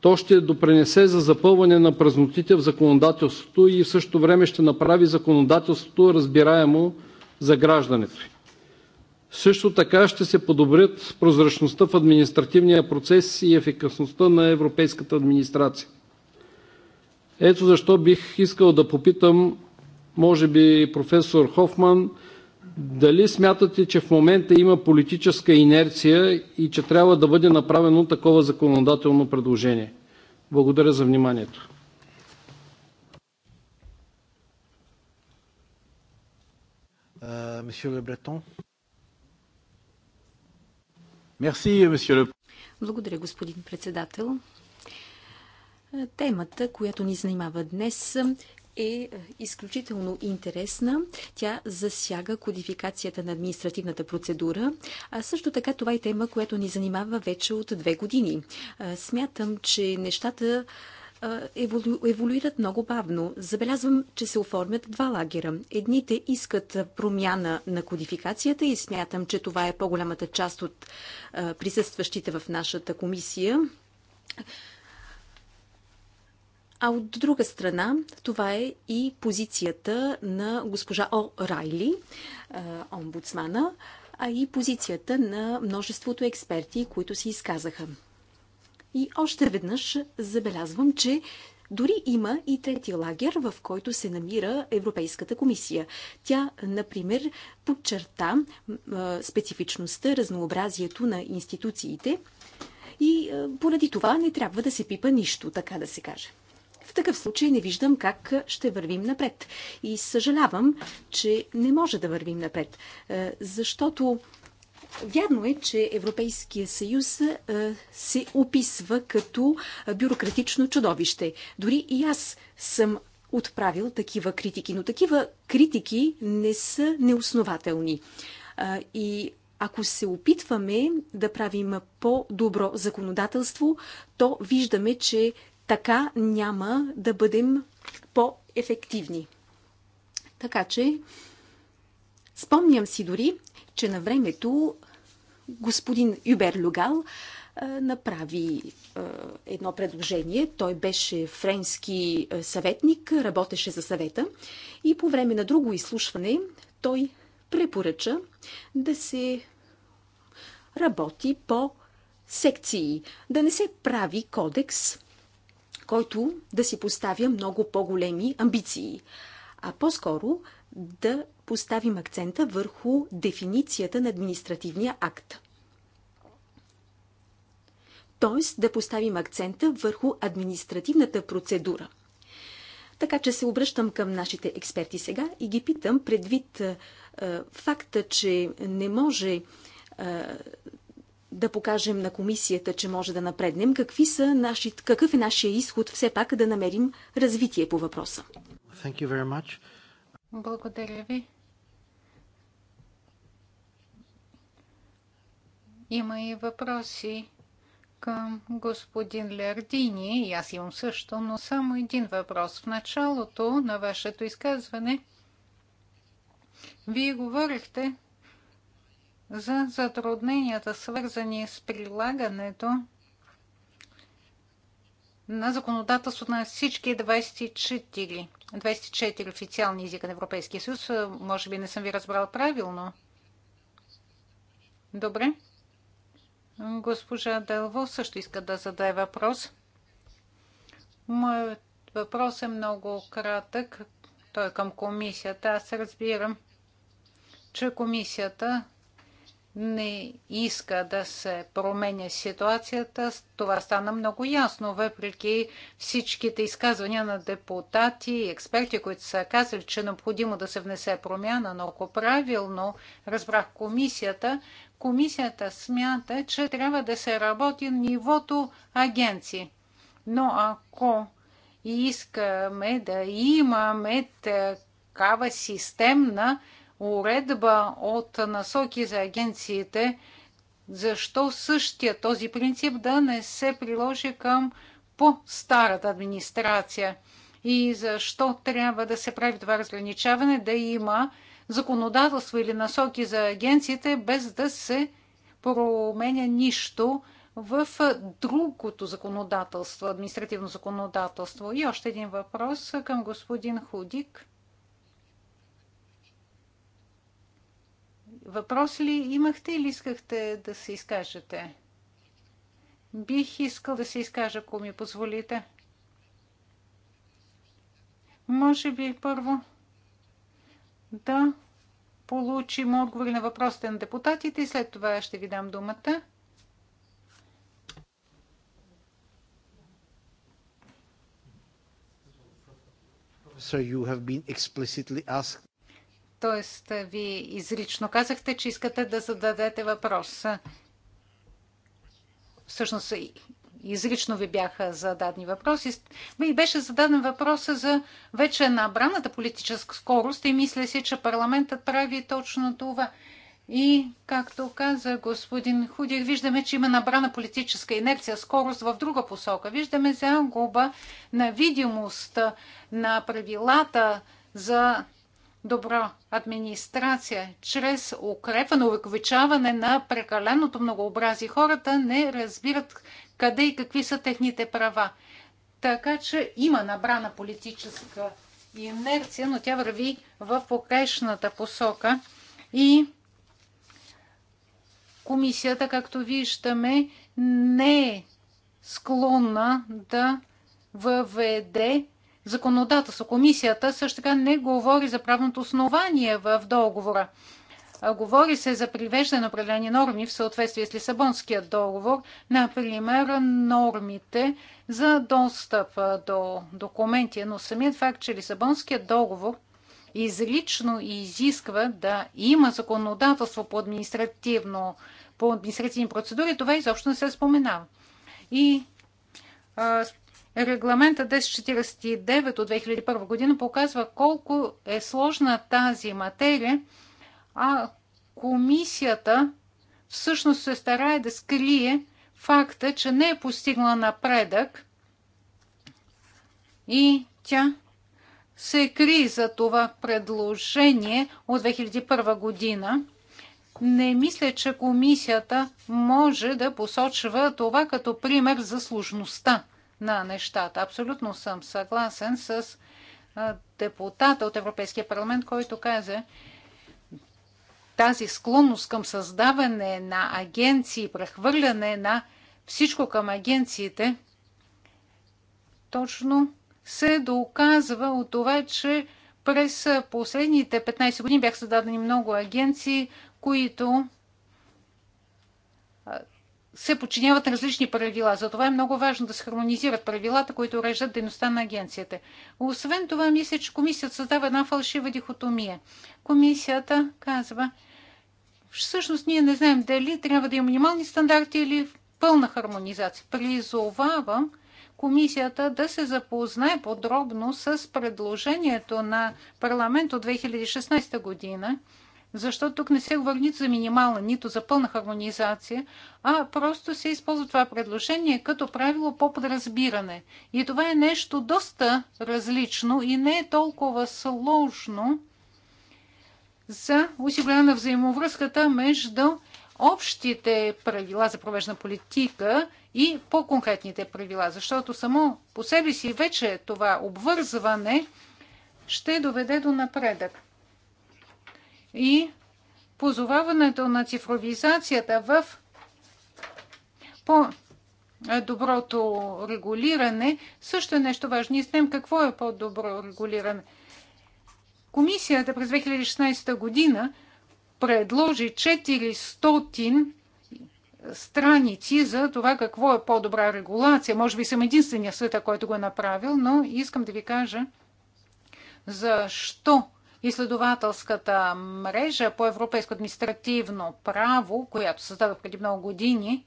То ще допринесе за запълване на празнотите в законодателството и в същото време ще направи законодателството разбираемо за гражданите. Също така ще се подобрят прозрачността в административния процес и ефикасността на европейската администрация. Ето защо бих искал да попитам, може би професор Хофман, дали смятате, че в момента има политическа инерция и че трябва да бъде направено такова законодателно предложение? Благодаря за вниманието. Е, месье Лебретон. Благодаря, господин председател. Темата, която ни занимава днес, е изключително интересна. Тя засяга кодификацията на административната процедура, а също така това е тема, която ни занимава вече от две години. Смятам, че нещата еволю, еволюират много бавно. Забелязвам, че се оформят два лагера. Едните искат промяна на кодификацията и смятам, че това е по-голямата част от присъстващите в нашата комисия. А от друга страна, това е и позицията на госпожа О. Райли, омбудсмана, а и позицията на множеството експерти, които се изказаха. И още веднъж забелязвам, че дори има и трети лагер, в който се намира Европейската комисия. Тя, например, подчерта специфичността, разнообразието на институциите и поради това не трябва да се пипа нищо, така да се каже. В такъв случай не виждам как ще вървим напред. И съжалявам, че не може да вървим напред, защото Вярно е, че Европейския съюз се описва като бюрократично чудовище. Дори и аз съм отправил такива критики, но такива критики не са неоснователни. И ако се опитваме да правим по-добро законодателство, то виждаме, че така няма да бъдем по-ефективни. Така че, спомням си дори, че на времето господин Юбер Люгал направи едно предложение. Той беше френски съветник, работеше за съвета и по време на друго изслушване той препоръча да се работи по секции, да не се прави кодекс, който да си поставя много по-големи амбиции, а по-скоро да поставим акцента върху дефиницията на административния акт. Тоест да поставим акцента върху административната процедура. Така че се обръщам към нашите експерти сега и ги питам предвид е, е, факта, че не може е, да покажем на комисията, че може да напреднем, какви са наши, какъв е нашия изход все пак да намерим развитие по въпроса. Thank you very much. Благодаря ви. Има и въпроси към господин Лердини. И аз имам също, но само един въпрос. В началото на вашето изказване вие говорихте за затрудненията, свързани с прилагането на законодателство на всички 24 24 официални езика на Европейския съюз. Може би не съм ви разбрал правилно. Добре. Госпожа Дълво също иска да зададе въпрос. Моят въпрос е много кратък. Той е към комисията. Аз разбирам, че комисията не иска да се променя ситуацията. Това стана много ясно, въпреки всичките изказвания на депутати и експерти, които са казали, че е необходимо да се внесе промяна, но ако правилно разбрах комисията, комисията смята, че трябва да се работи на нивото агенции. Но ако искаме да имаме такава системна уредба от насоки за агенциите, защо същия този принцип да не се приложи към по-старата администрация и защо трябва да се прави това разграничаване, да има законодателство или насоки за агенциите, без да се променя нищо в другото законодателство, административно законодателство. И още един въпрос към господин Худик. Въпрос ли имахте или искахте да се изкажете? Бих искал да се изкажа, ако ми позволите. Може би първо да получим отговори на въпросите на депутатите и след това ще ви дам думата. So you have been explicitly asked Тоест, вие изрично казахте, че искате да зададете въпрос. Всъщност, изрично ви бяха зададени въпроси. И беше зададен въпрос за вече набраната политическа скорост и мисля си, че парламентът прави точно това. И, както каза господин Худих, виждаме, че има набрана политическа инерция, скорост в друга посока. Виждаме загуба на видимост на правилата за добра администрация, чрез укрепване, увековечаване на прекаленото многообразие. Хората не разбират къде и какви са техните права. Така че има набрана политическа инерция, но тя върви в погрешната посока и комисията, както виждаме, не е склонна да въведе законодателство. Комисията също така не говори за правното основание в договора. Говори се за привеждане на определени норми в съответствие с Лисабонския договор, например нормите за достъп до документи, но самият факт, че Лисабонският договор изрично изисква да има законодателство по, административно, по административни процедури, това изобщо не се споменава. И а, Регламента 1049 от 2001 година показва колко е сложна тази материя, а комисията всъщност се старае да скрие факта, че не е постигнала напредък и тя се кри за това предложение от 2001 година. Не мисля, че комисията може да посочва това като пример за сложността на нещата. Абсолютно съм съгласен с депутата от Европейския парламент, който каза, тази склонност към създаване на агенции, прехвърляне на всичко към агенциите, точно се доказва от това, че през последните 15 години бяха създадени много агенции, които се подчиняват на различни правила. Затова е много важно да се хармонизират правилата, които уреждат дейността на агенцията. Освен това, мисля, че комисията създава една фалшива дихотомия. Комисията казва, всъщност ние не знаем дали трябва да има минимални стандарти или пълна хармонизация. Призовавам комисията да се запознае подробно с предложението на парламент от 2016 година, защото тук не се говори нито за минимална, нито за пълна хармонизация, а просто се използва това предложение като правило по подразбиране. И това е нещо доста различно и не е толкова сложно за осигуряване на взаимовръзката между общите правила за провежна политика и по-конкретните правила, защото само по себе си вече това обвързване ще доведе до напредък и позоваването на цифровизацията в по доброто регулиране също е нещо важно. Ние знаем какво е по-добро регулиране. Комисията през 2016 година предложи 400 страници за това какво е по-добра регулация. Може би съм единствения света, който го е направил, но искам да ви кажа защо изследователската мрежа по европейско административно право, която създадох преди много години,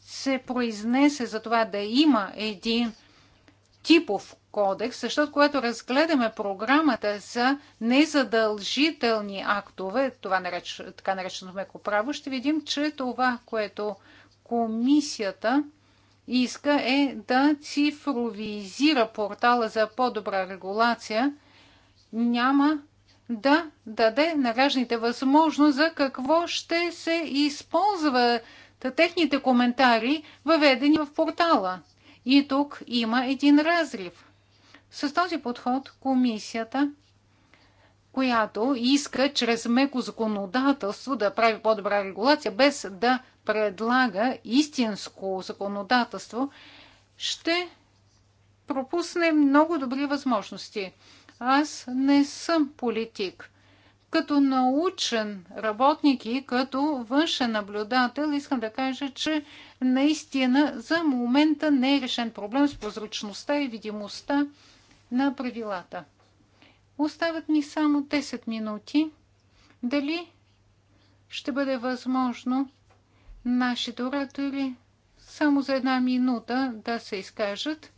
се произнесе за това да има един типов кодекс, защото когато разгледаме програмата за незадължителни актове, това нареч, така наречено меко право, ще видим, че това, което комисията иска е да цифровизира портала за по-добра регулация няма да даде на гражданите възможност за какво ще се използва техните коментари, въведени в портала. И тук има един разрив. С този подход комисията, която иска чрез меко законодателство да прави по-добра регулация, без да предлага истинско законодателство, ще пропусне много добри възможности. Аз не съм политик. Като научен работник и като външен наблюдател искам да кажа, че наистина за момента не е решен проблем с прозрачността и видимостта на правилата. Остават ни само 10 минути. Дали ще бъде възможно нашите оратори само за една минута да се изкажат?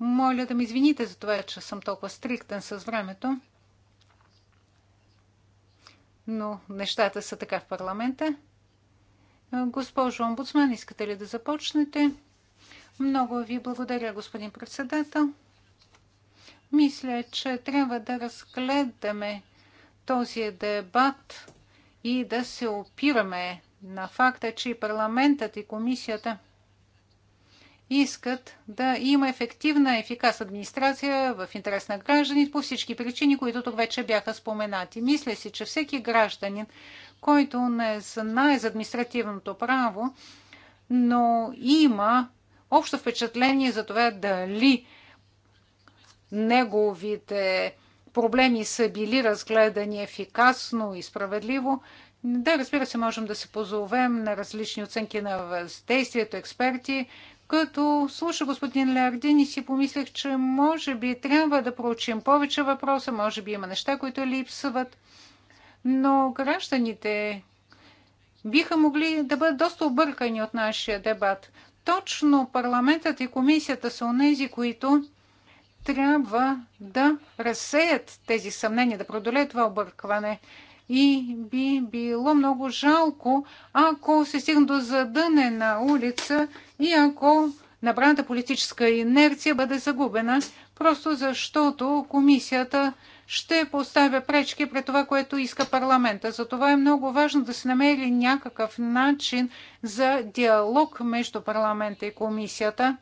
Моля да ми извините за това, че съм толкова стриктен с времето. Но нещата са така в парламента. Госпожо омбудсман, искате ли да започнете? Много ви благодаря, господин председател. Мисля, че трябва да разгледаме този дебат и да се опираме на факта, че и парламентът и комисията – искат да има ефективна, ефикасна администрация в интерес на гражданите по всички причини, които тук вече бяха споменати. Мисля си, че всеки гражданин, който не знае за административното право, но има общо впечатление за това дали неговите проблеми са били разгледани ефикасно и справедливо. Да, разбира се, можем да се позовем на различни оценки на въздействието, експерти, като слуша господин Лярдин и си помислех, че може би трябва да проучим повече въпроса, може би има неща, които липсват, но гражданите биха могли да бъдат доста объркани от нашия дебат. Точно парламентът и комисията са онези, които трябва да разсеят тези съмнения, да продолеят това объркване. И би било много жалко, ако се стигне до задънена улица и ако набраната политическа инерция бъде загубена, просто защото комисията ще поставя пречки пред това, което иска парламента. Затова е много важно да се намери някакъв начин за диалог между парламента и комисията,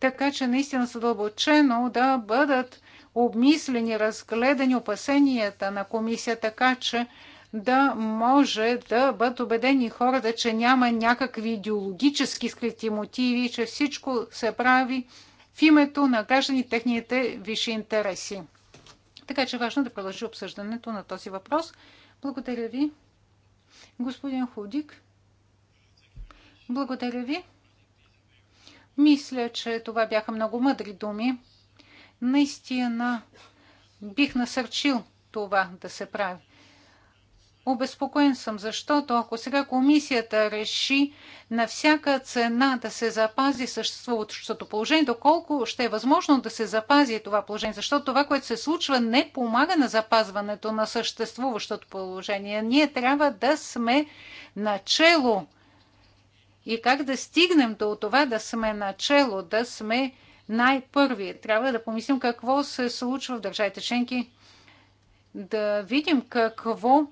така че наистина задълбочено да бъдат обмислени, разгледани опасенията на комисия, така че да може да бъдат убедени хората, че няма някакви идеологически скрити мотиви, че всичко се прави в името на граждани техните висши интереси. Така че е важно да продължи обсъждането на този въпрос. Благодаря ви. Господин Худик. Благодаря ви. Мисля, че това бяха много мъдри думи. Наистина бих насърчил това да се прави. Обезпокоен съм, защото ако сега комисията реши на всяка цена да се запази съществуващото положение, доколко ще е възможно да се запази това положение, защото това, което се случва, не помага на запазването на съществуващото положение. Ние трябва да сме начело и как да стигнем до това да сме начело, да сме най-първи. Трябва да помислим какво се случва в държавите членки, да видим какво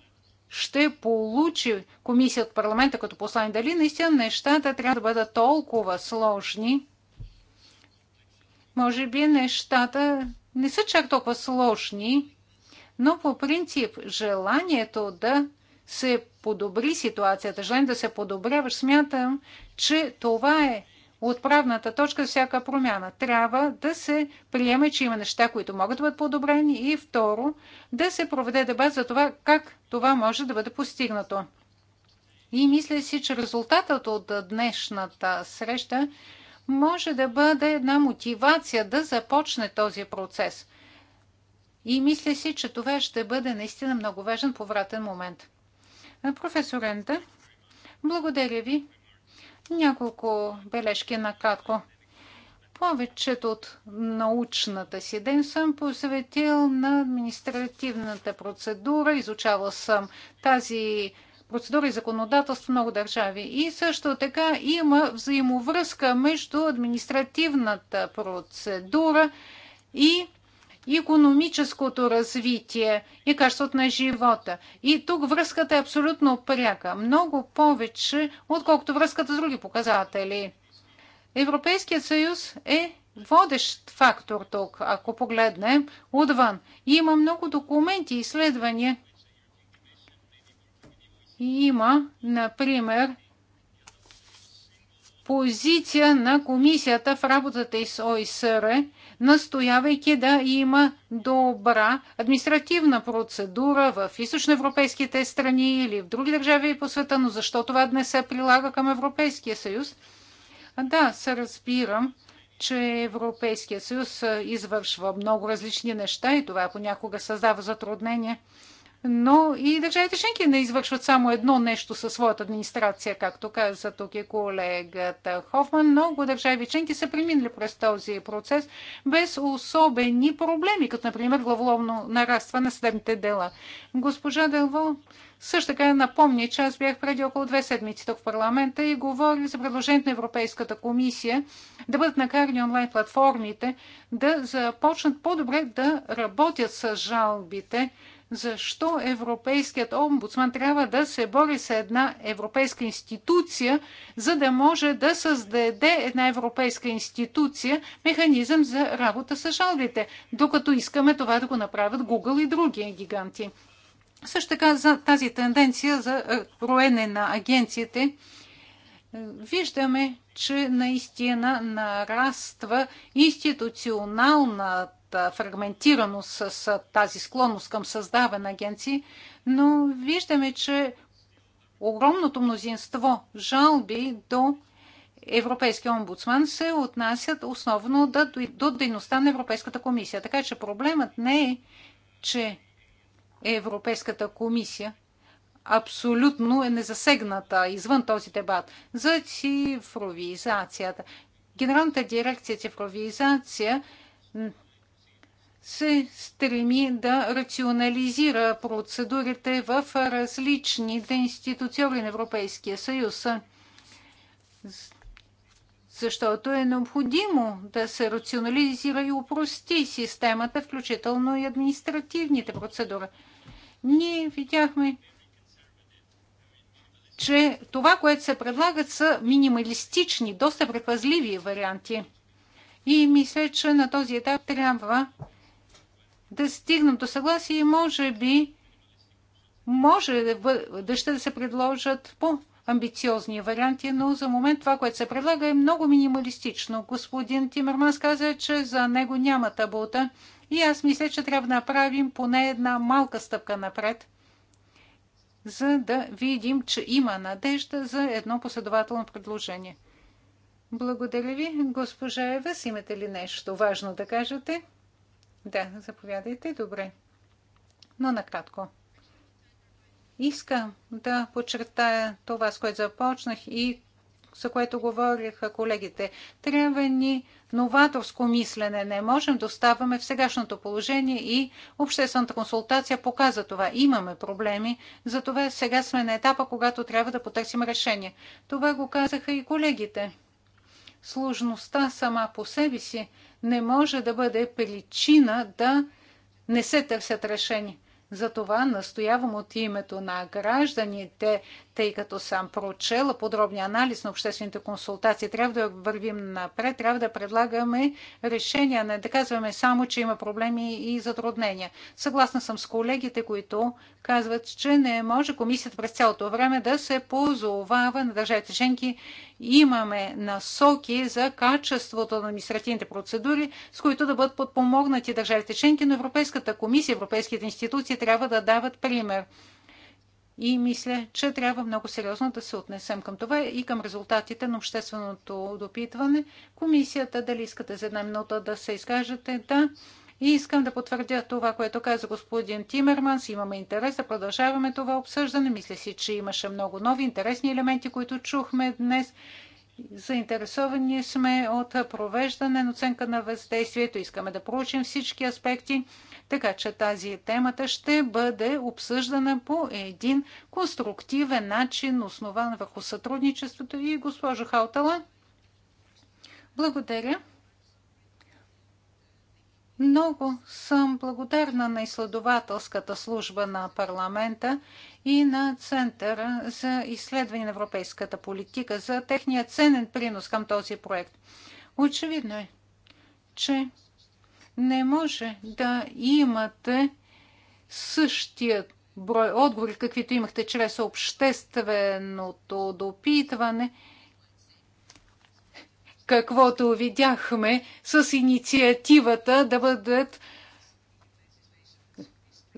ще получи комисия от парламента като послание. Дали наистина нещата трябва да бъдат толкова сложни? Може би нещата не са чак толкова сложни, но по принцип желанието да се подобри ситуацията, желание да се подобряваш, смятам, че това е отправната точка за всяка промяна. Трябва да се приеме, че има неща, които могат да бъдат подобрени и второ, да се проведе дебат за това как това може да бъде постигнато. И мисля си, че резултатът от днешната среща може да бъде една мотивация да започне този процес. И мисля си, че това ще бъде наистина много важен повратен момент. Професор Енда, благодаря ви няколко бележки на кратко. Повечето от научната си ден съм посветил на административната процедура. Изучавал съм тази процедура и законодателство много държави. И също така има взаимовръзка между административната процедура и економическото развитие и качеството на живота. И тук връзката е абсолютно пряка. Много повече, отколкото връзката с други показатели. Европейският съюз е водещ фактор тук, ако погледнем отвън. Има много документи и изследвания. Има, например, позиция на комисията в работата с ОИСР е, настоявайки да има добра административна процедура в източноевропейските страни или в други държави по света, но защо това днес се прилага към Европейския съюз? Да, се разбирам, че Европейския съюз извършва много различни неща и това понякога създава затруднения но и държавите членки не извършват само едно нещо със своята администрация, както каза тук и колегата Хофман. Много държави членки са преминали през този процес без особени проблеми, като например главоловно нараства на съдебните дела. Госпожа Делво също така напомни, че аз бях преди около две седмици тук в парламента и говорих за предложението на Европейската комисия да бъдат накарани онлайн платформите да започнат по-добре да работят с жалбите защо Европейският омбудсман трябва да се бори с една европейска институция, за да може да създаде една европейска институция механизъм за работа с жалбите, докато искаме това да го направят Google и други гиганти. Също така за тази тенденция за роене на агенциите, виждаме, че наистина нараства институционалната фрагментираност, с тази склонност към създаване на агенции, но виждаме, че огромното мнозинство жалби до Европейския омбудсман се отнасят основно до, до дейността на Европейската комисия. Така че проблемът не е, че Европейската комисия абсолютно е незасегната извън този дебат за цифровизацията. Генералната дирекция цифровизация се стреми да рационализира процедурите в различните институции на Европейския съюз, защото е необходимо да се рационализира и упрости системата, включително и административните процедури. Ние видяхме, че това, което се предлагат, са минималистични, доста предпазливи варианти. И мисля, че на този етап трябва да стигнем до съгласие и може би може да, ще да се предложат по амбициозни варианти, но за момент това, което се предлага е много минималистично. Господин Тимерманс каза, че за него няма табута и аз мисля, че трябва да направим поне една малка стъпка напред, за да видим, че има надежда за едно последователно предложение. Благодаря ви, госпожа Евес. Имате ли нещо важно да кажете? Да, заповядайте, добре. Но накратко. Искам да подчертая това, с което започнах и за което говориха колегите. Трябва ни новаторско мислене. Не можем да оставаме в сегашното положение и обществената консултация показа това. Имаме проблеми, затова сега сме на етапа, когато трябва да потърсим решение. Това го казаха и колегите. Сложността сама по себе си не може да бъде причина да не се търсят решения. Затова настоявам от името на гражданите тъй като съм прочела подробния анализ на обществените консултации. Трябва да вървим напред, трябва да предлагаме решения, не да казваме само, че има проблеми и затруднения. Съгласна съм с колегите, които казват, че не може комисията през цялото време да се позовава на държавите членки. Имаме насоки за качеството на административните процедури, с които да бъдат подпомогнати държавите членки, но Европейската комисия, европейските институции трябва да дават пример. И мисля, че трябва много сериозно да се отнесем към това и към резултатите на общественото допитване. Комисията, дали искате за една минута да се изкажете? Да. И искам да потвърдя това, което каза господин Тимерманс. Имаме интерес да продължаваме това обсъждане. Мисля си, че имаше много нови интересни елементи, които чухме днес. Заинтересовани сме от провеждане на оценка на въздействието. Искаме да проучим всички аспекти, така че тази темата ще бъде обсъждана по един конструктивен начин, основан върху сътрудничеството. И госпожо Хаутала, благодаря. Много съм благодарна на изследователската служба на парламента и на Центъра за изследване на европейската политика за техния ценен принос към този проект. Очевидно е, че не може да имате същия брой отговори, каквито имахте чрез общественото допитване, каквото видяхме с инициативата да бъдат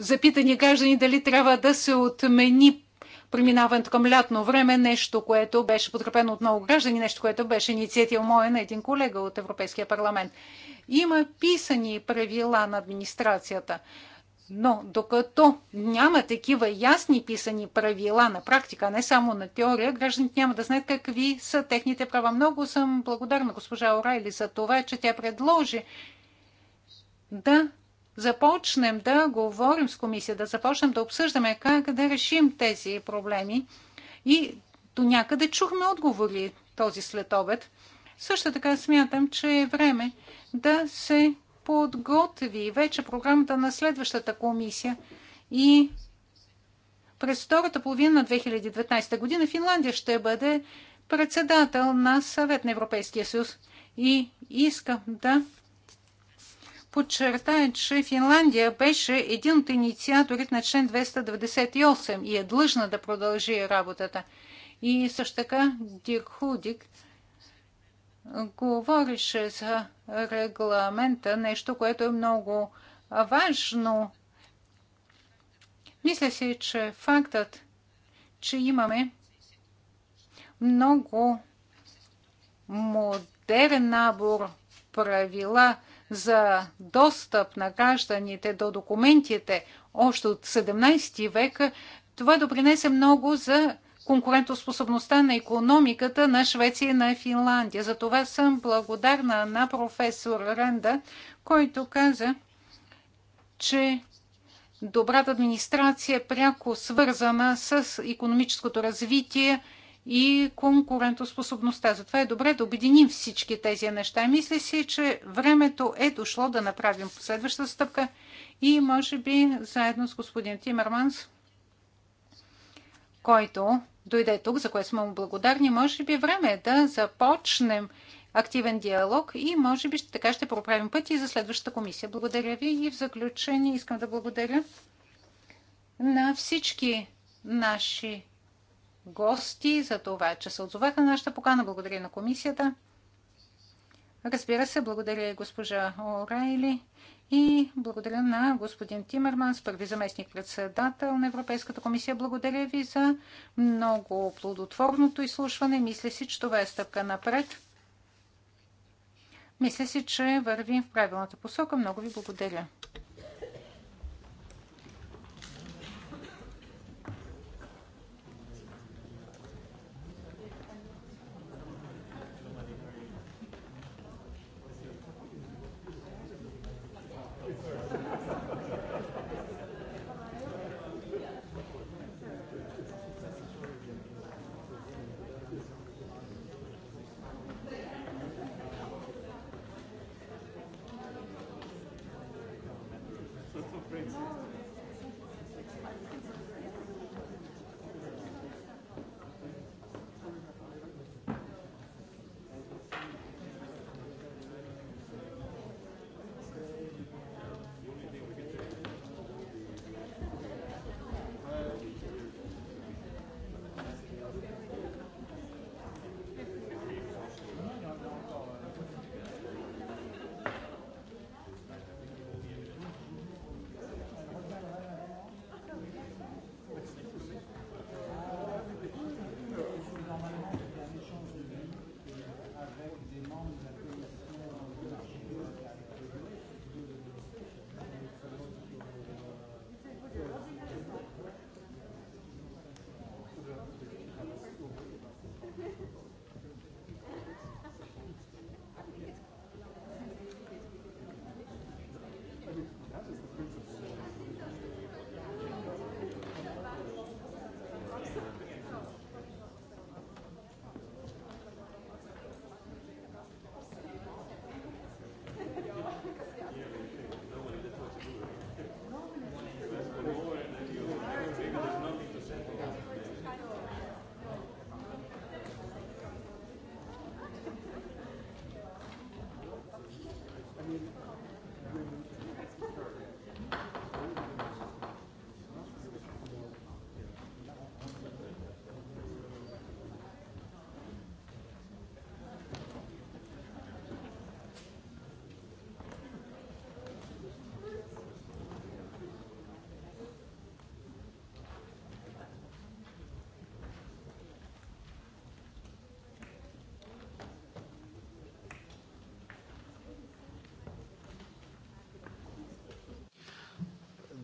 запитани граждани дали трябва да се отмени преминаването към лятно време, нещо, което беше подкрепено от много граждани, нещо, което беше инициатива моя на един колега от Европейския парламент. Има писани правила на администрацията, но докато няма такива ясни писани правила на практика, не само на теория, гражданите няма да знаят какви са техните права. Много съм благодарна госпожа Орайли за това, че тя предложи да започнем да говорим с комисия, да започнем да обсъждаме как да решим тези проблеми. И до някъде чухме отговори този следобед. Също така смятам, че е време да се подготви вече програмата на следващата комисия и през втората половина на 2019 година Финландия ще бъде председател на Съвет на Европейския съюз и искам да подчертая, че Финландия беше един от инициаторите на член 298 и е длъжна да продължи работата. И също така Дик Худик говореше за регламента, нещо, което е много важно. Мисля си, че фактът, че имаме много модерен набор правила за достъп на гражданите до документите още от 17 век, това допринесе много за конкурентоспособността на економиката на Швеция и на Финландия. За това съм благодарна на професор Ренда, който каза, че добрата администрация е пряко свързана с економическото развитие и конкурентоспособността. Затова е добре да обединим всички тези неща. Мисля си, че времето е дошло да направим последваща стъпка и може би заедно с господин Тимерманс, който дойде тук, за което сме му благодарни, може би време е да започнем активен диалог и може би така ще проправим пъти за следващата комисия. Благодаря ви и в заключение искам да благодаря на всички наши гости за това, че се отзоваха на нашата покана. Благодаря на комисията. Разбира се, благодаря и госпожа Орайли и благодаря на господин Тимерманс, първи заместник председател на Европейската комисия. Благодаря ви за много плодотворното изслушване. Мисля си, че това е стъпка напред. Мисля си, че вървим в правилната посока. Много ви благодаря.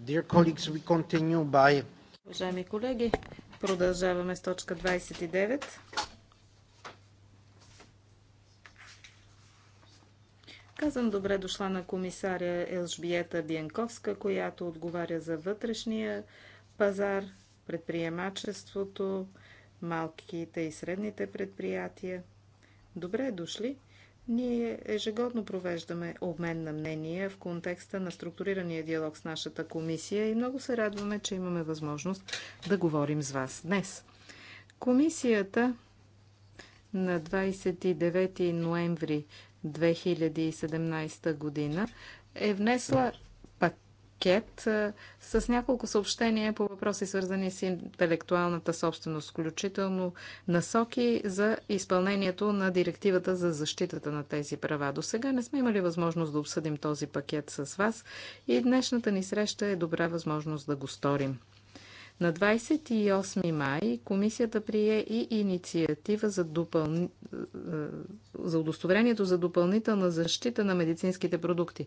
Dear colleagues, we continue by... Уважаеми колеги, продължаваме с точка 29. Казвам добре дошла на комисаря Елжбиета Биенковска, която отговаря за вътрешния пазар, предприемачеството, малките и средните предприятия. Добре дошли! Ние ежегодно провеждаме обмен на мнения в контекста на структурирания диалог с нашата комисия и много се радваме, че имаме възможност да говорим с вас днес. Комисията на 29 ноември 2017 година е внесла пакет с няколко съобщения по въпроси, свързани с интелектуалната собственост, включително насоки за изпълнението на директивата за защитата на тези права. До сега не сме имали възможност да обсъдим този пакет с вас и днешната ни среща е добра възможност да го сторим. На 28 май комисията прие и инициатива за, допъл... за удостоверението за допълнителна защита на медицинските продукти.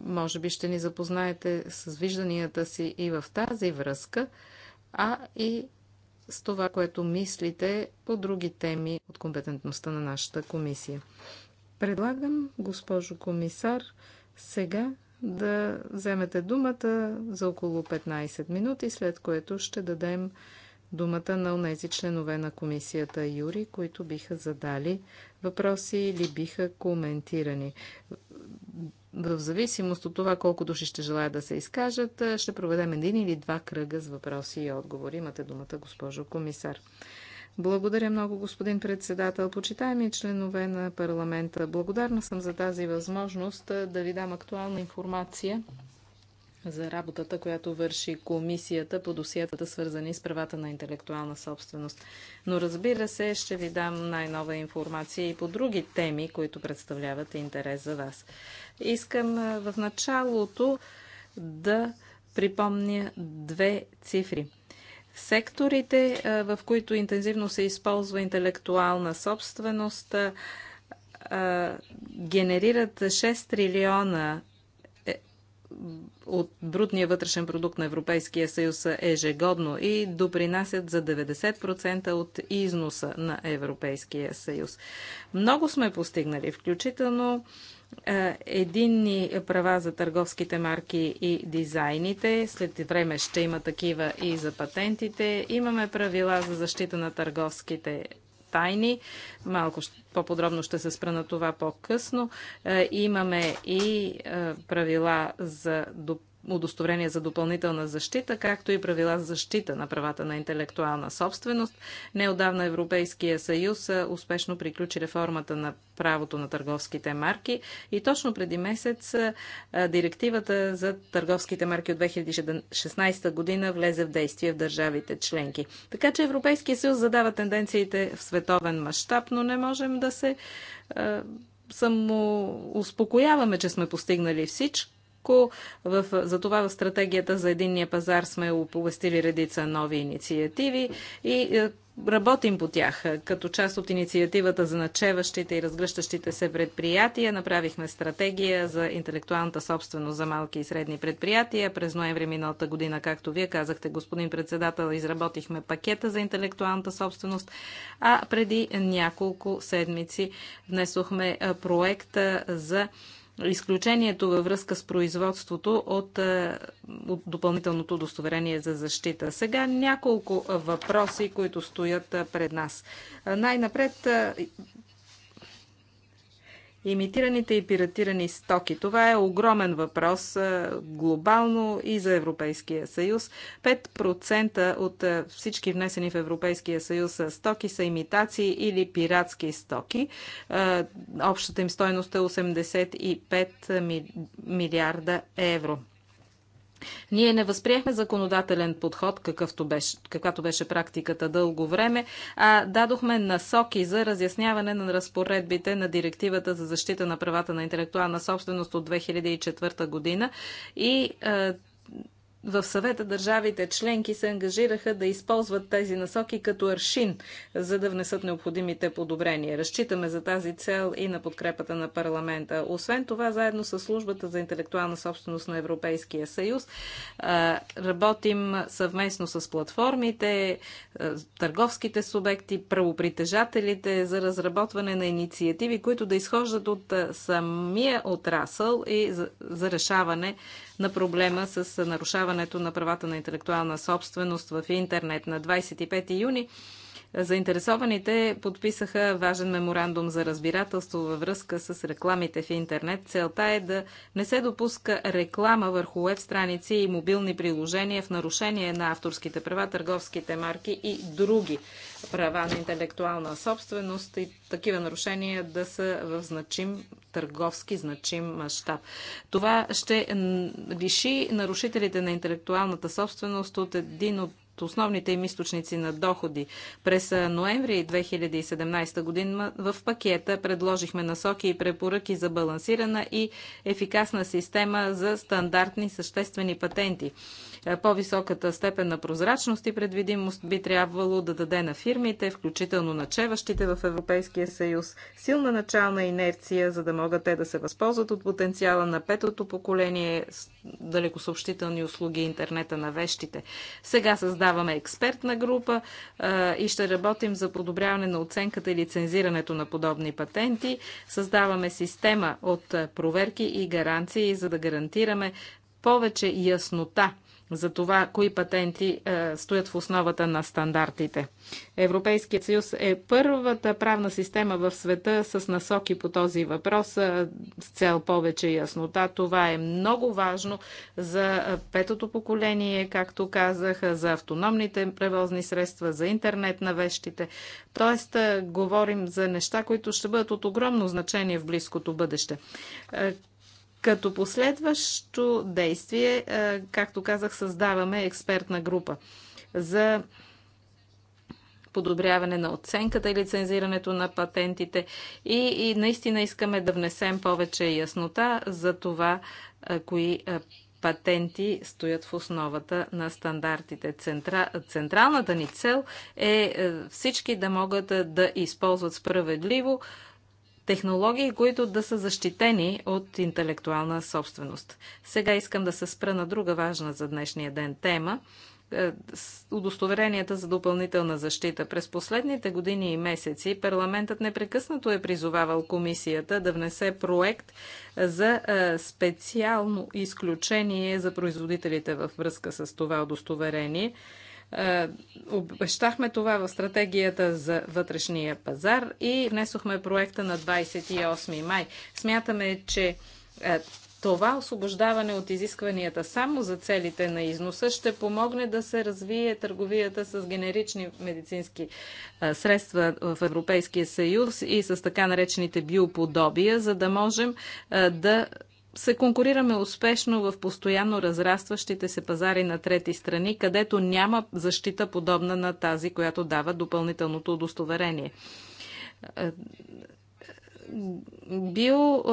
Може би ще ни запознаете с вижданията си и в тази връзка, а и с това, което мислите по други теми от компетентността на нашата комисия. Предлагам, госпожо комисар, сега да вземете думата за около 15 минути, след което ще дадем думата на онези членове на комисията Юри, които биха задали въпроси или биха коментирани в зависимост от това колко души ще желая да се изкажат, ще проведем един или два кръга с въпроси и отговори. Имате думата, госпожо комисар. Благодаря много, господин председател. Почитаеми членове на парламента, благодарна съм за тази възможност да ви дам актуална информация за работата, която върши комисията по досиетата, свързани с правата на интелектуална собственост. Но разбира се, ще ви дам най-нова информация и по други теми, които представляват интерес за вас. Искам в началото да припомня две цифри. Секторите, в които интензивно се използва интелектуална собственост, генерират 6 трилиона от брутния вътрешен продукт на Европейския съюз ежегодно и допринасят за 90% от износа на Европейския съюз. Много сме постигнали, включително е, единни права за търговските марки и дизайните. След време ще има такива и за патентите. Имаме правила за защита на търговските тайни. Малко по-подробно ще се спра на това по-късно. Е, имаме и е, правила за допълнително удостоверение за допълнителна защита, както и правила за защита на правата на интелектуална собственост. Неодавна Европейския съюз успешно приключи реформата на правото на търговските марки и точно преди месец директивата за търговските марки от 2016 година влезе в действие в държавите членки. Така че Европейския съюз задава тенденциите в световен мащаб, но не можем да се само успокояваме, че сме постигнали всичко кратко. В, за това в стратегията за единния пазар сме оповестили редица нови инициативи и е, работим по тях. Като част от инициативата за начеващите и разгръщащите се предприятия направихме стратегия за интелектуалната собственост за малки и средни предприятия. През ноември миналата година, както вие казахте, господин председател, изработихме пакета за интелектуалната собственост, а преди няколко седмици внесохме е, проекта за изключението във връзка с производството от, е, от допълнителното удостоверение за защита. Сега няколко въпроси, които стоят е, пред нас. Е, най-напред имитираните и пиратирани стоки. Това е огромен въпрос глобално и за Европейския съюз. 5% от всички внесени в Европейския съюз стоки са имитации или пиратски стоки. Общата им стоеност е 85 милиарда евро. Ние не възприехме законодателен подход, какъвто беше, каквато беше практиката дълго време, а дадохме насоки за разясняване на разпоредбите на Директивата за защита на правата на интелектуална собственост от 2004 година и е, в съвета държавите членки се ангажираха да използват тези насоки като аршин, за да внесат необходимите подобрения. Разчитаме за тази цел и на подкрепата на парламента. Освен това, заедно с службата за интелектуална собственост на Европейския съюз, работим съвместно с платформите, търговските субекти, правопритежателите за разработване на инициативи, които да изхождат от самия отрасъл и за решаване на проблема с нарушаването на правата на интелектуална собственост в интернет на 25 юни. Заинтересованите подписаха важен меморандум за разбирателство във връзка с рекламите в интернет. Целта е да не се допуска реклама върху веб страници и мобилни приложения в нарушение на авторските права, търговските марки и други права на интелектуална собственост и такива нарушения да са в значим търговски значим мащаб. Това ще лиши нарушителите на интелектуалната собственост от един от основните им източници на доходи. През ноември 2017 година в пакета предложихме насоки и препоръки за балансирана и ефикасна система за стандартни съществени патенти. Е, по-високата степен на прозрачност и предвидимост би трябвало да даде на фирмите, включително начеващите в Европейския съюз, силна начална инерция, за да могат те да се възползват от потенциала на петото поколение с далекосъобщителни услуги и интернета на вещите. Сега създаваме експертна група е, и ще работим за подобряване на оценката и лицензирането на подобни патенти. Създаваме система от проверки и гаранции, за да гарантираме повече яснота за това кои патенти е, стоят в основата на стандартите. Европейският съюз е първата правна система в света с насоки по този въпрос е, с цел повече яснота. Това е много важно за петото поколение, както казах, за автономните превозни средства, за интернет на вещите. Тоест, е, говорим за неща, които ще бъдат от огромно значение в близкото бъдеще. Е, като последващо действие, е, както казах, създаваме експертна група за подобряване на оценката и лицензирането на патентите. И, и наистина искаме да внесем повече яснота за това, е, кои е, патенти стоят в основата на стандартите. Центра... Централната ни цел е всички да могат да използват справедливо технологии, които да са защитени от интелектуална собственост. Сега искам да се спра на друга важна за днешния ден тема е, удостоверенията за допълнителна защита. През последните години и месеци парламентът непрекъснато е призовавал комисията да внесе проект за е, специално изключение за производителите във връзка с това удостоверение. Е, обещахме това в стратегията за вътрешния пазар и внесохме проекта на 28 май. Смятаме, че е, това освобождаване от изискванията само за целите на износа ще помогне да се развие търговията с генерични медицински е, средства в Европейския съюз и с така наречените биоподобия, за да можем да се конкурираме успешно в постоянно разрастващите се пазари на трети страни, където няма защита подобна на тази, която дава допълнителното удостоверение. Био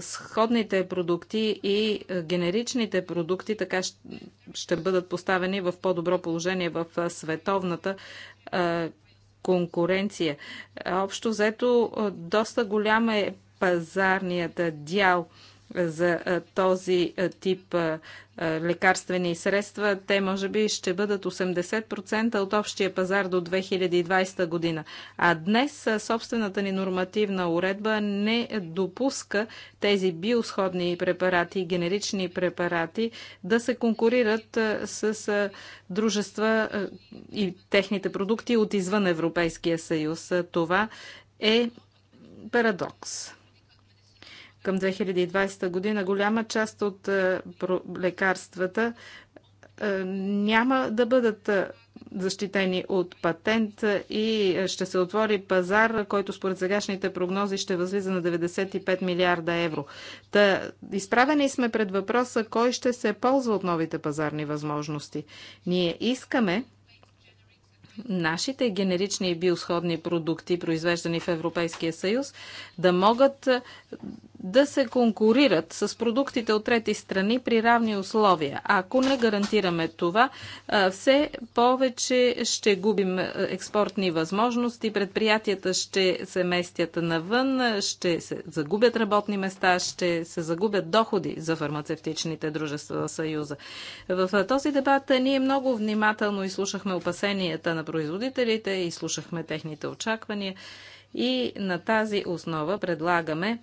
сходните продукти и генеричните продукти така ще бъдат поставени в по-добро положение в световната конкуренция. Общо взето, доста голям е пазарният дял за този тип лекарствени средства, те може би ще бъдат 80% от общия пазар до 2020 година. А днес собствената ни нормативна уредба не допуска тези биосходни препарати, генерични препарати да се конкурират с дружества и техните продукти от извън Европейския съюз. Това е парадокс към 2020 година голяма част от е, лекарствата е, няма да бъдат е, защитени от патент и ще се отвори пазар, който според сегашните прогнози ще възлиза на 95 милиарда евро. Та, изправени сме пред въпроса кой ще се ползва от новите пазарни възможности. Ние искаме нашите генерични и биосходни продукти, произвеждани в Европейския съюз, да могат да се конкурират с продуктите от трети страни при равни условия. Ако не гарантираме това, все повече ще губим експортни възможности, предприятията ще се местят навън, ще се загубят работни места, ще се загубят доходи за фармацевтичните дружества в Съюза. В този дебат ние много внимателно изслушахме опасенията на производителите, изслушахме техните очаквания и на тази основа предлагаме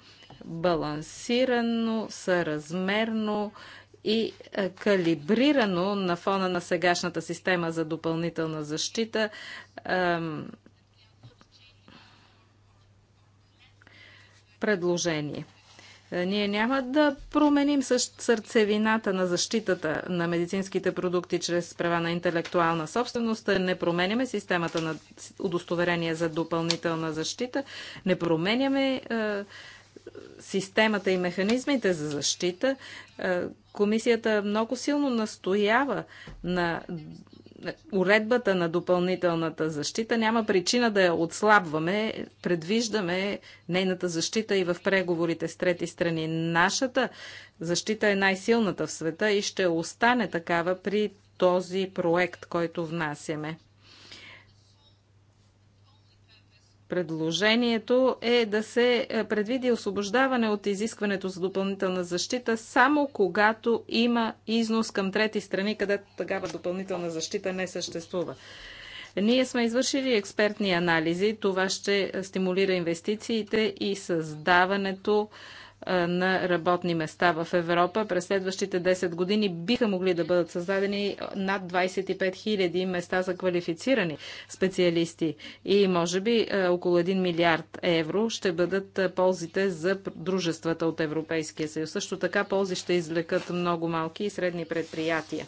балансирано, съразмерно и е, калибрирано на фона на сегашната система за допълнителна защита предложение. Е, ние няма да променим сърцевината на защитата на медицинските продукти чрез права на интелектуална собственост. Е, не променяме системата на удостоверение за допълнителна защита. Не променяме е, системата и механизмите за защита, е, комисията много силно настоява на уредбата на допълнителната защита. Няма причина да я отслабваме. Предвиждаме нейната защита и в преговорите с трети страни. Нашата защита е най-силната в света и ще остане такава при този проект, който внасяме. Предложението е да се е, предвиди освобождаване от изискването за допълнителна защита само когато има износ към трети страни, където такава допълнителна защита не съществува. Ние сме извършили експертни анализи. Това ще стимулира инвестициите и създаването на работни места в Европа. През следващите 10 години биха могли да бъдат създадени над 25 000 места за квалифицирани специалисти и може би около 1 милиард евро ще бъдат ползите за дружествата от Европейския съюз. Също така ползи ще извлекат много малки и средни предприятия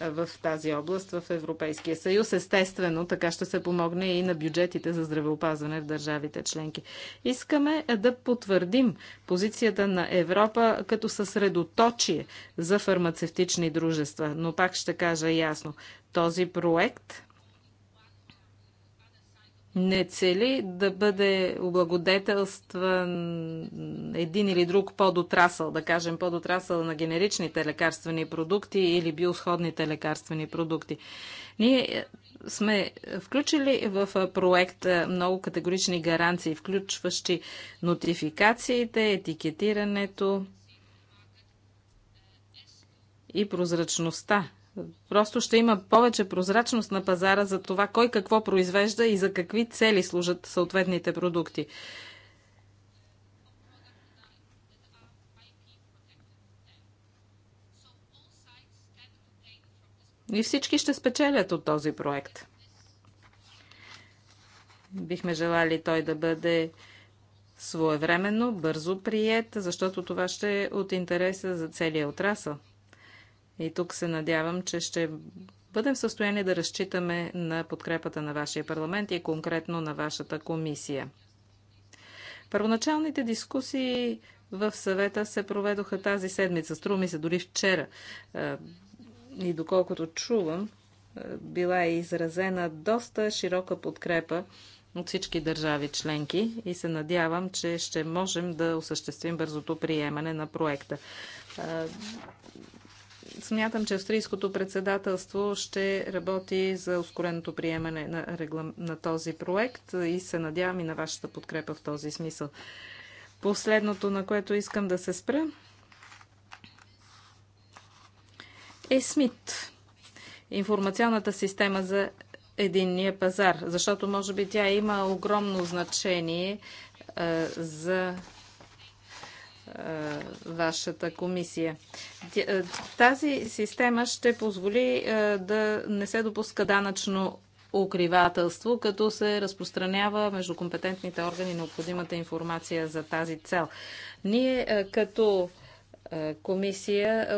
в тази област в Европейския съюз. Естествено, така ще се помогне и на бюджетите за здравеопазване в държавите членки. Искаме да потвърдим позицията на Европа като съсредоточие за фармацевтични дружества. Но пак ще кажа ясно, този проект не цели да бъде облагодетелстван един или друг подотрасъл, да кажем подотрасъл на генеричните лекарствени продукти или биосходните лекарствени продукти. Ние е, сме включили в е, проекта е, много категорични гаранции, включващи нотификациите, етикетирането и прозрачността Просто ще има повече прозрачност на пазара за това кой какво произвежда и за какви цели служат съответните продукти. И всички ще спечелят от този проект. Бихме желали той да бъде своевременно, бързо прият, защото това ще е от интереса за целия отрасъл. И тук се надявам, че ще бъдем в състояние да разчитаме на подкрепата на вашия парламент и конкретно на вашата комисия. Първоначалните дискусии в съвета се проведоха тази седмица. Струва ми се дори вчера. И доколкото чувам, била е изразена доста широка подкрепа от всички държави членки и се надявам, че ще можем да осъществим бързото приемане на проекта смятам, че австрийското председателство ще работи за ускореното приемане на, реглам... на този проект и се надявам и на вашата подкрепа в този смисъл. Последното, на което искам да се спра, е СМИТ. Информационната система за единния пазар, защото може би тя има огромно значение е, за е, вашата комисия. Е, тази система ще позволи е, да не се допуска данъчно укривателство, като се разпространява между компетентните органи необходимата информация за тази цел. Ние като е, комисия е,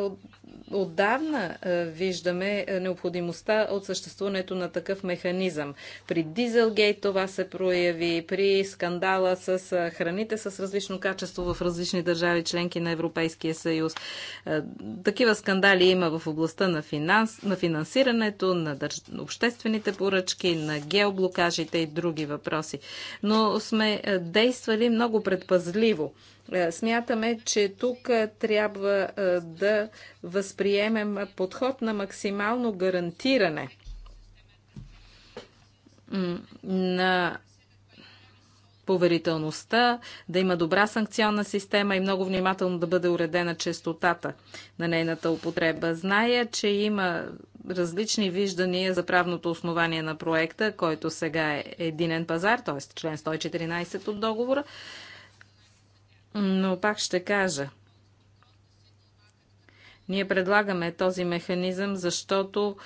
отдавна е, виждаме необходимостта от съществуването на такъв механизъм. При Дизелгейт това се прояви, при скандала с храните с различно качество в различни държави, членки на Европейския съюз. Такива скандали има в областта на, финанс, на финансирането, на държ... обществените поръчки, на геоблокажите и други въпроси. Но сме действали много предпазливо. Е, смятаме, че тук е, трябва е, да възприемем подход на максимално гарантиране на поверителността, да има добра санкционна система и много внимателно да бъде уредена честотата на нейната употреба. Зная, че има различни виждания за правното основание на проекта, който сега е единен пазар, т.е. член 114 от договора. Но пак ще кажа, ние предлагаме този механизъм, защото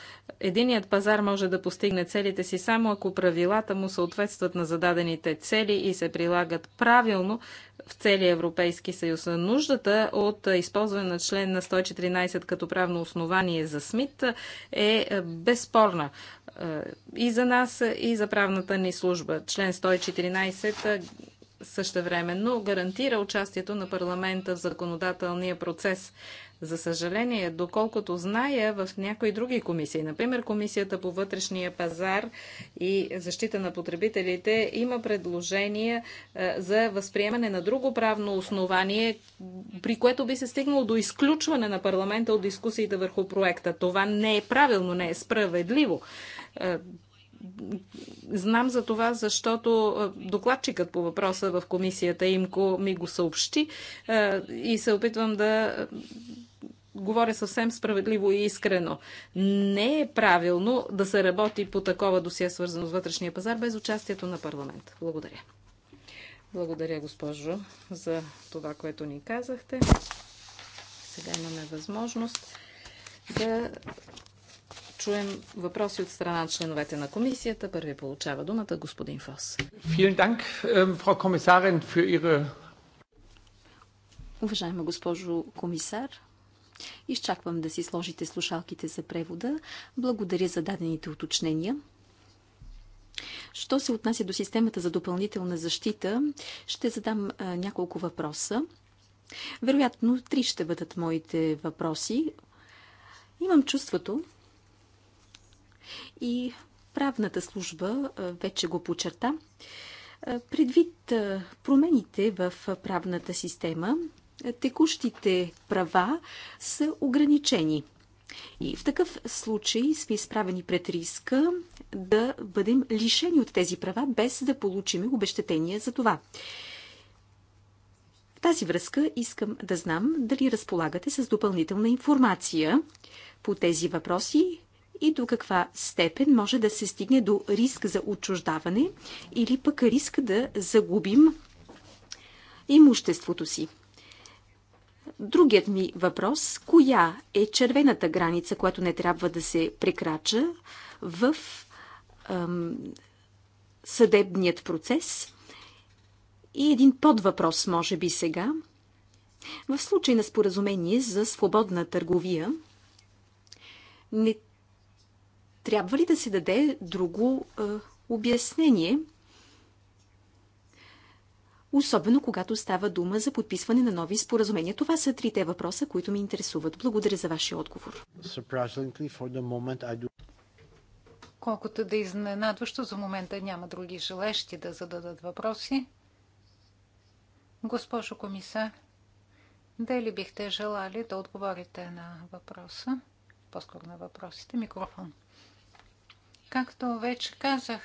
единият пазар може да постигне целите си само ако правилата му съответстват на зададените цели и се прилагат правилно в целия Европейски съюз. Нуждата от използване на член на 114 като правно основание за СМИТ е безспорна е, и за нас, и за правната ни служба. Член 114 същевременно гарантира участието на парламента в законодателния процес. За съжаление, доколкото зная, в някои други комисии, например Комисията по вътрешния пазар и защита на потребителите, има предложения е, за възприемане на друго правно основание, при което би се стигнало до изключване на парламента от дискусиите върху проекта. Това не е правилно, не е справедливо е, знам за това, защото докладчикът по въпроса в комисията ИМКО ми го съобщи и се опитвам да говоря съвсем справедливо и искрено. Не е правилно да се работи по такова досие, свързано с вътрешния пазар, без участието на парламент. Благодаря. Благодаря, госпожо, за това, което ни казахте. Сега имаме възможност да чуем въпроси от страна на членовете на комисията. Първи получава думата господин Фос. Ähm, Уважаема госпожо комисар, изчаквам да си сложите слушалките за превода. Благодаря за дадените уточнения. Що се отнася до системата за допълнителна защита, ще задам а, няколко въпроса. Вероятно, три ще бъдат моите въпроси. Имам чувството, и правната служба вече го почерта. Предвид промените в правната система, текущите права са ограничени. И в такъв случай сме изправени пред риска да бъдем лишени от тези права, без да получим обещетение за това. В тази връзка искам да знам дали разполагате с допълнителна информация по тези въпроси, и до каква степен може да се стигне до риск за отчуждаване или пък риск да загубим имуществото си. Другият ми въпрос – коя е червената граница, която не трябва да се прекрача в ам, съдебният процес? И един подвъпрос, може би сега. В случай на споразумение за свободна търговия, не трябва ли да се даде друго е, обяснение? Особено когато става дума за подписване на нови споразумения. Това са трите въпроса, които ме интересуват. Благодаря за вашия отговор. Колкото да изненадващо, за момента няма други желещи да зададат въпроси. Госпожо комисар, дали бихте желали да отговорите на въпроса? По-скоро на въпросите. Микрофон. Както вече казах,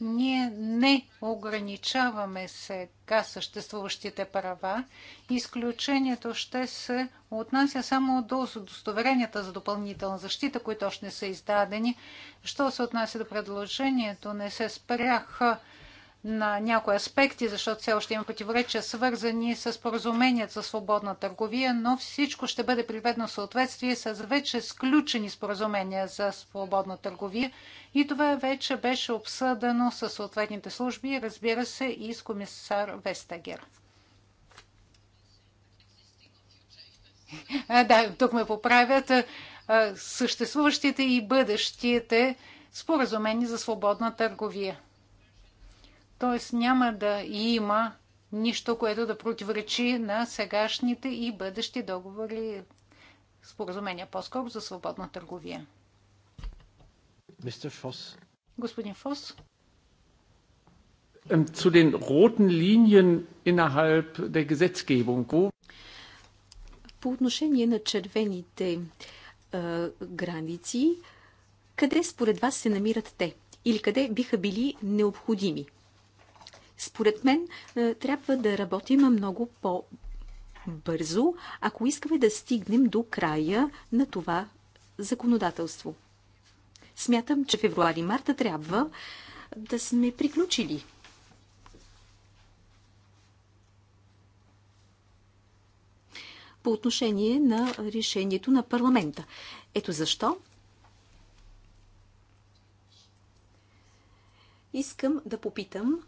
ние не ограничаваме сега съществуващите права. Изключението ще се отнася само до удостоверенията за допълнителна защита, които още не са издадени. Що се отнася до предложението, не се спряха на някои аспекти, защото все още има противоречия, свързани с поразумението за свободна търговия, но всичко ще бъде приведено в съответствие с вече сключени споразумения за свободна търговия и това вече беше обсъдено с съответните служби, разбира се, и с комисар Вестагер. да, тук ме поправят съществуващите и бъдещите споразумени за свободна търговия. Т.е. няма да има нищо, което да противоречи на сегашните и бъдещи договори, споразумения по-скоро за свободна търговия. Мистер Фос. Господин Фос. Zu den roten Linien innerhalb der Gesetzgebung. По отношение на червените е, граници, къде според вас се намират те? Или къде биха били необходими? Според мен е, трябва да работим много по-бързо, ако искаме да стигнем до края на това законодателство. Смятам, че февруари-марта трябва да сме приключили. По отношение на решението на парламента. Ето защо искам да попитам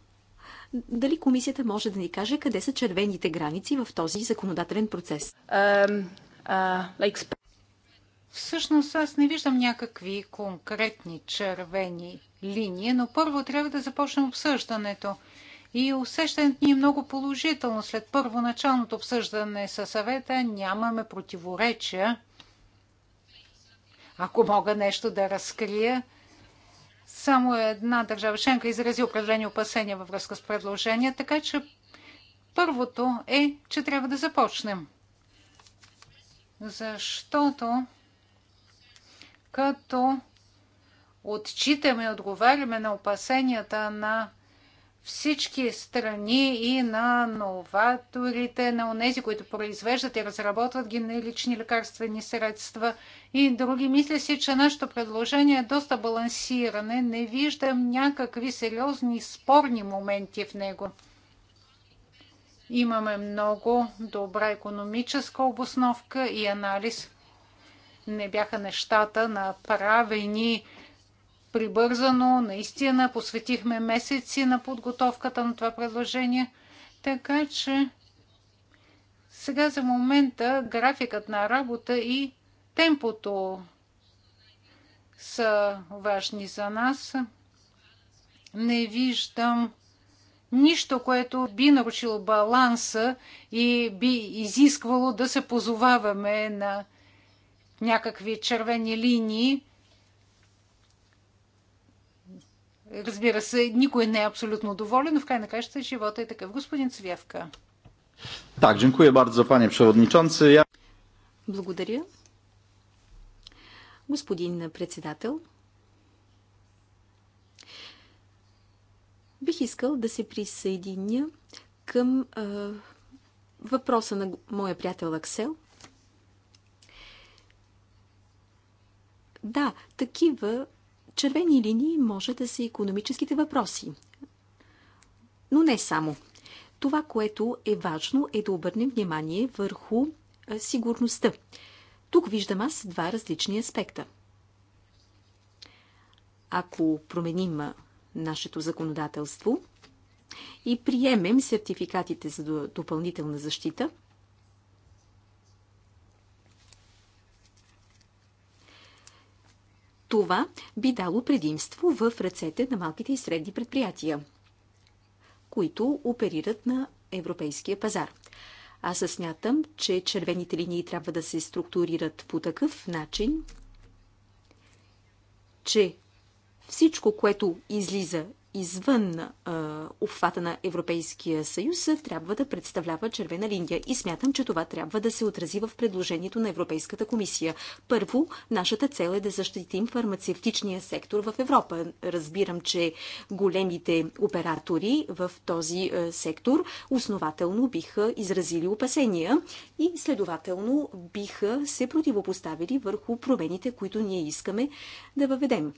дали комисията може да ни каже къде са червените граници в този законодателен процес? Всъщност аз не виждам някакви конкретни червени линии, но първо трябва да започнем обсъждането. И усещането ни е много положително. След първоначалното обсъждане със съвета нямаме противоречия. Ако мога нещо да разкрия, само една държава членка изрази определени опасения във връзка с предложения, така че първото е, че трябва да започнем. Защото като отчитаме и отговаряме на опасенията на всички страни и на новаторите, на онези, които произвеждат и разработват генерични лекарствени средства и други. Мисля си, че нашето предложение е доста балансиране. Не виждам някакви сериозни спорни моменти в него. Имаме много добра економическа обосновка и анализ. Не бяха нещата направени прибързано, наистина посветихме месеци на подготовката на това предложение. Така че сега за момента графикът на работа и темпото са важни за нас. Не виждам нищо, което би нарушило баланса и би изисквало да се позоваваме на някакви червени линии Разбира се, никой не е абсолютно доволен, но в край на кращата живота е такъв. Господин Цвявка. Так, дякую bardzo, за пане Ja... Благодаря. Господин председател, бих искал да се присъединя към е, въпроса на моя приятел Аксел. Да, такива червени линии може да са економическите въпроси. Но не само. Това, което е важно, е да обърнем внимание върху сигурността. Тук виждам аз два различни аспекта. Ако променим нашето законодателство и приемем сертификатите за допълнителна защита, Това би дало предимство в ръцете на малките и средни предприятия, които оперират на европейския пазар. Аз се смятам, че червените линии трябва да се структурират по такъв начин, че всичко, което излиза извън а, обхвата на Европейския съюз, трябва да представлява червена линия. И смятам, че това трябва да се отрази в предложението на Европейската комисия. Първо, нашата цел е да защитим фармацевтичния сектор в Европа. Разбирам, че големите оператори в този сектор основателно биха изразили опасения и следователно биха се противопоставили върху промените, които ние искаме да въведем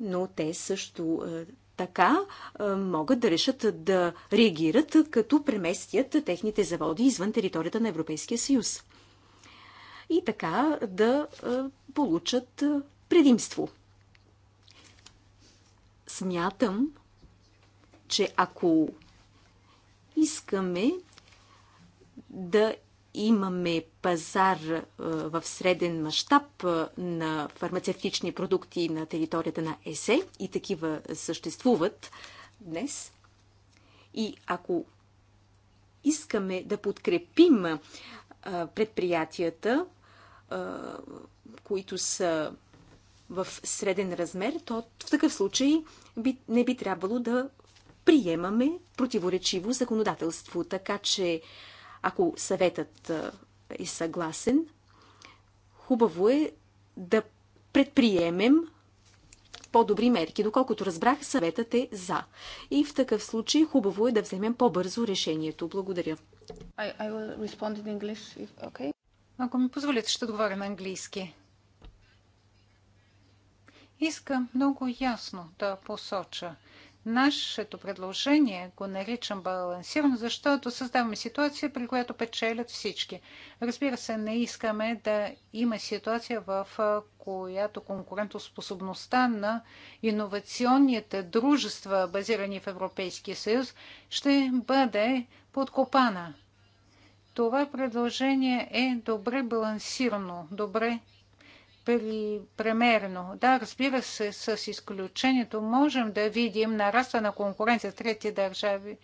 но те също е, така е, могат да решат да реагират, като преместят техните заводи извън територията на Европейския съюз. И така да е, получат предимство. Смятам, че ако искаме да имаме пазар е, в среден мащаб е, на фармацевтични продукти на територията на ЕСЕ и такива съществуват днес. И ако искаме да подкрепим е, предприятията, които са в среден размер, то в такъв случай не би трябвало да приемаме противоречиво законодателство. Така че ако съветът е съгласен, хубаво е да предприемем по-добри мерки. Доколкото разбрах, съветът е за. И в такъв случай хубаво е да вземем по-бързо решението. Благодаря. I, I will respond in English, if okay. Ако ми позволите, ще отговоря на английски. Искам много ясно да посоча – Нашето предложение го наричам балансирано, защото създаваме ситуация, при която печелят всички. Разбира се, не искаме да има ситуация, в която конкурентоспособността на иновационните дружества, базирани в Европейския съюз, ще бъде подкопана. Това предложение е добре балансирано, добре при, примерно. Да, разбира се, с изключението можем да видим нараста на конкуренция с трети държави,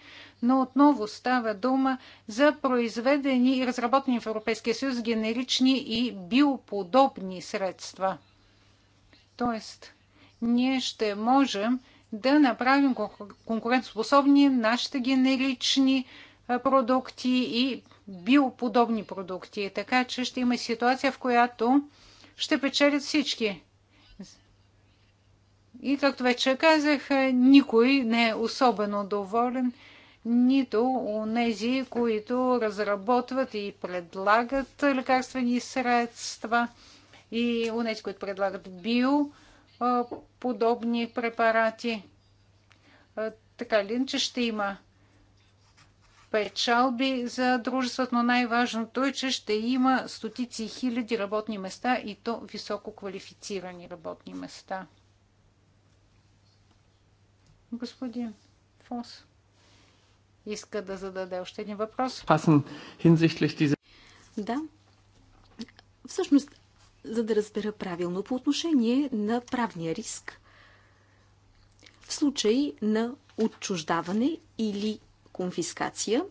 но отново става дума за произведени и разработени в Европейския съюз генерични и биоподобни средства. Тоест, ние ще можем да направим конкурентоспособни нашите генерични продукти и биоподобни продукти. Така че ще има ситуация, в която ще печелят всички. И както вече казах, никой не е особено доволен, нито у нези, които разработват и предлагат лекарствени средства и у нези, които предлагат био подобни препарати. Така ли, че ще има печалби за дружеството, но най-важното е, че ще има стотици хиляди работни места и то високо квалифицирани работни места. Господин Фос иска да зададе още един въпрос. Да. Всъщност, за да разбера правилно по отношение на правния риск, в случай на отчуждаване или конфискация.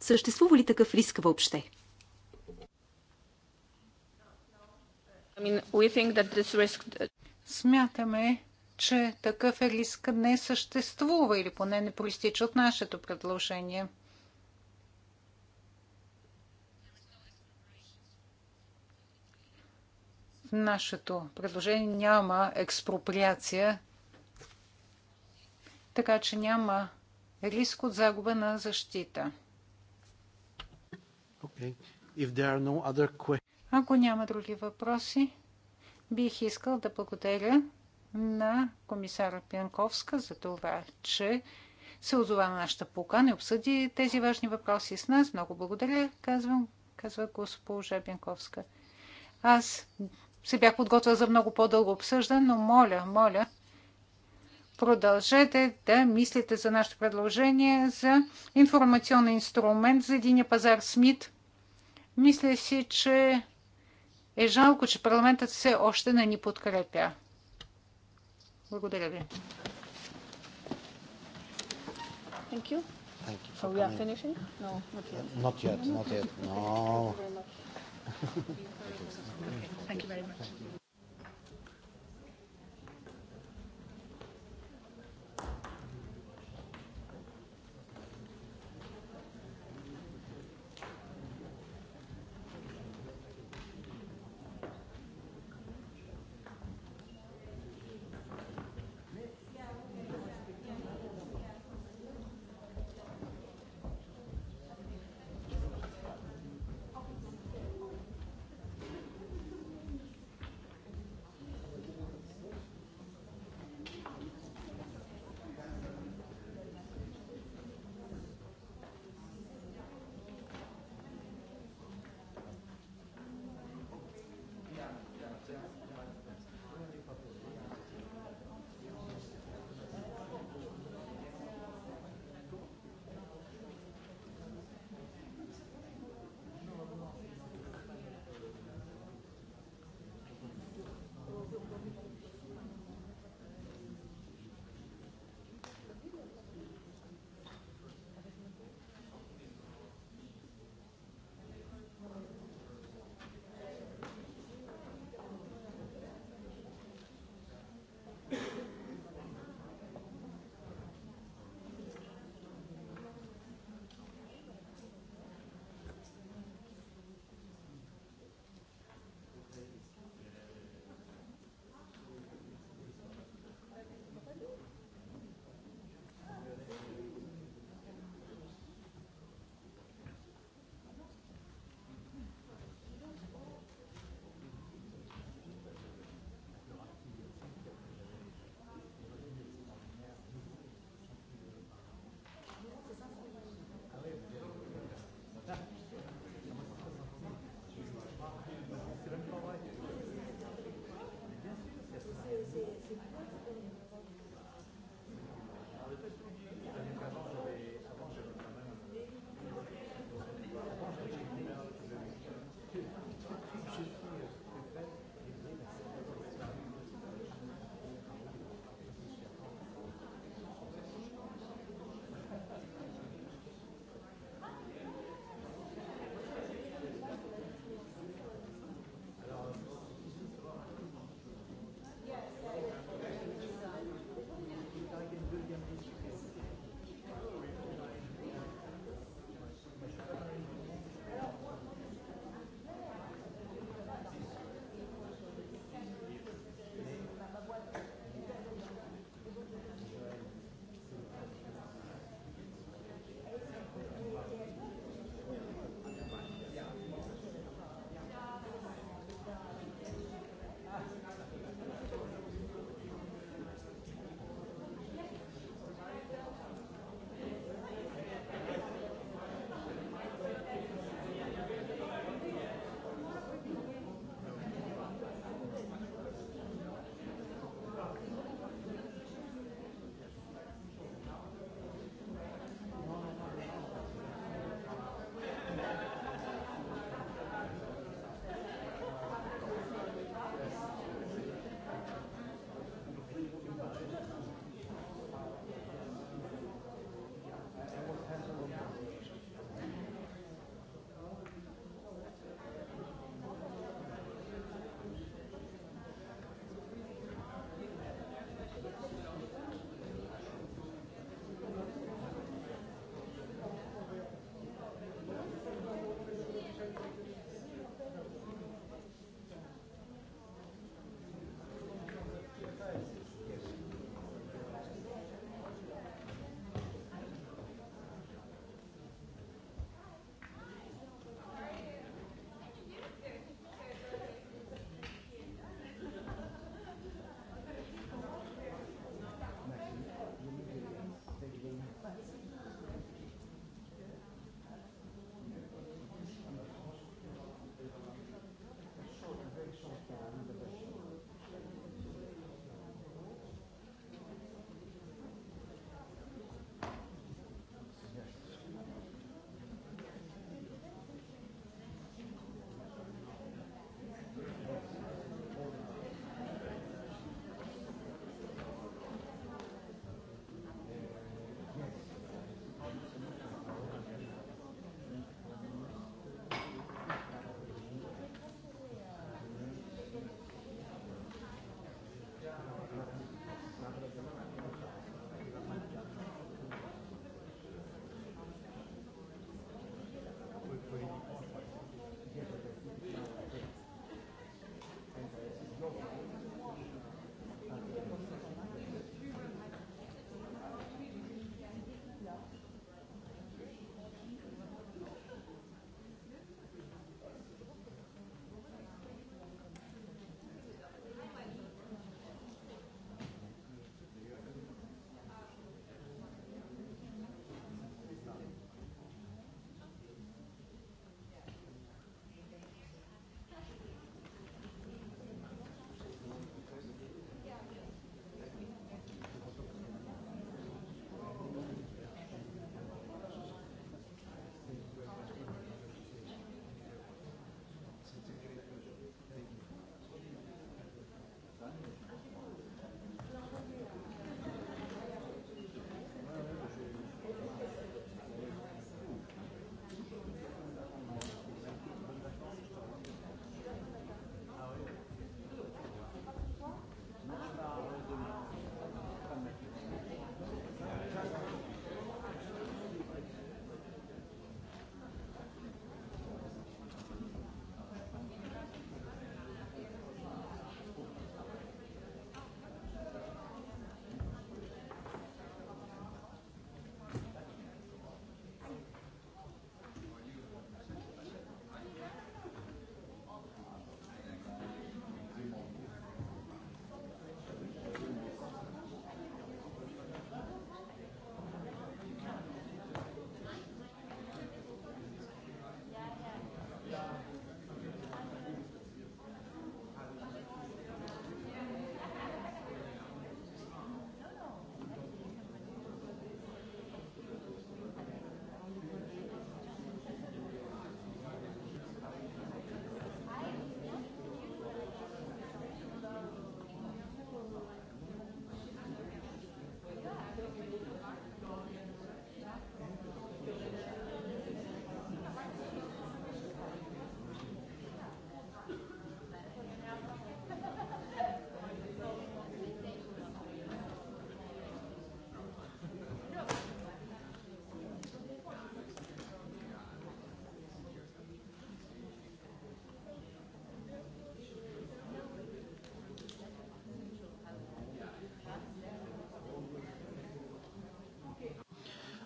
Съществува ли такъв риск въобще? Смятаме, че такъв е риск не съществува или поне не проистича от нашето предложение. В нашето предложение няма експроприация, така че няма риск от загуба на защита. Okay. If there are no other questions... Ако няма други въпроси, бих искал да благодаря на комисара Пянковска за това, че се озова на нашата покана и обсъди тези важни въпроси с нас. Много благодаря, казвам, казва госпожа Пянковска. Аз се бях подготвила за много по-дълго обсъждане, но моля, моля, продължете да мислите за нашето предложение за информационен инструмент за единия пазар СМИТ. Мисля си, че е жалко, че парламентът все още не ни подкрепя. Благодаря ви. Thank you. Thank you for so we are finishing? No, not yet. Not yet, not yet. No. Thank you very much. Thank you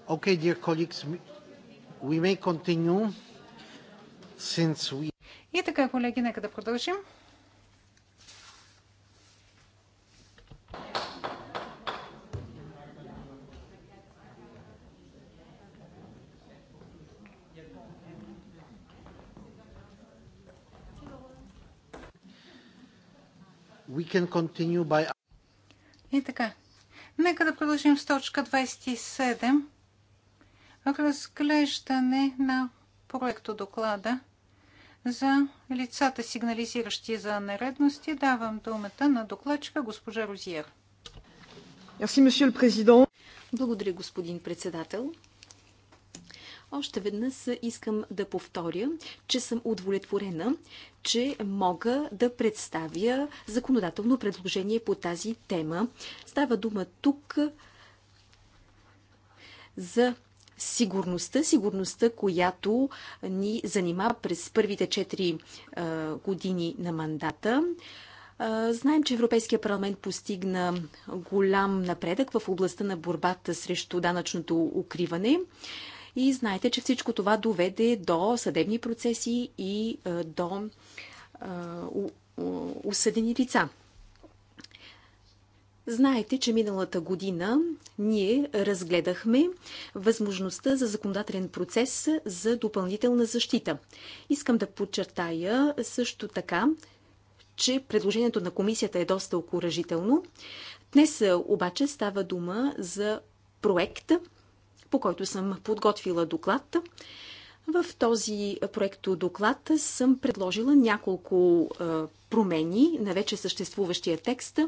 Okay, dear colleagues, we may continue since we... И така, колеги, нека да продължим. We can continue by... И така, нека да продължим с точка 27 разглеждане на проекто доклада за лицата, сигнализиращи за нередности. Давам думата на докладчика госпожа Розиер. Благодаря, господин председател. Още веднъж искам да повторя, че съм удовлетворена, че мога да представя законодателно предложение по тази тема. Става дума тук за сигурността, сигурността, която ни занимава през първите 4 години на мандата. Знаем, че Европейския парламент постигна голям напредък в областта на борбата срещу данъчното укриване. И знаете, че всичко това доведе до съдебни процеси и до осъдени лица. Знаете, че миналата година ние разгледахме възможността за законодателен процес за допълнителна защита. Искам да подчертая също така, че предложението на комисията е доста окоръжително. Днес е, обаче става дума за проект, по който съм подготвила доклад. В този проекто доклад съм предложила няколко е, промени на вече съществуващия текст,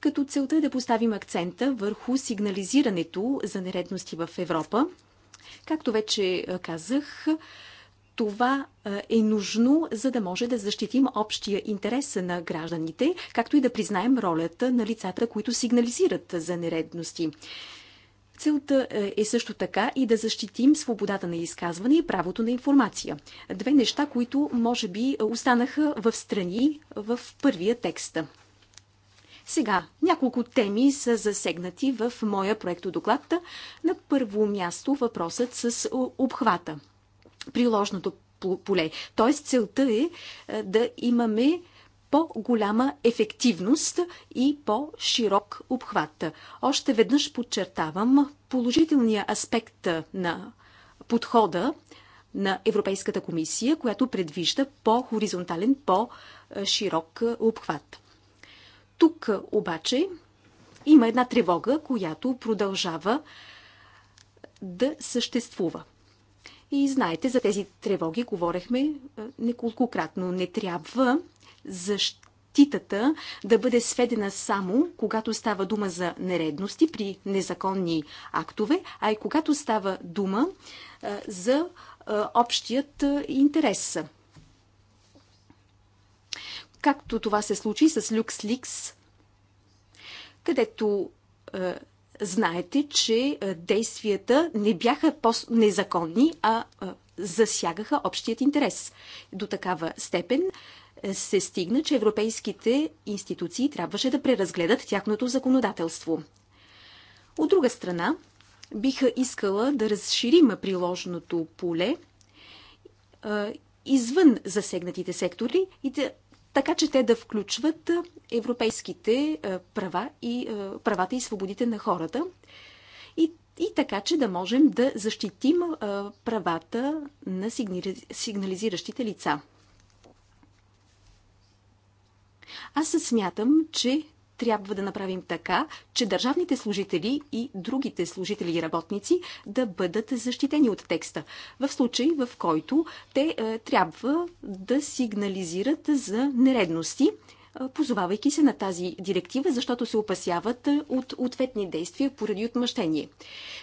като целта е да поставим акцента върху сигнализирането за нередности в Европа. Както вече казах, това е нужно, за да може да защитим общия интерес на гражданите, както и да признаем ролята на лицата, които сигнализират за нередности. Целта е, е също така и да защитим свободата на изказване и правото на информация. Две неща, които може би останаха в страни в първия текст. Сега, няколко теми са засегнати в моя проектодоклад. На първо място въпросът с обхвата, приложното поле. Т.е. целта е, е да имаме по-голяма ефективност и по-широк обхват. Още веднъж подчертавам положителния аспект на подхода на Европейската комисия, която предвижда по-хоризонтален, по-широк е, е, обхват. Тук обаче има една тревога, която продължава да съществува. И знаете, за тези тревоги говорехме неколкократно. Не трябва защитата да бъде сведена само когато става дума за нередности при незаконни актове, а и когато става дума за общият интерес както това се случи с Люкс Ликс, където е, знаете, че е, действията не бяха незаконни, а е, засягаха общият интерес. До такава степен е, се стигна, че европейските институции трябваше да преразгледат тяхното законодателство. От друга страна, биха искала да разширим приложното поле е, извън засегнатите сектори и да така че те да включват европейските права и правата и свободите на хората и, и така, че да можем да защитим правата на сигнализиращите лица. Аз смятам, че трябва да направим така, че държавните служители и другите служители и работници да бъдат защитени от текста. В случай, в който те е, трябва да сигнализират за нередности, е, позовавайки се на тази директива, защото се опасяват е, от ответни действия поради отмъщение.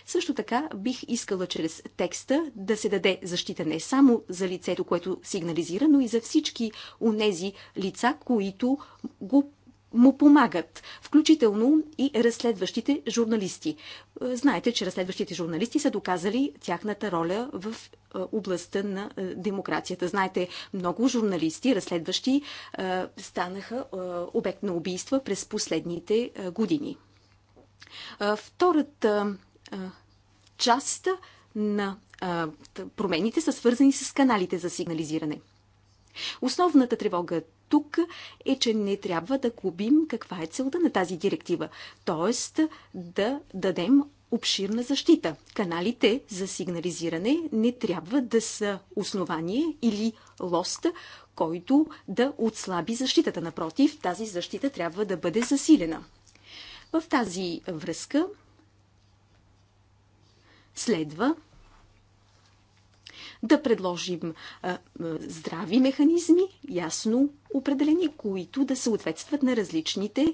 Също така бих искала чрез текста да се даде защита не само за лицето, което сигнализира, но и за всички унези лица, които го му помагат, включително и разследващите журналисти. Е, знаете, че разследващите журналисти са доказали тяхната роля в е, областта на е, демокрацията. Знаете, много журналисти, разследващи, станаха обект на убийства през последните години. Втората част на промените са свързани с каналите за сигнализиране. Основната тревога тук е, че не трябва да губим каква е целта на тази директива, т.е. да дадем обширна защита. Каналите за сигнализиране не трябва да са основание или лост, който да отслаби защитата. Напротив, тази защита трябва да бъде засилена. В тази връзка следва да предложим здрави механизми, ясно определени, които да съответстват на различните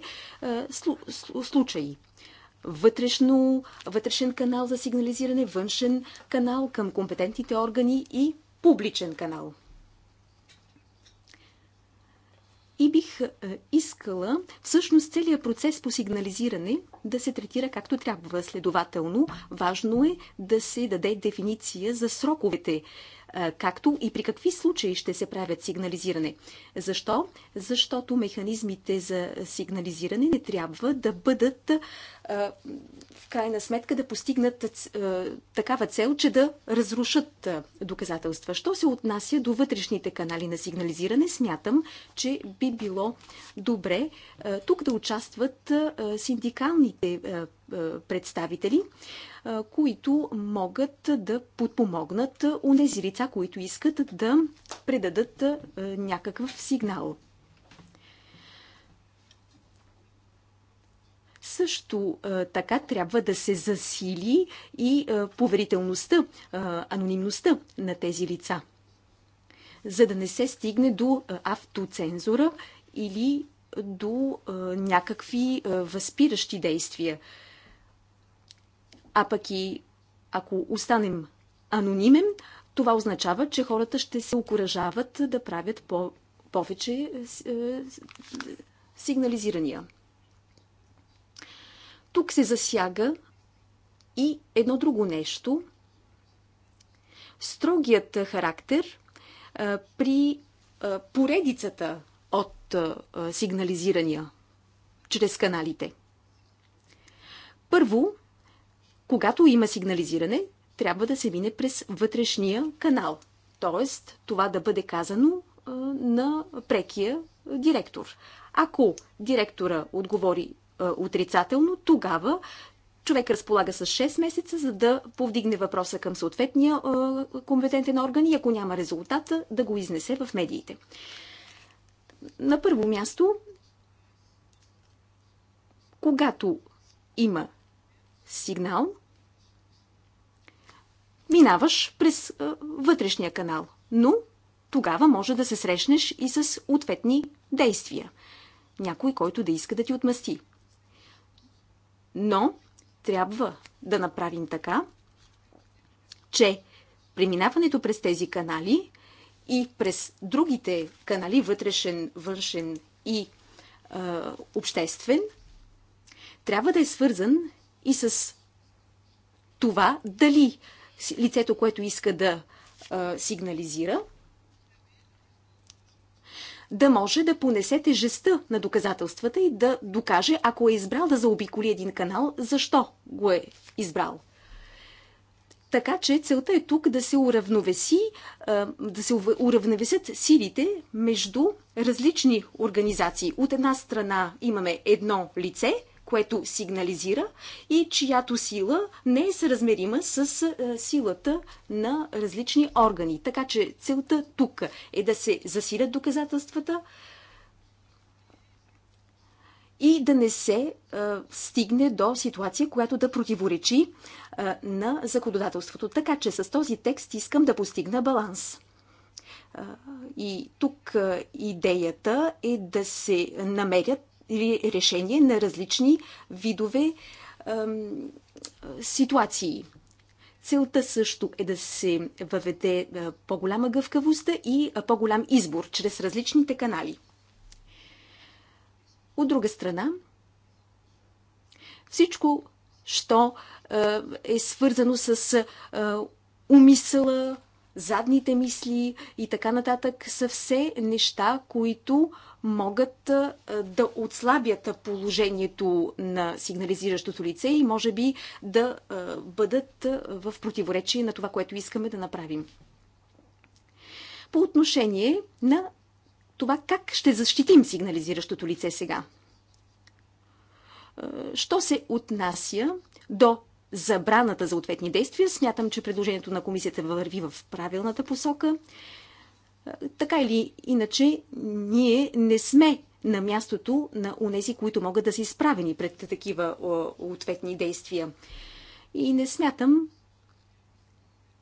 случаи вътрешно, вътрешен канал за сигнализиране, външен канал към компетентните органи и публичен канал. И бих е, искала всъщност целият процес по сигнализиране да се третира както трябва. Следователно, важно е да се даде дефиниция за сроковете както и при какви случаи ще се правят сигнализиране. Защо? Защото механизмите за сигнализиране не трябва да бъдат в крайна сметка да постигнат такава цел, че да разрушат доказателства. Що се отнася до вътрешните канали на сигнализиране, смятам, че би било добре тук да участват синдикалните е, представители, е, които могат да подпомогнат унези лица, които искат да предадат е, някакъв сигнал. също така трябва да се засили и поверителността, анонимността на тези лица, за да не се стигне до автоцензура или до някакви възпиращи действия. А пък и ако останем анонимен, това означава, че хората ще се окоръжават да правят по- повече е, е сигнализирания. Тук се засяга и едно друго нещо. Строгият характер е, при е, поредицата от е, сигнализирания чрез каналите. Първо, когато има сигнализиране, трябва да се мине през вътрешния канал. Тоест, това да бъде казано а, на прекия директор. Ако директора отговори а, отрицателно, тогава човек разполага с 6 месеца, за да повдигне въпроса към съответния а, компетентен орган и ако няма резултата, да го изнесе в медиите. На първо място, когато има сигнал, минаваш през а, вътрешния канал. Но тогава може да се срещнеш и с ответни действия. Някой, който да иска да ти отмъсти. Но трябва да направим така, че преминаването през тези канали и през другите канали, вътрешен, външен и е, обществен, трябва да е свързан и с това дали лицето, което иска да а, сигнализира, да може да понесе тежестта на доказателствата и да докаже, ако е избрал да заобиколи един канал, защо го е избрал. Така че целта е тук да се уравновеси, да се уравновесят силите между различни организации. От една страна имаме едно лице, което сигнализира и чиято сила не е съразмерима с е, силата на различни органи. Така че целта тук е да се засилят доказателствата и да не се е, стигне до ситуация, която да противоречи е, на законодателството. Така че с този текст искам да постигна баланс. И тук идеята е да се намерят или решение на различни видове ем, ситуации. Целта също е да се въведе по-голяма гъвкавост и по-голям избор чрез различните канали. От друга страна, всичко, що е свързано с умисъла, задните мисли и така нататък, са все неща, които могат да отслабят положението на сигнализиращото лице и може би да бъдат в противоречие на това, което искаме да направим. По отношение на това как ще защитим сигнализиращото лице сега. Що се отнася до забраната за ответни действия, смятам, че предложението на комисията върви в правилната посока така или иначе, ние не сме на мястото на унези, които могат да са изправени пред такива ответни действия. И не смятам,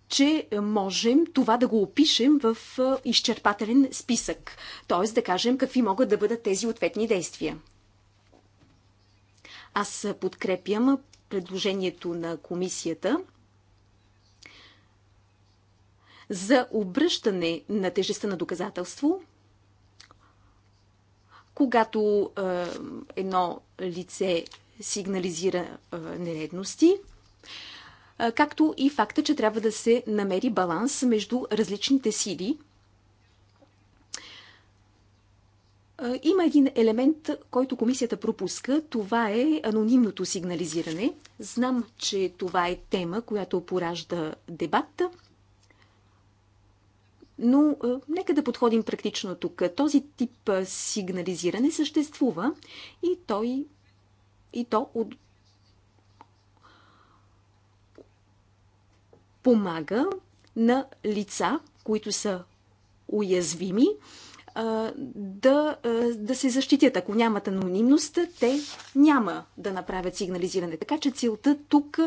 че можем това да го опишем в изчерпателен списък, т.е. да кажем какви могат да бъдат тези ответни действия. Аз подкрепям предложението на комисията – за обръщане на тежеста на доказателство, когато е, едно лице сигнализира е, нередности, е, както и факта, че трябва да се намери баланс между различните сили. Е, има един елемент, който комисията пропуска. Това е анонимното сигнализиране. Знам, че това е тема, която поражда дебата. Но нека да подходим практично тук. Този тип сигнализиране съществува и той и то от... помага на лица, които са уязвими, да, да се защитят. Ако нямат анонимност, те няма да направят сигнализиране. Така че целта тук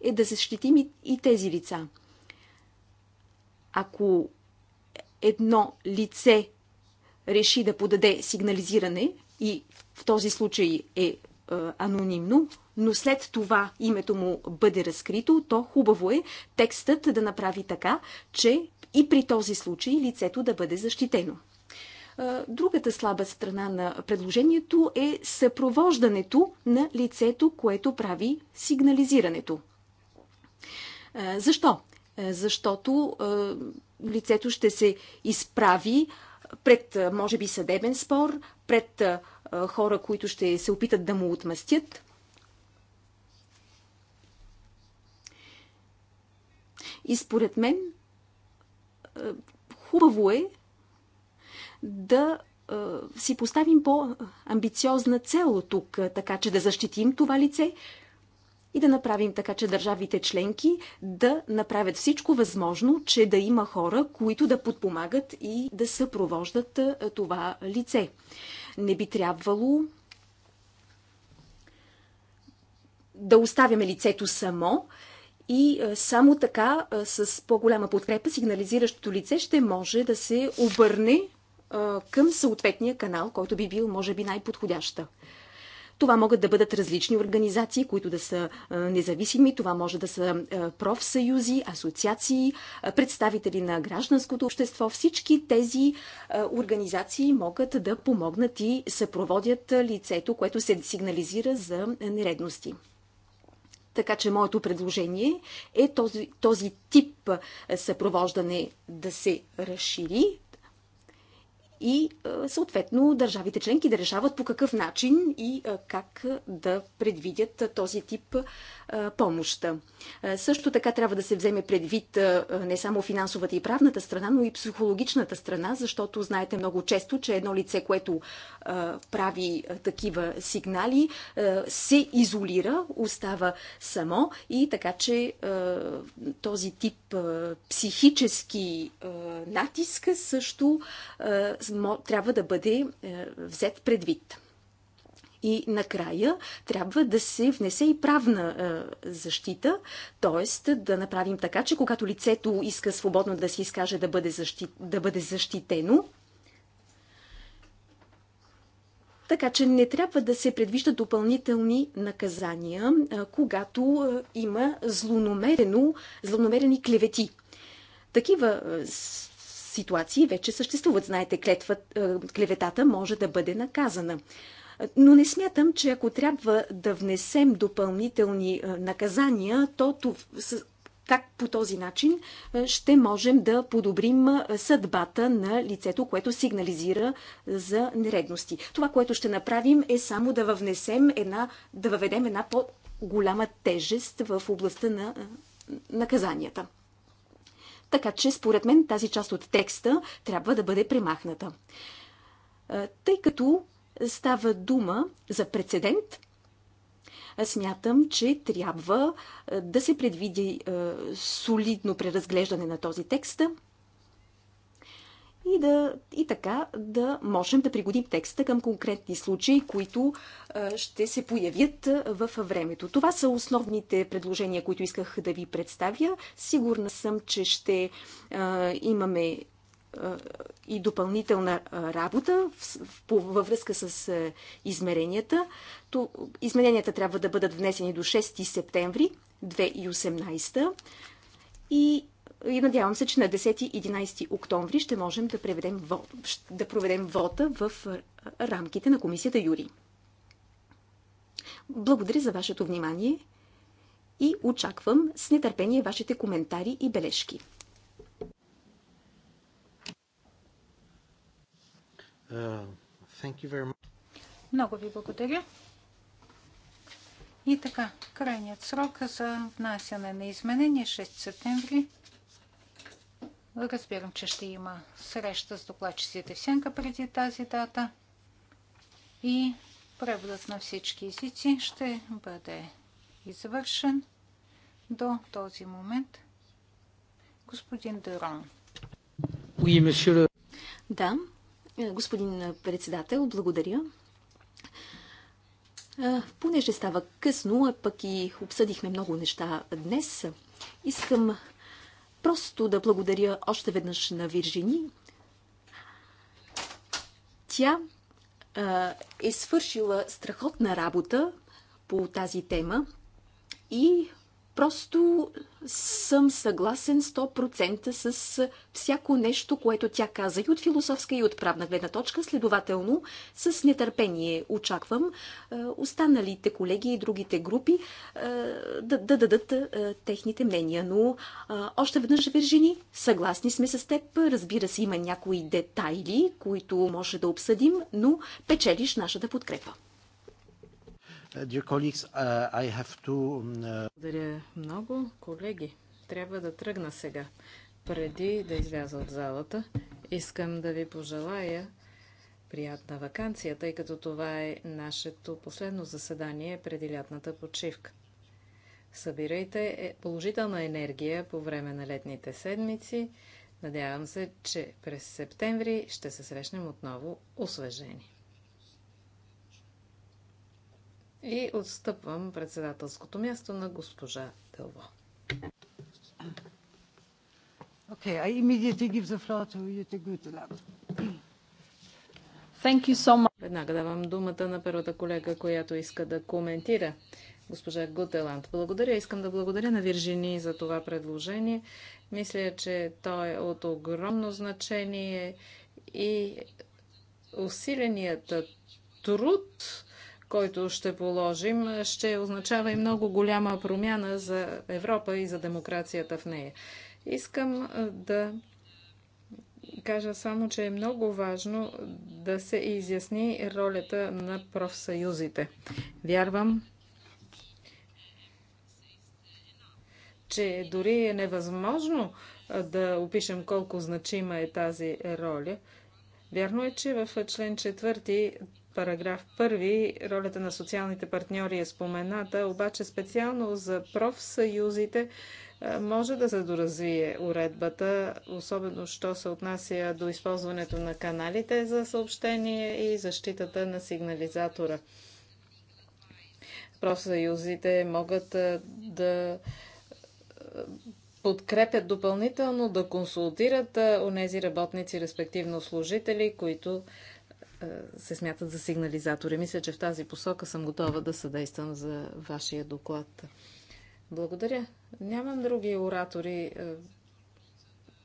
е да защитим и, и тези лица. Ако едно лице реши да подаде сигнализиране и в този случай е, е анонимно, но след това името му бъде разкрито, то хубаво е текстът да направи така, че и при този случай лицето да бъде защитено. Е, другата слаба страна на предложението е съпровождането на лицето, което прави сигнализирането. Е, защо? Е, защото е, лицето ще се изправи пред, е, може би, съдебен спор, пред хора, които ще се опитат да му отмъстят. И според мен, хубаво е да си поставим по-амбициозна цел тук, така че да защитим това лице, и да направим така, че държавите членки да направят всичко възможно, че да има хора, които да подпомагат и да съпровождат това лице. Не би трябвало да оставяме лицето само и само така с по-голяма подкрепа сигнализиращото лице ще може да се обърне към съответния канал, който би бил, може би, най-подходяща. Това могат да бъдат различни организации, които да са независими. Това може да са профсъюзи, асоциации, представители на гражданското общество. Всички тези организации могат да помогнат и съпроводят лицето, което се сигнализира за нередности. Така че моето предложение е този, този тип съпровождане да се разшири и е, съответно държавите членки да решават по какъв начин и е, как е, да предвидят този тип помощ. Също така трябва да се вземе предвид не само финансовата и правната страна, но и психологичната страна, защото знаете много често, че едно лице, което прави такива сигнали, се изолира, остава само и така, че този тип психически натиск също трябва да бъде взет предвид. И накрая трябва да се внесе и правна е, защита, т.е. да направим така, че когато лицето иска свободно да се изкаже, да бъде, защит, да бъде защитено Така че не трябва да се предвиждат допълнителни наказания, когато има злонамерено, злонамерени клевети. Такива ситуации вече съществуват. Знаете, клетва, клеветата може да бъде наказана. Но не смятам, че ако трябва да внесем допълнителни наказания, то как по този начин ще можем да подобрим съдбата на лицето, което сигнализира за нередности. Това, което ще направим е само да въвнесем една, да въведем една по-голяма тежест в областта на наказанията. Така че, според мен, тази част от текста трябва да бъде премахната. Тъй като става дума за прецедент, смятам, че трябва е, да се предвиди е, солидно преразглеждане на този текст и, да, и така да можем да пригодим текста към конкретни случаи, които е, ще се появят в времето. Това са основните предложения, които исках да ви представя. Сигурна съм, че ще имаме и допълнителна работа във връзка с измеренията. Измененията трябва да бъдат внесени до 6 септември 2018 и и надявам се, че на 10-11 октомври ще можем да, преведем, да проведем вота в рамките на комисията Юри. Благодаря за вашето внимание и очаквам с нетърпение вашите коментари и бележки. Много ви благодаря. И така, крайният срок за внасяне на изменения 6 е септември. Разбирам, че ще има среща с докладчиците в Сенка преди тази дата. И преводът на всички езици ще бъде извършен до този момент. Господин Дерон. Да, Господин председател, благодаря. Понеже става късно, а пък и обсъдихме много неща днес, искам просто да благодаря още веднъж на Виржини. Тя е свършила страхотна работа по тази тема и Просто съм съгласен 100% с всяко нещо, което тя каза и от философска, и от правна гледна точка. Следователно, с нетърпение очаквам е, останалите колеги и другите групи е, да, да дадат е, техните мнения. Но още веднъж, Виржини, съгласни сме с теб. Разбира се, има някои детайли, които може да обсъдим, но печелиш нашата подкрепа. Uh, uh, um, uh, Благодаря много, колеги. Трябва да тръгна сега. Преди да изляза от залата, искам да ви пожелая приятна вакансия, тъй като това е нашето последно заседание преди лятната почивка. Събирайте е, положителна енергия по време на летните седмици. Надявам се, че през септември ще се срещнем отново освежени и отстъпвам председателското място на госпожа Дълво. Okay, I immediately give the floor to Jutta Guteland. Thank you so much. Веднага давам думата на първата колега, която иска да коментира. Госпожа Гутеланд, благодаря. Искам да благодаря на Виржини за това предложение. Мисля, че то е от огромно значение и усиленият труд който ще положим, ще означава и много голяма промяна за Европа и за демокрацията в нея. Искам да кажа само, че е много важно да се изясни ролята на профсъюзите. Вярвам, че дори е невъзможно да опишем колко значима е тази роля. Вярно е, че в член 4 параграф 1 ролята на социалните партньори е спомената, обаче специално за профсъюзите е, може да се доразвие уредбата, особено що се отнася до използването на каналите за съобщение и защитата на сигнализатора. Профсъюзите могат е, да е, подкрепят допълнително, да консултират нези работници, респективно служители, които е, се смятат за сигнализатори. Мисля, че в тази посока съм готова да съдействам за вашия доклад. Благодаря. Нямам други оратори. Е,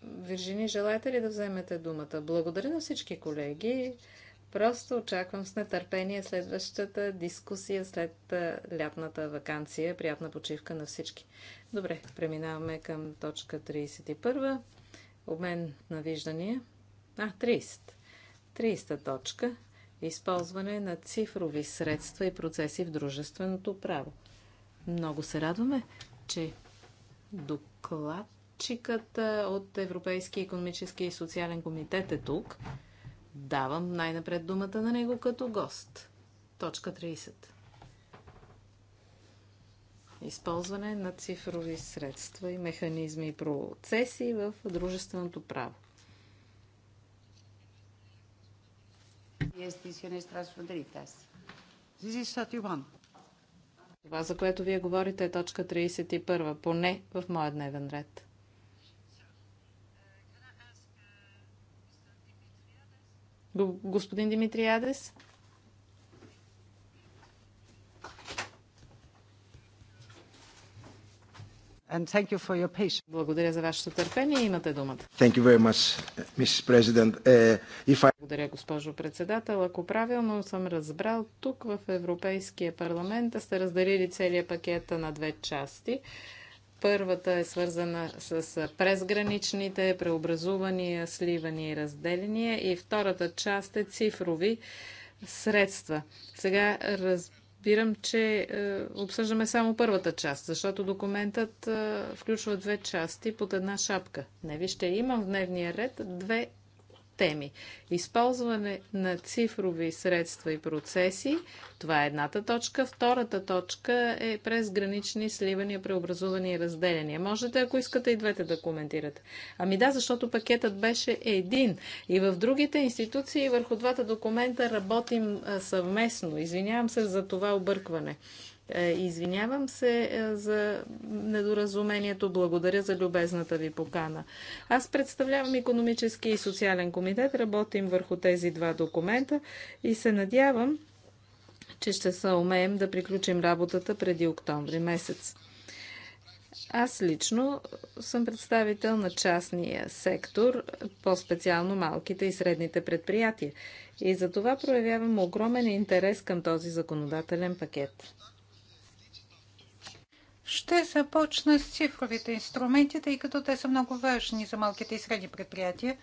Виржини, желаете ли да вземете думата? Благодаря на всички колеги. Просто очаквам с нетърпение следващата дискусия след е, лятната вакансия. Приятна почивка на всички. Добре, преминаваме към точка 31. Обмен на виждания. А, 30. 30 точка. Използване на цифрови средства и процеси в дружественото право. Много се радваме, че докладчикът от Европейския економически и социален комитет е тук. Давам най-напред думата на него като гост. Точка 30. Използване на цифрови средства и механизми и процеси в дружественото право. Това, за което вие говорите, е точка 31, поне в моя дневен ред. Господин Димитриадес? And thank you for your patience. Благодаря за вашето търпение. Имате думата. Thank you very much, Mrs. President. Uh, if I... Благодаря, госпожо председател. Ако правилно съм разбрал, тук в Европейския парламент сте разделили целият пакет на две части. Първата е свързана с презграничните преобразувания, сливания и разделения. И втората част е цифрови средства. Сега разбирам разбирам, че е, обсъждаме само първата част, защото документът е, включва две части под една шапка. Не, вижте, имам в дневния ред две теми. Използване на цифрови средства и процеси. Това е едната точка. Втората точка е през гранични сливания, преобразувани и разделения. Можете, ако искате, и двете да коментирате. Ами да, защото пакетът беше един. И в другите институции върху двата документа работим съвместно. Извинявам се за това объркване. Е, извинявам се е, за недоразумението. Благодаря за любезната ви покана. Аз представлявам економически и социален комитет. Работим върху тези два документа и се надявам, че ще се умеем да приключим работата преди октомври месец. Аз лично съм представител на частния сектор, по-специално малките и средните предприятия. И за това проявявам огромен интерес към този законодателен пакет. Ще започна с цифровите инструменти, тъй като те са много важни за малките и средни предприятия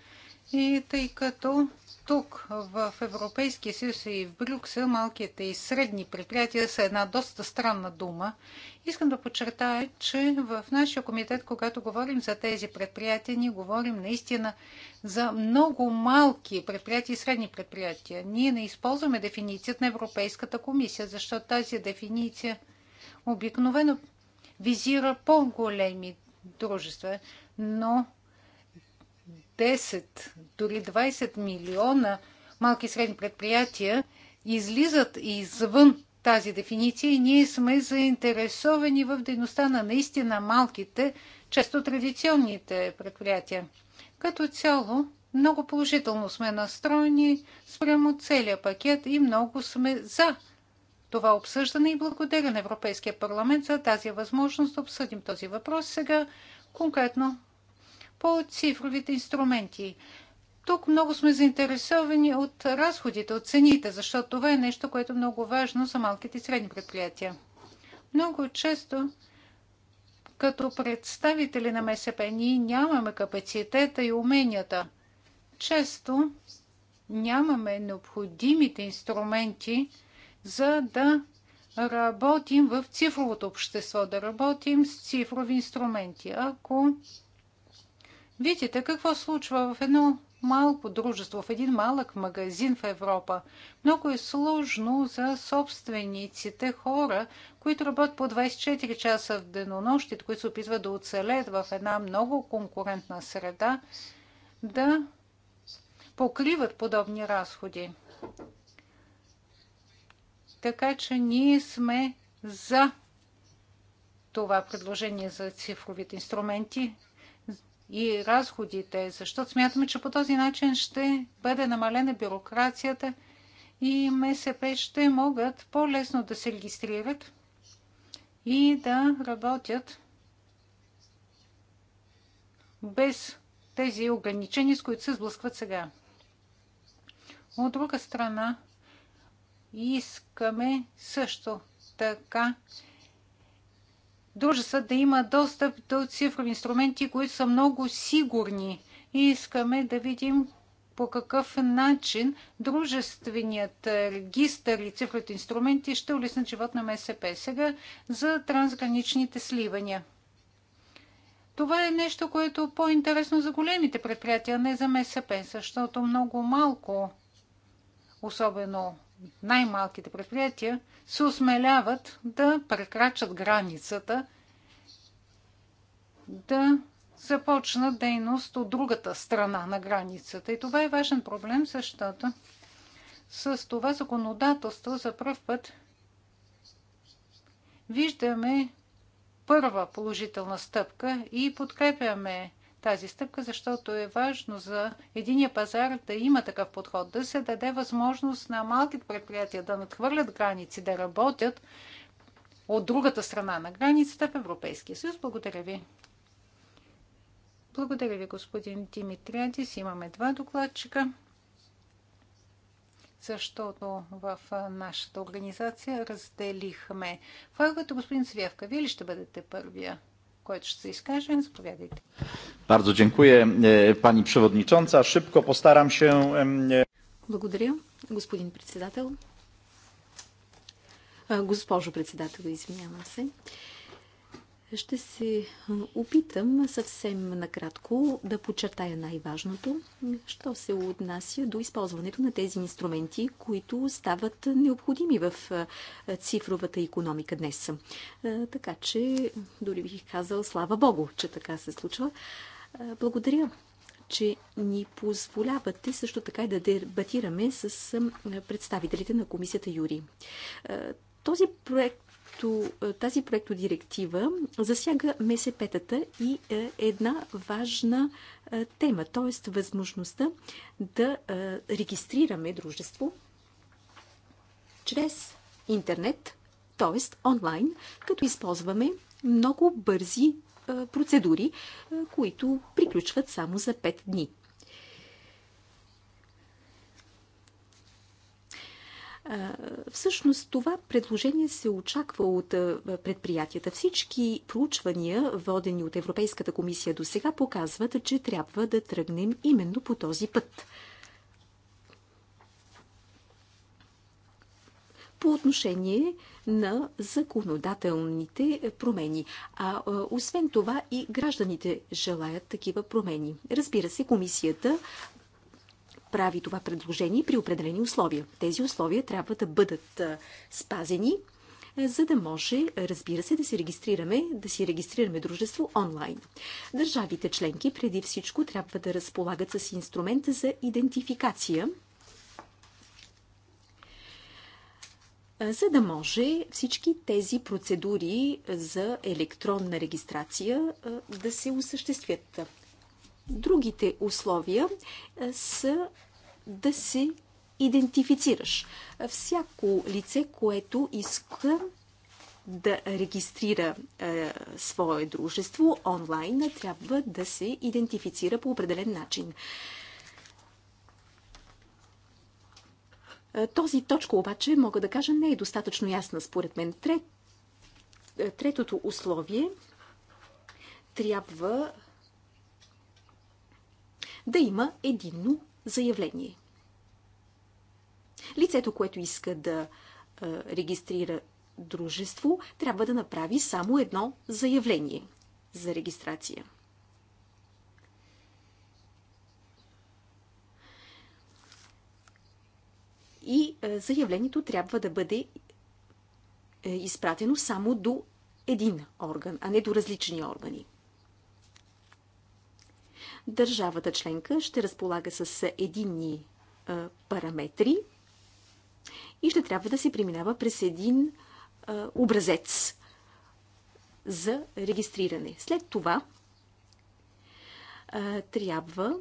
и тъй като тук в Европейския съюз и в Брюксел малките и средни предприятия са една доста странна дума. Искам да подчертая, че в нашия комитет, когато говорим за тези предприятия, ние говорим наистина за много малки предприятия и средни предприятия. Ние не използваме дефиницията на Европейската комисия, защото тази дефиниция обикновено визира по-големи дружества, но 10, дори 20 милиона малки и средни предприятия излизат извън тази дефиниция и ние сме заинтересовани в дейността на наистина малките, често традиционните предприятия. Като цяло, много положително сме настроени спрямо целия пакет и много сме за това обсъждане и благодаря на Европейския парламент за тази възможност да обсъдим този въпрос сега конкретно по цифровите инструменти. Тук много сме заинтересовани от разходите, от цените, защото това е нещо, което е много важно за малките и средни предприятия. Много често като представители на МСП ние нямаме капацитета и уменията. Често нямаме необходимите инструменти, за да работим в цифровото общество, да работим с цифрови инструменти. Ако видите какво случва в едно малко дружество, в един малък магазин в Европа. Много е сложно за собствениците хора, които работят по 24 часа в денонощите, които се опитват да оцелят в една много конкурентна среда, да покриват подобни разходи. Така че ние сме за това предложение за цифровите инструменти и разходите, защото смятаме, че по този начин ще бъде намалена бюрокрацията и МСП ще могат по-лесно да се регистрират и да работят без тези ограничения, с които се сблъскват сега. От друга страна, искаме също така дружества да има достъп до цифрови инструменти, които са много сигурни. И искаме да видим по какъв начин дружественият регистр и цифровите инструменти ще улеснат живот на МСП. Сега за трансграничните сливания. Това е нещо, което е по-интересно за големите предприятия, а не за МСП, защото много малко, особено най-малките предприятия се осмеляват да прекрачат границата, да започнат дейност от другата страна на границата. И това е важен проблем, защото с това законодателство за първ път виждаме първа положителна стъпка и подкрепяме тази стъпка, защото е важно за единия пазар да има такъв подход, да се даде възможност на малките предприятия да надхвърлят граници, да работят от другата страна на границата в Европейския съюз. Благодаря ви. Благодаря ви, господин Димитриадис. Имаме два докладчика, защото в нашата организация разделихме файловете. Господин Свявка, вие ли ще бъдете първия? който ще се изкаже. Заповядайте. Bardzo dziękuję, e, pani przewodnicząca. Szybko postaram się... E, Благодаря, господин председател. Е, госпожо председател, извинявам се. Ще се опитам съвсем накратко да подчертая най-важното, що се отнася до използването на тези инструменти, които стават необходими в цифровата економика днес. Така че, дори бих казал, слава Богу, че така се случва. Благодаря че ни позволявате също така и да дебатираме с представителите на комисията Юри. Този проект проекто, е, тази проектодиректива засяга МСП-тата и е, една важна е, тема, т.е. възможността да регистрираме дружество чрез интернет, т.е. онлайн, като използваме много бързи процедури, които приключват само за 5 дни. Всъщност това предложение се очаква от предприятията. Всички проучвания, водени от Европейската комисия до сега, показват, че трябва да тръгнем именно по този път. по отношение на законодателните промени. А освен това и гражданите желаят такива промени. Разбира се, комисията прави това предложение при определени условия. Тези условия трябва да бъдат спазени, е, за да може, разбира се, да си регистрираме, да си регистрираме дружество онлайн. Държавите членки преди всичко трябва да разполагат с инструмента за идентификация е, за да може всички тези процедури за електронна регистрация е, да се осъществят. Другите условия е, са да се идентифицираш. Всяко лице, което иска да регистрира е, свое дружество онлайн, трябва да се идентифицира по определен начин. Е, този точка обаче, мога да кажа, не е достатъчно ясна според мен. Трет, е, третото условие трябва да има единно заявление. Лицето, което иска да регистрира дружество, трябва да направи само едно заявление за регистрация. И заявлението трябва да бъде е, изпратено само до един орган, а не до различни органи. Държавата членка ще разполага с единни параметри и ще трябва да се преминава през един образец за регистриране. След това трябва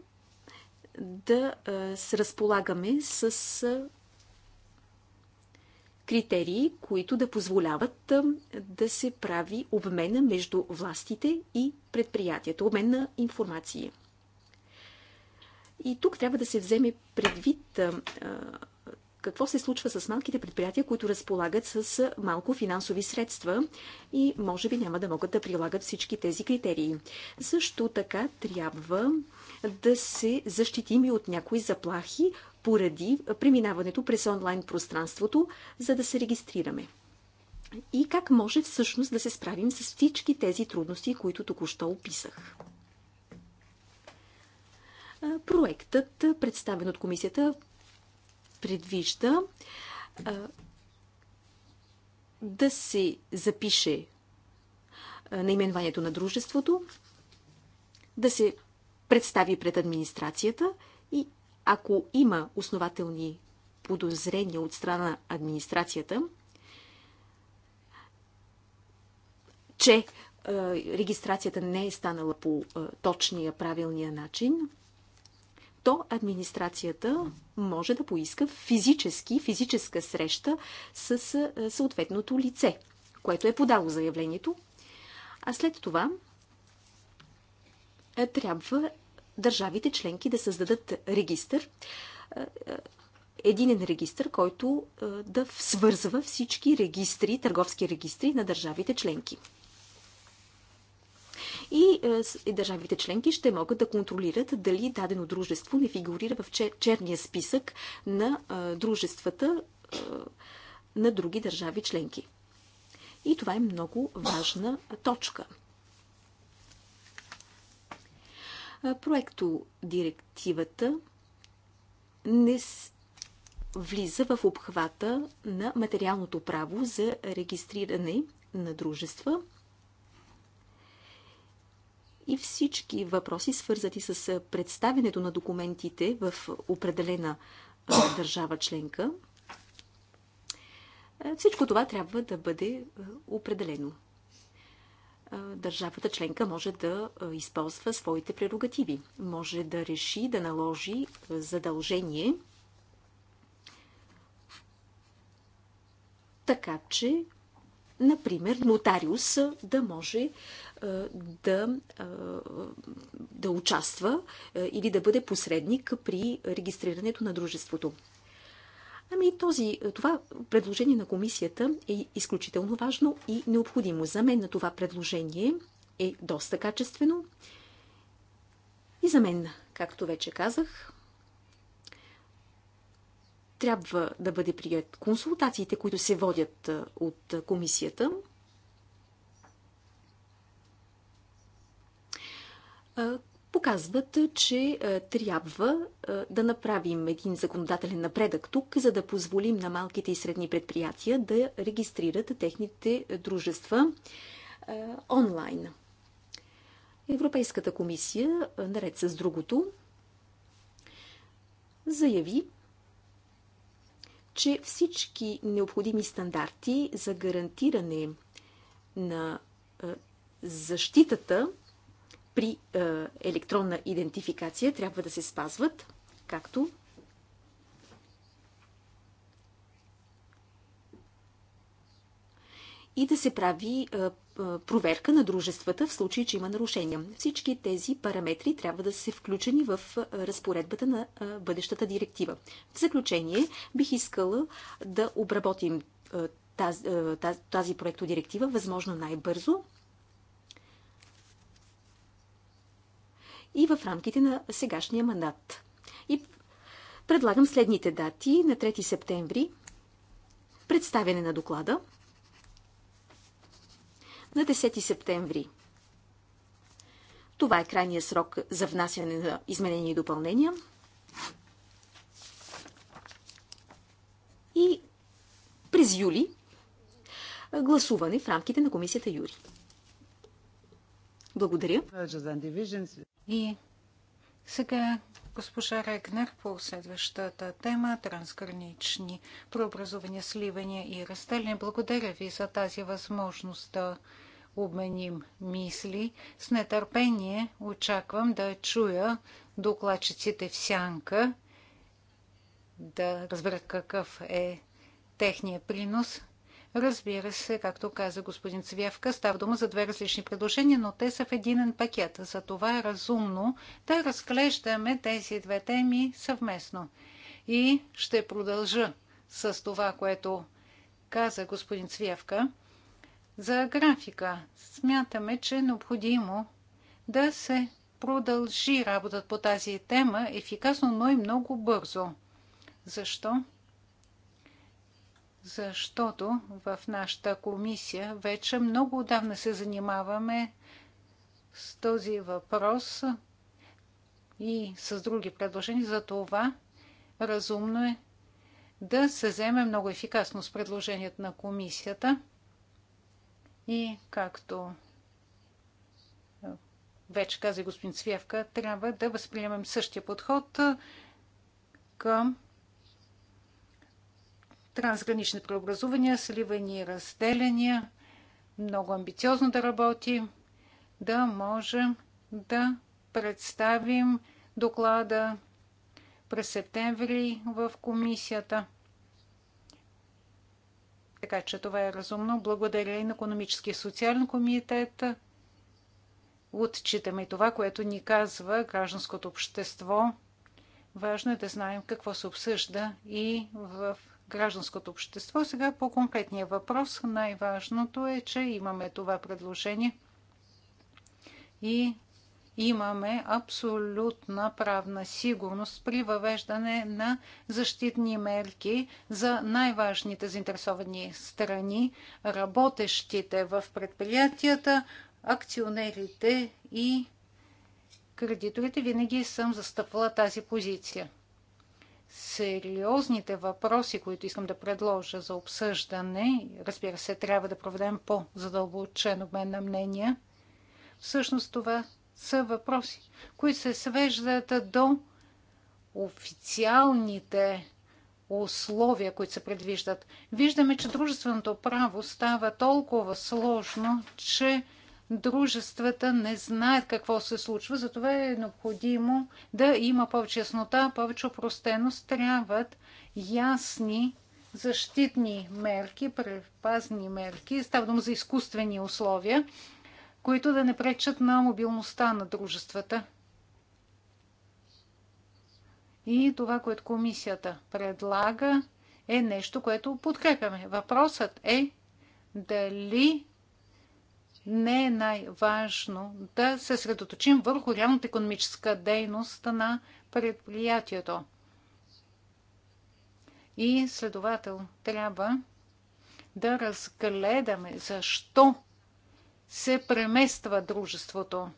да се разполагаме с критерии, които да позволяват да се прави обмена между властите и предприятията, обмен на информация. И тук трябва да се вземе предвид какво се случва с малките предприятия, които разполагат с малко финансови средства и може би няма да могат да прилагат всички тези критерии. Също така трябва да се защитим и от някои заплахи поради преминаването през онлайн пространството, за да се регистрираме. И как може всъщност да се справим с всички тези трудности, които току-що описах. Проектът, представен от комисията, предвижда да се запише наименованието на дружеството, да се представи пред администрацията и ако има основателни подозрения от страна на администрацията, че регистрацията не е станала по точния, правилния начин, то администрацията може да поиска физически, физическа среща с е, съответното лице, което е подало заявлението. А след това е, трябва държавите членки да създадат регистр, е, единен регистр, който да свързва всички регистри, търговски регистри на държавите членки и, е, и държавите членки ще могат да контролират дали дадено дружество не фигурира в черния списък на е, дружествата е, на други държави членки. И това е много важна точка. Проекто директивата не влиза в обхвата на материалното право за регистриране на дружества – и всички въпроси, свързани с представенето на документите в определена държава членка, всичко това трябва да бъде определено. Държавата членка може да използва своите прерогативи. Може да реши да наложи задължение, така че например, нотариус да може да, да участва или да бъде посредник при регистрирането на дружеството. Ами този, това предложение на комисията е изключително важно и необходимо. За мен на това предложение е доста качествено и за мен, както вече казах, трябва да бъде прият. Консултациите, които се водят от комисията, показват, че трябва да направим един законодателен напредък тук, за да позволим на малките и средни предприятия да регистрират техните дружества онлайн. Европейската комисия, наред с другото, заяви, че всички необходими стандарти за гарантиране на защитата при електронна идентификация трябва да се спазват, както и да се прави проверка на дружествата в случай, че има нарушения. Всички тези параметри трябва да са включени в разпоредбата на бъдещата директива. В заключение бих искала да обработим тази, тази, тази проектодиректива възможно най-бързо и в рамките на сегашния мандат. И предлагам следните дати на 3 септември представяне на доклада – на 10 септември. Това е крайният срок за внасяне на изменения и допълнения. И през юли гласуване в рамките на комисията Юри. Благодаря. И сега госпожа Регнер по следващата тема трансгранични преобразования, сливания и разделения. Благодаря ви за тази възможност да обменим мисли. С нетърпение очаквам да чуя докладчиците в сянка, да разберат какъв е техния принос. Разбира се, както каза господин Цвявка, става дума за две различни предложения, но те са в единен пакет. Затова е разумно да разглеждаме тези две теми съвместно. И ще продължа с това, което каза господин Цвявка. За графика смятаме, че е необходимо да се продължи работата по тази тема ефикасно, но и много бързо. Защо? Защото в нашата комисия вече много отдавна се занимаваме с този въпрос и с други предложения. За това разумно е да се вземе много ефикасно с предложението на комисията и както е, вече каза господин Цвявка, трябва да възприемем същия подход е, към трансгранични преобразувания, сливани и разделяния, много амбициозно да работим, да можем да представим доклада през септември в комисията – така че това е разумно. Благодаря и на економически и социален комитет. Отчитаме и това, което ни казва гражданското общество. Важно е да знаем какво се обсъжда и в гражданското общество. Сега по конкретния въпрос най-важното е, че имаме това предложение и имаме абсолютна правна сигурност при въвеждане на защитни мерки за най-важните заинтересовани страни, работещите в предприятията, акционерите и кредиторите. Винаги съм застъпвала тази позиция. Сериозните въпроси, които искам да предложа за обсъждане, разбира се, трябва да проведем по-задълбочен обмен на мнения. Всъщност това са въпроси, които се свеждат до официалните условия, които се предвиждат. Виждаме, че дружественото право става толкова сложно, че дружествата не знаят какво се случва, затова е необходимо да има повече яснота, повече опростеност. Трябват ясни защитни мерки, предпазни мерки. Става дума за изкуствени условия които да не пречат на мобилността на дружествата. И това, което комисията предлага, е нещо, което подкрепяме. Въпросът е дали не е най-важно да се средоточим върху реалната економическа дейност на предприятието. И следовател трябва да разгледаме защо се премества дружеството.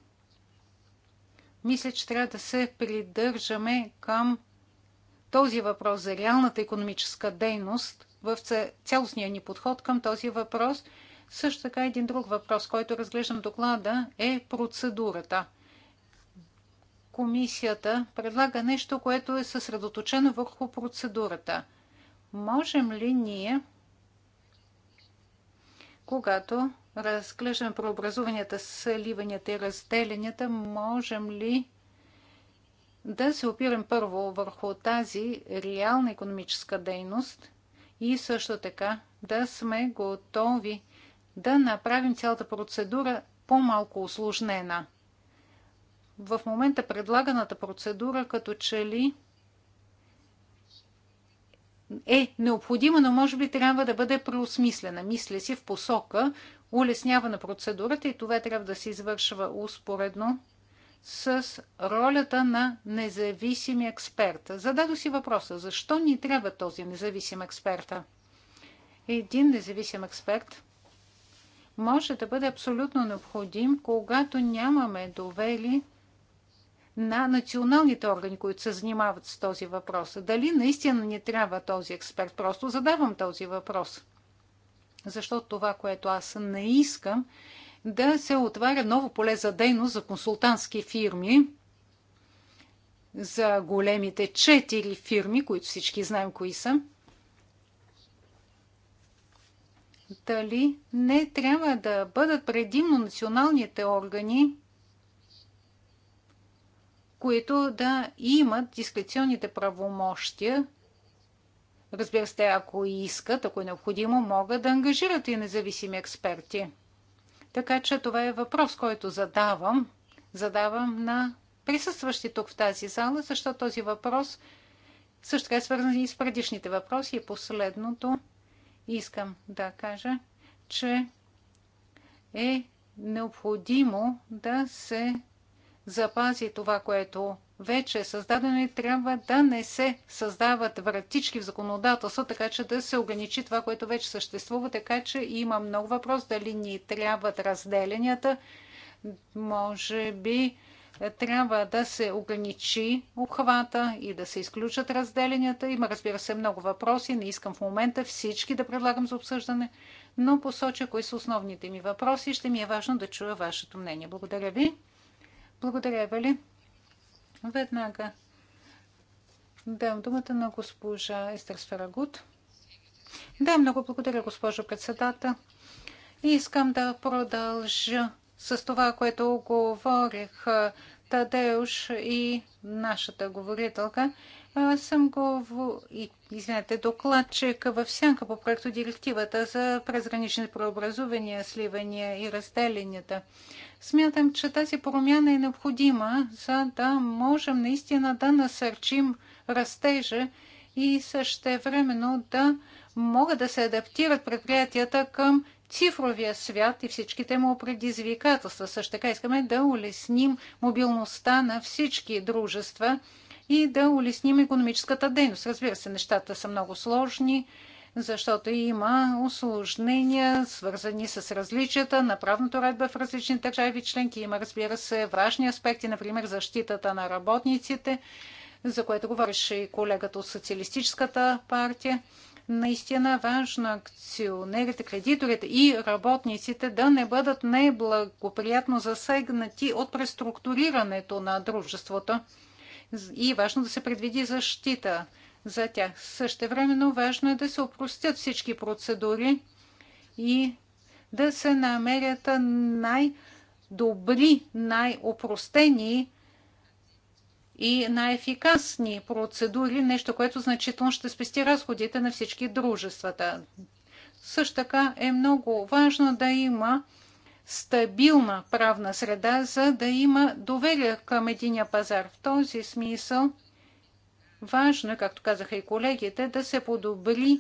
Мисля, че трябва да се придържаме към този въпрос за реалната економическа дейност в цялостния ни подход към този въпрос. Също така един друг въпрос, който разглеждам доклада, е процедурата. Комисията предлага нещо, което е съсредоточено върху процедурата. Можем ли ние, когато разглеждаме преобразуванията, сливанията и разделенията, можем ли да се опирам първо върху тази реална економическа дейност и също така да сме готови да направим цялата процедура по-малко осложнена. В момента предлаганата процедура като че ли е необходима, но може би трябва да бъде преосмислена. Мисля си в посока улеснява на процедурата и това трябва да се извършва успоредно с ролята на независим експерт. Зададо си въпроса, защо ни трябва този независим експерт? Един независим експерт може да бъде абсолютно необходим, когато нямаме довели на националните органи, които се занимават с този въпрос. Дали наистина ни трябва този експерт? Просто задавам този въпрос защото това, което аз не искам, да се отваря ново поле за дейност за консултантски фирми, за големите четири фирми, които всички знаем кои са. Дали не трябва да бъдат предимно националните органи, които да имат дискреционните правомощия Разбира се, ако искат, ако е необходимо, могат да ангажират и независими експерти. Така че това е въпрос, който задавам. Задавам на присъстващи тук в тази зала, защото този въпрос също така е свързан и с предишните въпроси. И последното искам да кажа, че е необходимо да се запази това, което вече е създадено и трябва да не се създават вратички в законодателство, така че да се ограничи това, което вече съществува. Така че има много въпрос дали ни трябват разделенията. Може би е, трябва да се ограничи обхвата и да се изключат разделенията. Има, разбира се, много въпроси. Не искам в момента всички да предлагам за обсъждане, но посоча кои са основните ми въпроси. Ще ми е важно да чуя вашето мнение. Благодаря ви. Благодаря, Евелин. Веднага дам думата на госпожа Естер Сферагут. Да, много благодаря, госпожо председател. И искам да продължа с това, което говорих Тадеуш и нашата говорителка съм го в... Извинете, докладчик във всяка по проекту директивата за презгранични преобразувания, сливания и разделенията. Смятам, че тази промяна е необходима, за да можем наистина да насърчим растежа и същевременно да могат да се адаптират предприятията към цифровия свят и всичките му предизвикателства. Също така искаме да улесним мобилността на всички дружества – и да улесним економическата дейност. Разбира се, нещата са много сложни, защото има осложнения, свързани с различията на правното редба в различни държави членки. Има, разбира се, важни аспекти, например защитата на работниците, за което говореше и колегата от Социалистическата партия наистина важно акционерите, кредиторите и работниците да не бъдат неблагоприятно засегнати от преструктурирането на дружеството и важно да се предвиди защита за тях. Също времено важно е да се опростят всички процедури и да се намерят най-добри, най-опростени и най-ефикасни процедури, нещо, което значително ще спести разходите на всички дружествата. Също така е много важно да има стабилна правна среда, за да има доверие към единия пазар. В този смисъл важно, е, както казаха и колегите, да се подобри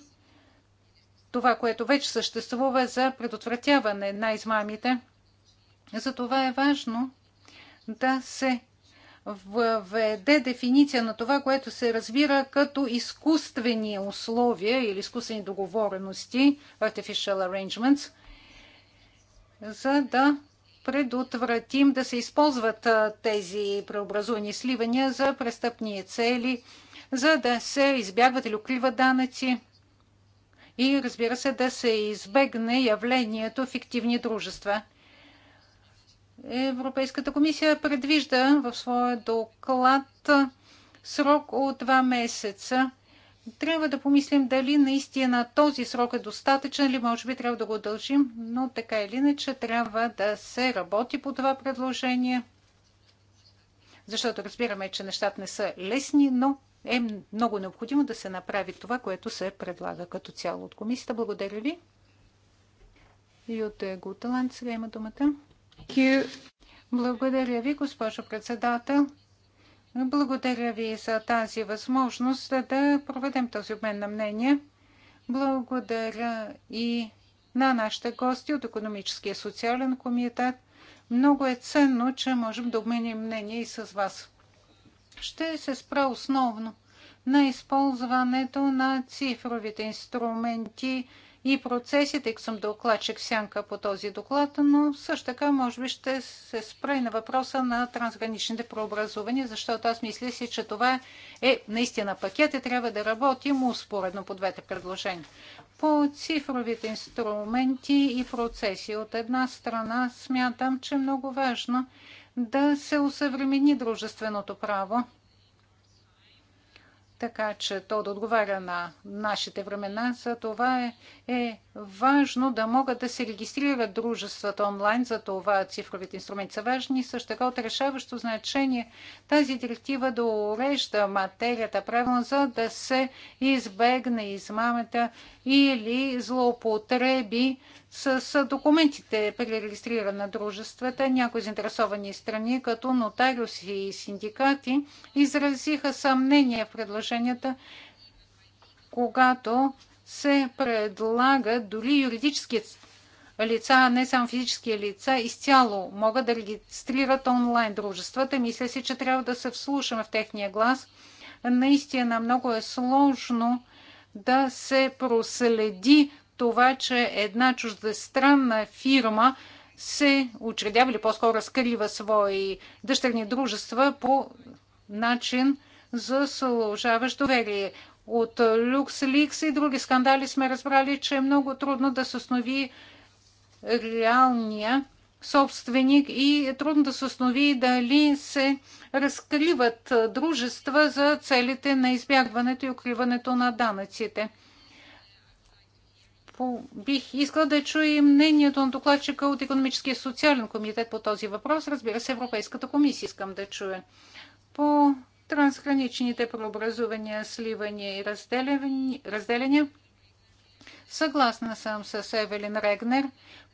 това, което вече съществува за предотвратяване на измамите. Затова е важно да се въведе дефиниция на това, което се разбира като изкуствени условия или изкуствени договорености, artificial arrangements – за да предотвратим да се използват тези преобразувани сливания за престъпни цели, за да се избягват или укриват данъци и разбира се да се избегне явлението фиктивни дружества. Европейската комисия предвижда в своя доклад срок от два месеца трябва да помислим дали наистина този срок е достатъчен или може би трябва да го удължим, но така или иначе трябва да се работи по това предложение, защото разбираме, че нещата не са лесни, но е много необходимо да се направи това, което се предлага като цяло от комисията. Благодаря ви. Юте Гуталанд сега има думата. Благодаря ви, госпожо председател. Благодаря ви за тази възможност да проведем този обмен на мнения. Благодаря и на нашите гости от Економическия социален комитет. Много е ценно, че можем да обменим мнение и с вас. Ще се спра основно на използването на цифровите инструменти и процеси, тъй като съм докладчик сянка по този доклад, но също така може би ще се спра на въпроса на трансграничните преобразувания, защото аз мисля си, че това е наистина пакет и трябва да работим успоредно по двете предложения. По цифровите инструменти и процеси от една страна смятам, че е много важно да се усъвремени дружественото право така че то да отговаря на нашите времена. За това е, е важно да могат да се регистрират дружествата онлайн, за това цифровите инструменти са важни. Също така от решаващо значение тази директива да урежда материята правилно, за да се избегне измамата или злоупотреби с документите при регистриране на дружествата. Някои заинтересовани страни, като нотариуси и синдикати, изразиха съмнение в предложенията, когато се предлага, дори юридически лица, а не само физически лица, изцяло могат да регистрират онлайн дружествата. Мисля си, че трябва да се вслушаме в техния глас. Наистина много е сложно да се проследи това, че една чуждестранна фирма се учредява или по-скоро разкрива свои дъщерни дружества по начин, за заслужаващ доверие. От LuxLeaks и други скандали сме разбрали, че е много трудно да се основи реалния собственик и е трудно да се основи дали се разкриват дружества за целите на избягването и укриването на данъците по... бих искала да чуя мнението на докладчика от Економическия и социален комитет по този въпрос. Разбира се, Европейската комисия искам да чуя. По трансграничните преобразувания, сливания и разделения, Съгласна съм с Евелин Регнер.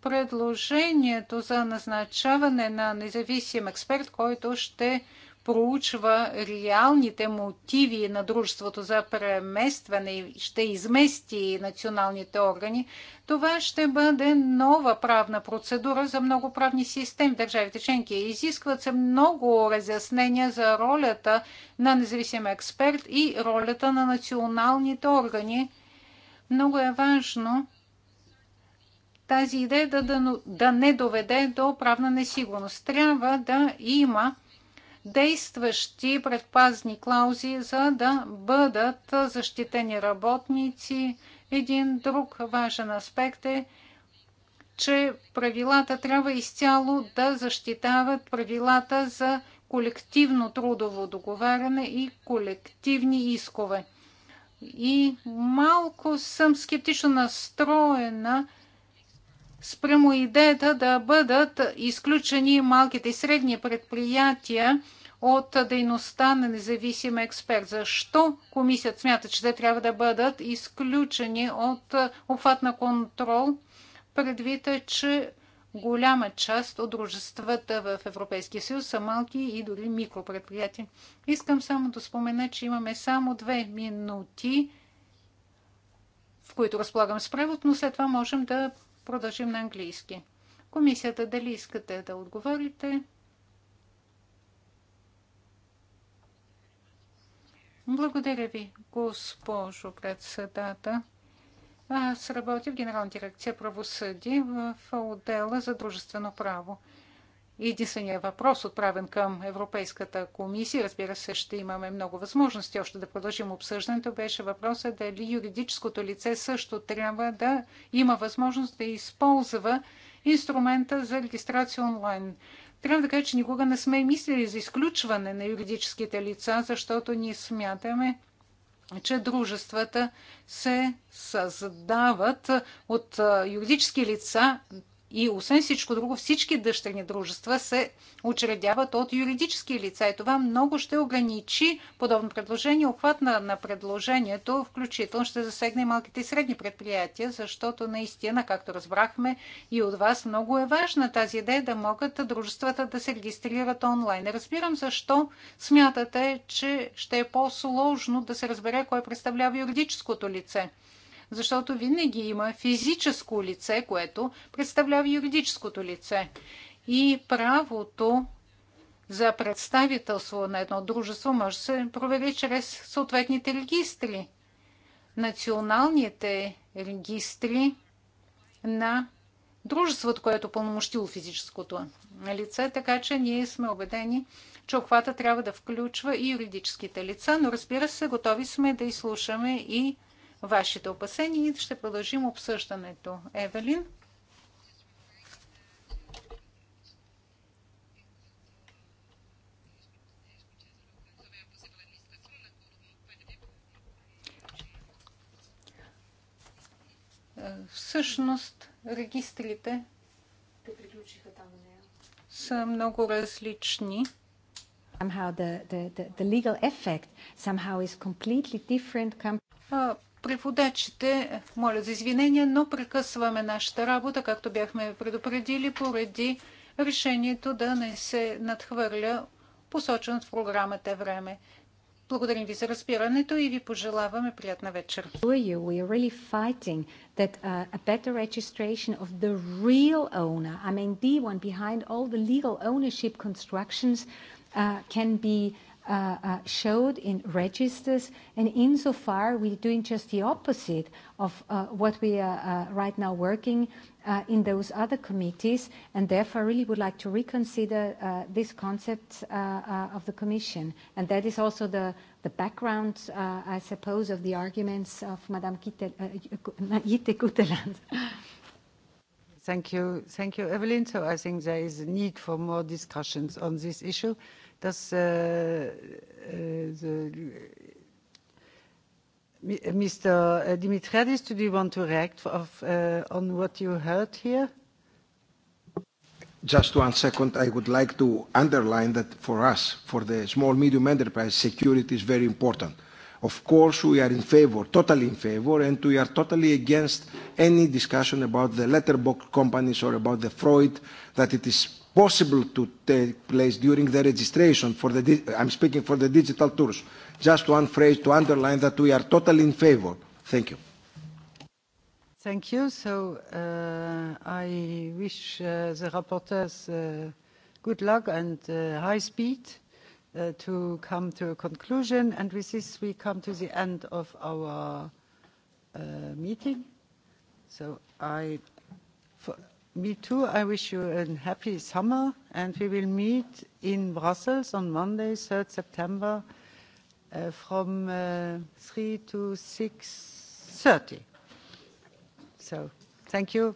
Предложението за назначаване на независим експерт, който ще проучва реалните мотиви на дружеството за преместване и ще измести националните органи, това ще бъде нова правна процедура за много правни системи в държавите членки. Изискват се много разяснения за ролята на независим експерт и ролята на националните органи. Много е важно тази идея да, да, да не доведе до правна несигурност. Трябва да има действащи предпазни клаузи, за да бъдат защитени работници. Един друг важен аспект е, че правилата трябва изцяло да защитават правилата за колективно трудово договаряне и колективни искове. И малко съм скептично настроена спрямо идеята да бъдат изключени малките и средни предприятия от дейността на независим експерт. Защо комисията смята, че те трябва да бъдат изключени от обхват на контрол, предвид, че голяма част от дружествата в Европейския съюз са малки и дори микропредприятия. Искам само да спомена, че имаме само две минути, в които разполагам с превод, но след това можем да продължим на английски. Комисията, дали искате да отговорите? Благодаря ви, госпожо председател. Аз работя в Генерална дирекция правосъдие в отдела за дружествено право. Единственият въпрос, отправен към Европейската комисия, разбира се, ще имаме много възможности още да продължим обсъждането, беше въпросът дали юридическото лице също трябва да има възможност да използва инструмента за регистрация онлайн. Трябва да кажа, че никога не сме мислили за изключване на юридическите лица, защото ние смятаме, че дружествата се създават от юридически лица и освен всичко друго, всички дъщерни дружества се учредяват от юридически лица. И това много ще ограничи подобно предложение, Охват на предложението, включително ще засегне малките и средни предприятия, защото наистина, както разбрахме и от вас, много е важна тази идея да могат дружествата да се регистрират онлайн. Не разбирам защо смятате, че ще е по-сложно да се разбере кой представлява юридическото лице защото винаги има физическо лице, което представлява юридическото лице. И правото за представителство на едно дружество може да се провери чрез съответните регистри. Националните регистри на дружеството, което е пълномощило физическото лице, така че ние сме убедени, че обхвата трябва да включва и юридическите лица, но разбира се, готови сме да изслушаме и вашите опасения и ще продължим обсъждането. Евелин? Всъщност, регистрите са много различни somehow the, the, the, the legal effect somehow is completely different. Преводачите, моля за извинение, но прекъсваме нашата работа, както бяхме предупредили, поради решението да не се надхвърля посочено в програмата време. Благодарим ви за разбирането и ви пожелаваме приятна вечер. We are really fighting that uh, a better registration of the real owner, I mean the one behind all the legal ownership constructions, uh, can be showed in registers. Insofar, we're doing just the opposite of what we are right now working in those other committees, and therefore, I really would like to reconsider this concept of the Commission. That is also the background, I suppose, of the arguments of Madame Jytte Guteland. Thank you. Thank you, Evelyn. I think there is a need for more discussions on this issue dass äh, äh, Mr. Dimitriadis, do you want to react of, uh, on what you heard here? Just one second. I would like to underline that for us, for the small medium enterprise, security is very important. Of course, we are in favor, totally in favor, and we are totally against any discussion about the letterbox companies or about the Freud, that it is possible to take place during the registration for the, di I'm speaking for the digital tours. Just one phrase to underline that we are totally in favor. Thank you. Thank you. So uh, I wish uh, the rapporteurs uh, good luck and uh, high speed uh, to come to a conclusion. And with this, we come to the end of our uh, meeting. So I Me too. I wish you a happy summer, and we will meet in Brussels on Monday, 3rd September, uh, from uh, 3 to 6.30. So thank you.